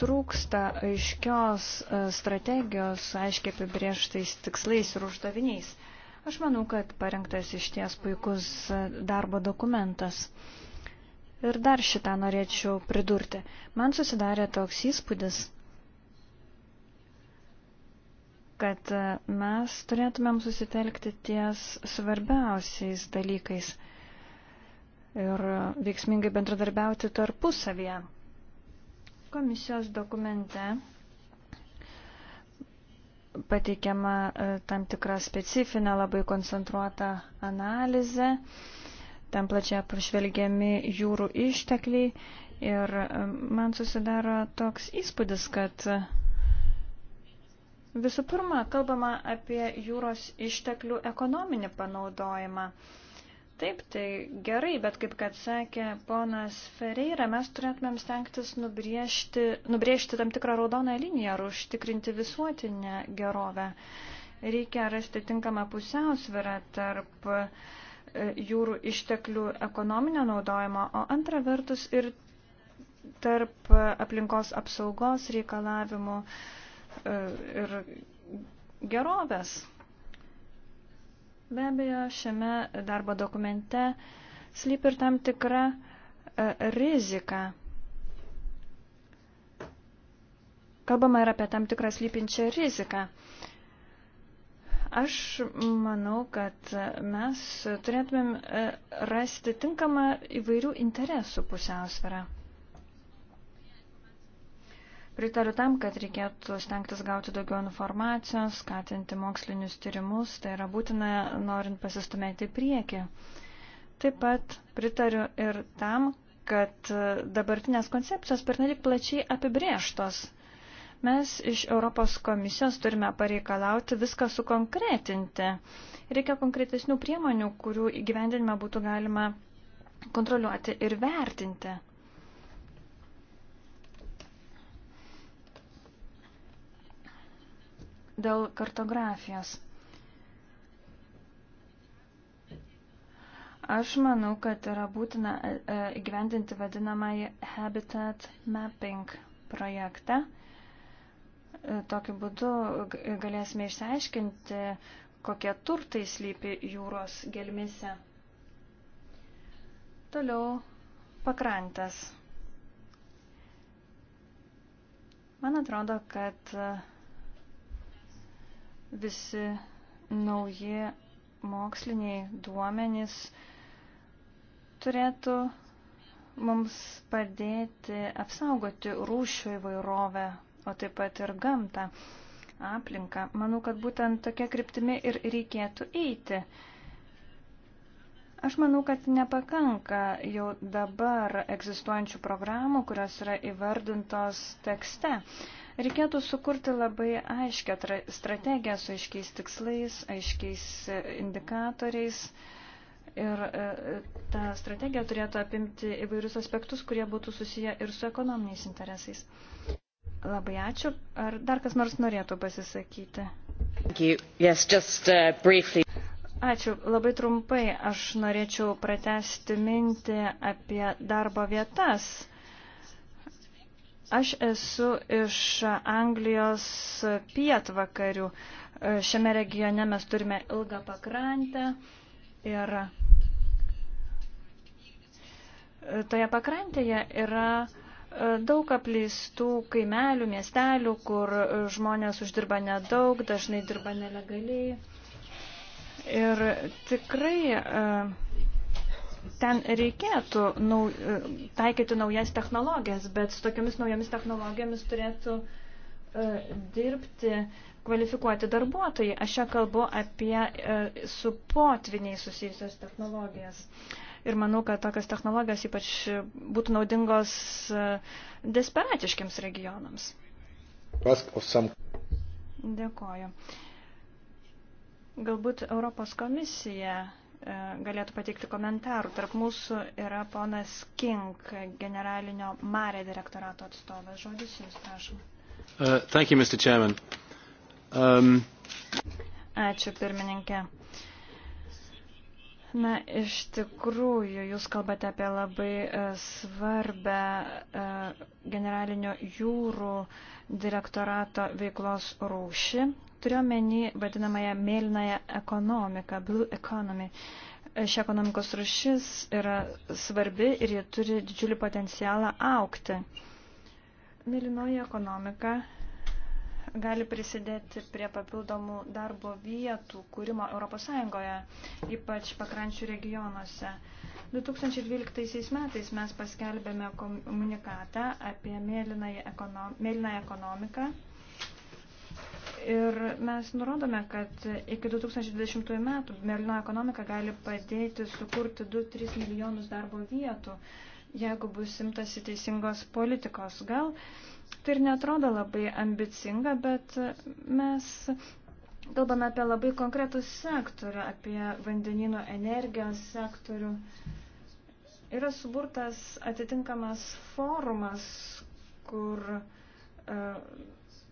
trūksta aiškios e, strategijos, aiškiai apibrieštais tikslais ir uždaviniais. Aš manau, kad parengtas iš ties puikus e, darbo dokumentas. Ir dar šitą norėčiau pridurti. Man susidarė toks įspūdis, kad e, mes turėtumėm susitelkti ties svarbiausiais dalykais ir veiksmingai bendradarbiauti tarpusavėje. Komisijos dokumente pateikiama e, tam tikra specifinė, labai koncentruota analizė. Ten plačiai apžvelgiami jūrų ištekliai ir e, man susidaro toks įspūdis, kad Visų pirma, kalbama apie jūros išteklių ekonominį panaudojimą. Taip, tai gerai, bet kaip kad sakė ponas Ferreira, mes turėtumėm stengtis nubriežti, nubriežti tam tikrą raudoną liniją ar užtikrinti visuotinę gerovę. Reikia rasti tinkamą pusiausvirą tarp e, jūrų išteklių ekonominio naudojimo, o antra vertus ir tarp e, aplinkos apsaugos reikalavimų ir gerovės. Be abejo, šiame darbo dokumente slypi ir tam tikra e, rizika. Kalbama ir apie tam tikrą slypinčią riziką. Aš manau, kad mes turėtumėm e, rasti tinkamą įvairių interesų pusiausvyrą. Pritariu tam, kad reikėtų stengtis gauti daugiau informacijos, skatinti mokslinius tyrimus, tai yra būtina norint pasistumėti priekį. Taip pat pritariu ir tam, kad dabartinės koncepcijos pernelik plačiai apibrėžtos. Mes iš Europos komisijos turime pareikalauti viską sukonkretinti. Reikia konkretesnių priemonių, kurių įgyvendinimą būtų galima kontroliuoti ir vertinti. dėl kartografijos. Aš manau, kad yra būtina e, e, įgyvendinti vadinamąjį Habitat Mapping projektą. E, tokiu būdu galėsime išsiaiškinti, kokie turtai slypi jūros gelmise. Toliau pakrantas. Man atrodo, kad Visi nauji moksliniai duomenys turėtų mums padėti apsaugoti rūšių įvairovę, o taip pat ir gamtą, aplinką. Manau, kad būtent tokia kryptimi ir reikėtų eiti. Aš manau, kad nepakanka jau dabar egzistuojančių programų, kurios yra įvardintos tekste. Reikėtų sukurti labai aiškę strategiją su aiškiais tikslais, aiškiais e, indikatoriais. Ir e, e, ta strategija turėtų apimti įvairius aspektus, kurie būtų susiję ir su ekonominiais interesais. Labai ačiū. Ar dar kas nors norėtų pasisakyti? Yes, just, uh, briefly. Ačiū. Labai trumpai aš norėčiau pratesti mintį apie darbo vietas Aš esu iš Anglijos pietvakarių. Šiame regione mes turime ilgą pakrantę ir toje pakrantėje yra e, daug apleistų kaimelių, miestelių, kur e, žmonės uždirba nedaug, dažnai dirba nelegaliai. Ir tikrai e, ten reikėtų nau, taikyti naujas technologijas, bet su tokiamis naujomis technologijomis turėtų uh, dirbti kvalifikuoti darbuotojai. Aš čia kalbu apie uh, su potviniai susijusias technologijas. Ir manau, kad tokios technologijos ypač būtų naudingos uh, desperatiškiams regionams. Dėkoju. Galbūt Europos komisija E, galėtų pateikti komentarų. Tarp mūsų yra ponas King, generalinio Marė direktorato atstovas. Žodis jums, prašom. Uh, thank you, Mr. Chairman. Um... Ačiū, pirmininkė. Na, iš tikrųjų, jūs kalbate apie labai e, svarbę e, generalinio jūrų direktorato veiklos rūšį. Turiuomenį vadinamąją mėlynąją ekonomiką, blue economy. Ši ekonomikos rušis yra svarbi ir ji turi didžiulį potencialą aukti. Mėlynoji ekonomika gali prisidėti prie papildomų darbo vietų kūrimo ES, ypač pakrančių regionuose. 2012 metais mes paskelbėme komunikatą apie mėlynąją ekonomiką. Ir mes nurodome, kad iki 2020 metų Berlyno ekonomika gali padėti sukurti 2-3 milijonus darbo vietų, jeigu bus imtasi teisingos politikos. Gal tai ir netrodo labai ambicinga, bet mes kalbame apie labai konkretų sektorių, apie vandenino energijos sektorių. Yra suburtas atitinkamas forumas, kur. Uh,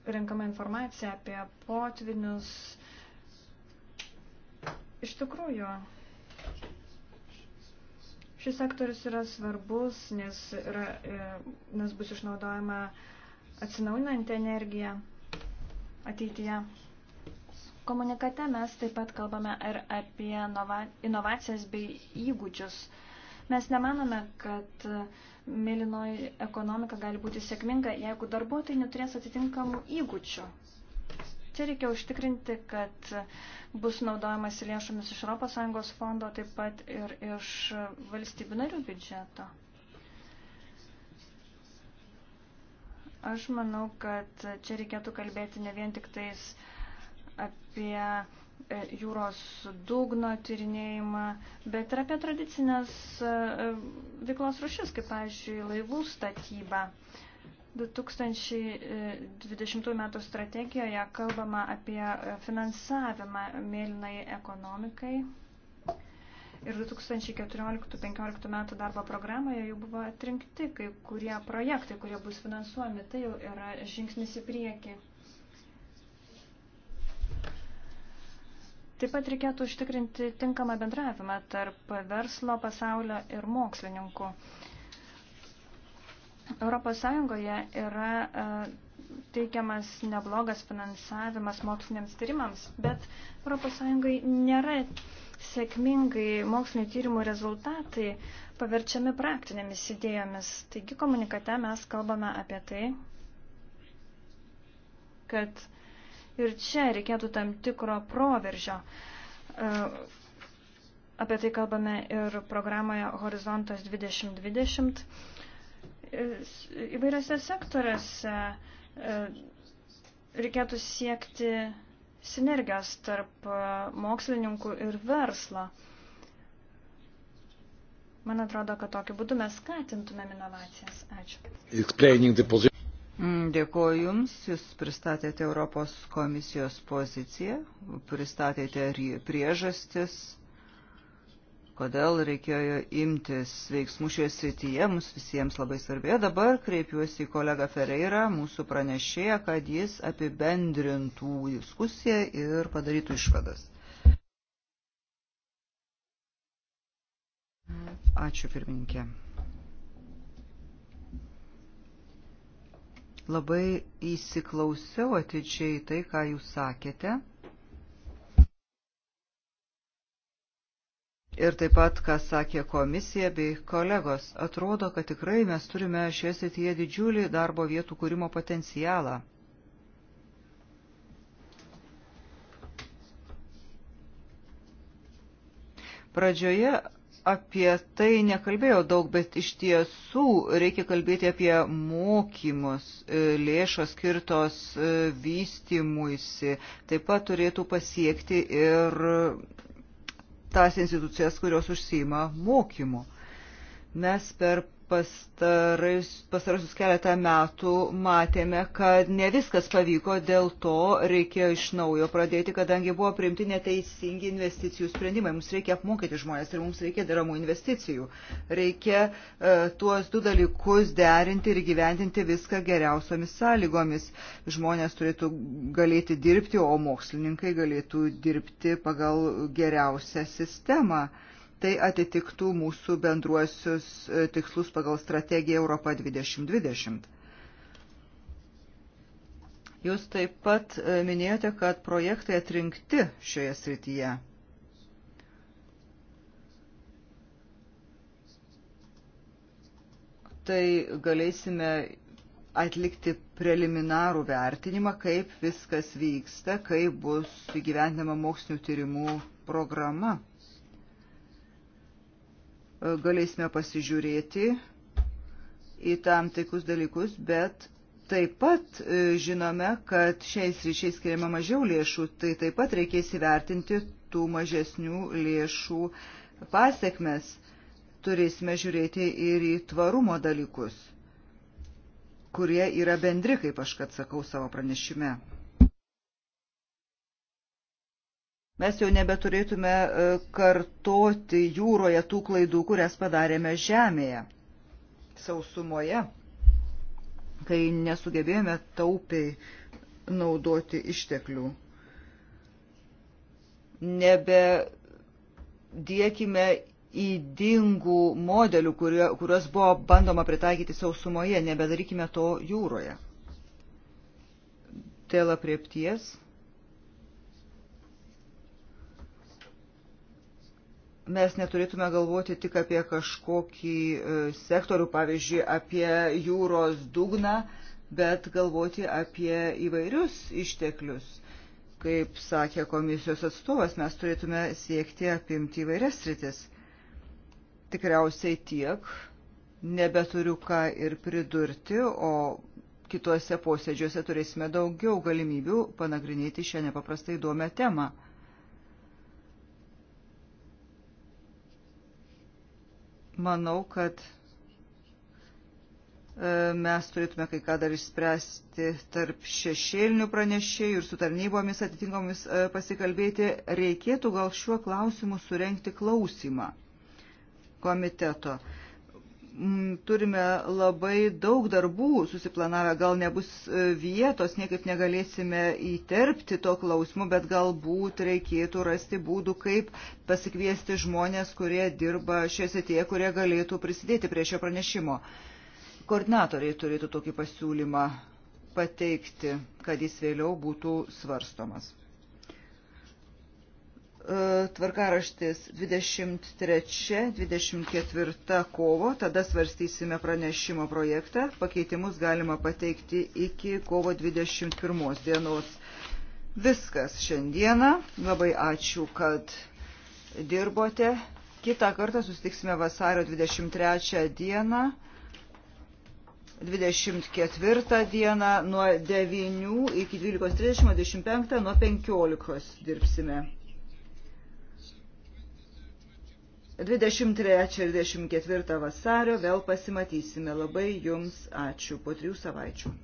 renkama informacija apie potvinius. Iš tikrųjų, šis sektorius yra svarbus, nes, yra, e, nes bus išnaudojama atsinaujinanti energija ateityje. Komunikate mes taip pat kalbame ir apie inova, inovacijas bei įgūdžius. Uh, Mes nemanome, kad e, mėlynoji ekonomika gali būti sėkminga, jeigu darbuotojai neturės atitinkamų įgūdžių. Čia reikia užtikrinti, kad e, bus naudojamas lėšomis iš ES fondo, taip pat ir iš valstybių narių biudžeto. Aš manau, kad e, čia reikėtų kalbėti ne vien tik tais apie E, jūros dugno tyrinėjimą, bet ir apie tradicinės e, e, veiklos rušis, kaip, pavyzdžiui, laivų statybą. 2020 m. strategijoje kalbama apie finansavimą mėlynai ekonomikai. Ir 2014-2015 m. darbo programoje jau buvo atrinkti kai kurie projektai, kurie bus finansuojami. Tai jau yra žingsnis į priekį. Taip pat reikėtų užtikrinti tinkamą bendravimą tarp verslo, pasaulio ir mokslininkų. Europos Sąjungoje yra e, teikiamas neblogas finansavimas moksliniams tyrimams, bet Europos Sąjungai nėra sėkmingai mokslinio tyrimų rezultatai paverčiami praktinėmis idėjomis. Taigi komunikate mes kalbame apie tai, kad Ir čia reikėtų tam tikro proveržio. E, apie tai kalbame ir programoje Horizontas 2020. E, įvairiose sektoriuose e, reikėtų siekti sinergijos tarp mokslininkų ir verslo. Man atrodo, kad tokiu būdu mes skatintumėm inovacijas. Ačiū. Mm, Dėkuoju Jums, Jūs pristatėte Europos komisijos poziciją, pristatėte priežastis, kodėl reikėjo imtis veiksmų šioje srityje, mums visiems labai svarbėjo. Dabar kreipiuosi į kolegą Ferreirą, mūsų pranešėją, kad jis apibendrintų diskusiją ir padarytų išvadas. Ačiū pirmininkė. Labai įsiklausiau atidžiai tai, ką jūs sakėte. Ir taip pat, ką sakė komisija bei kolegos, atrodo, kad tikrai mes turime šioje srityje didžiulį darbo vietų kūrimo potencialą. Pradžioje apie tai nekalbėjo daug, bet iš tiesų reikia kalbėti apie mokymus, e, lėšos skirtos e, vystimuisi. Taip pat turėtų pasiekti ir tas institucijas, kurios užsima mokymu. Mes per pastarasius keletą metų matėme, kad ne viskas pavyko, dėl to reikėjo iš naujo pradėti, kadangi buvo priimti neteisingi investicijų sprendimai. Mums reikia apmokyti žmonės ir mums reikia deramų investicijų. Reikia e, tuos du dalykus derinti ir gyventinti viską geriausiomis sąlygomis. Žmonės turėtų galėti dirbti, o mokslininkai galėtų dirbti pagal geriausią sistemą. E, tai atitiktų mūsų bendruosius e, tikslus pagal strategiją Europa 2020. Jūs taip pat e, minėjote, kad projektai atrinkti šioje srityje. Tai galėsime atlikti preliminarų vertinimą, kaip viskas vyksta, kaip bus įgyvendama mokslinių tyrimų programa galėsime pasižiūrėti į tam tikrus dalykus, bet taip pat e, žinome, kad šiais ryšiais skiriama mažiau lėšų, tai taip pat reikės įvertinti tų mažesnių lėšų pasiekmes. Turėsime žiūrėti ir į tvarumo dalykus, kurie yra bendri, kaip aš kad sakau savo pranešime. Mes jau nebeturėtume e, kartoti jūroje tų klaidų, kurias padarėme žemėje, sausumoje, kai nesugebėjome taupiai naudoti išteklių. Nebe dėkime įdingų modelių, kuriuos buvo bandoma pritaikyti sausumoje, nebedarykime to jūroje. Dėl apriepties mes neturėtume galvoti tik apie kažkokį e, sektorių, pavyzdžiui, apie jūros dugną, bet galvoti apie įvairius išteklius. Kaip sakė komisijos atstovas, mes turėtume siekti apimti įvairias sritis. Tikriausiai tiek, nebeturiu ką ir pridurti, o kitose posėdžiuose turėsime daugiau galimybių panagrinėti šią nepaprastai įdomią temą. manau, kad e, mes turėtume kai ką dar išspręsti tarp šešėlinių pranešėjų ir su tarnybomis atitinkomis e, pasikalbėti. Reikėtų gal šiuo klausimu surenkti klausimą komiteto turime labai daug darbų susiplanavę, gal nebus e, vietos, niekaip negalėsime įterpti to klausimu, bet galbūt reikėtų rasti būdų, kaip pasikviesti žmonės, kurie dirba šiose tie, kurie galėtų prisidėti prie šio pranešimo. Koordinatoriai turėtų tokį pasiūlymą pateikti, kad jis vėliau būtų svarstomas. E, tvarkaraštis 23-24 kovo, tada svarstysime pranešimo projektą. Pakeitimus galima pateikti iki kovo 21 dienos. Viskas šiandieną. Labai ačiū, kad dirbote. Kitą kartą susitiksime vasario 23 dieną. 24 dieną nuo 9 iki 12.30, 25 nuo 15 dirbsime. 23 ir 24 vasario vėl pasimatysime. Labai Jums ačiū po trijų savaičių.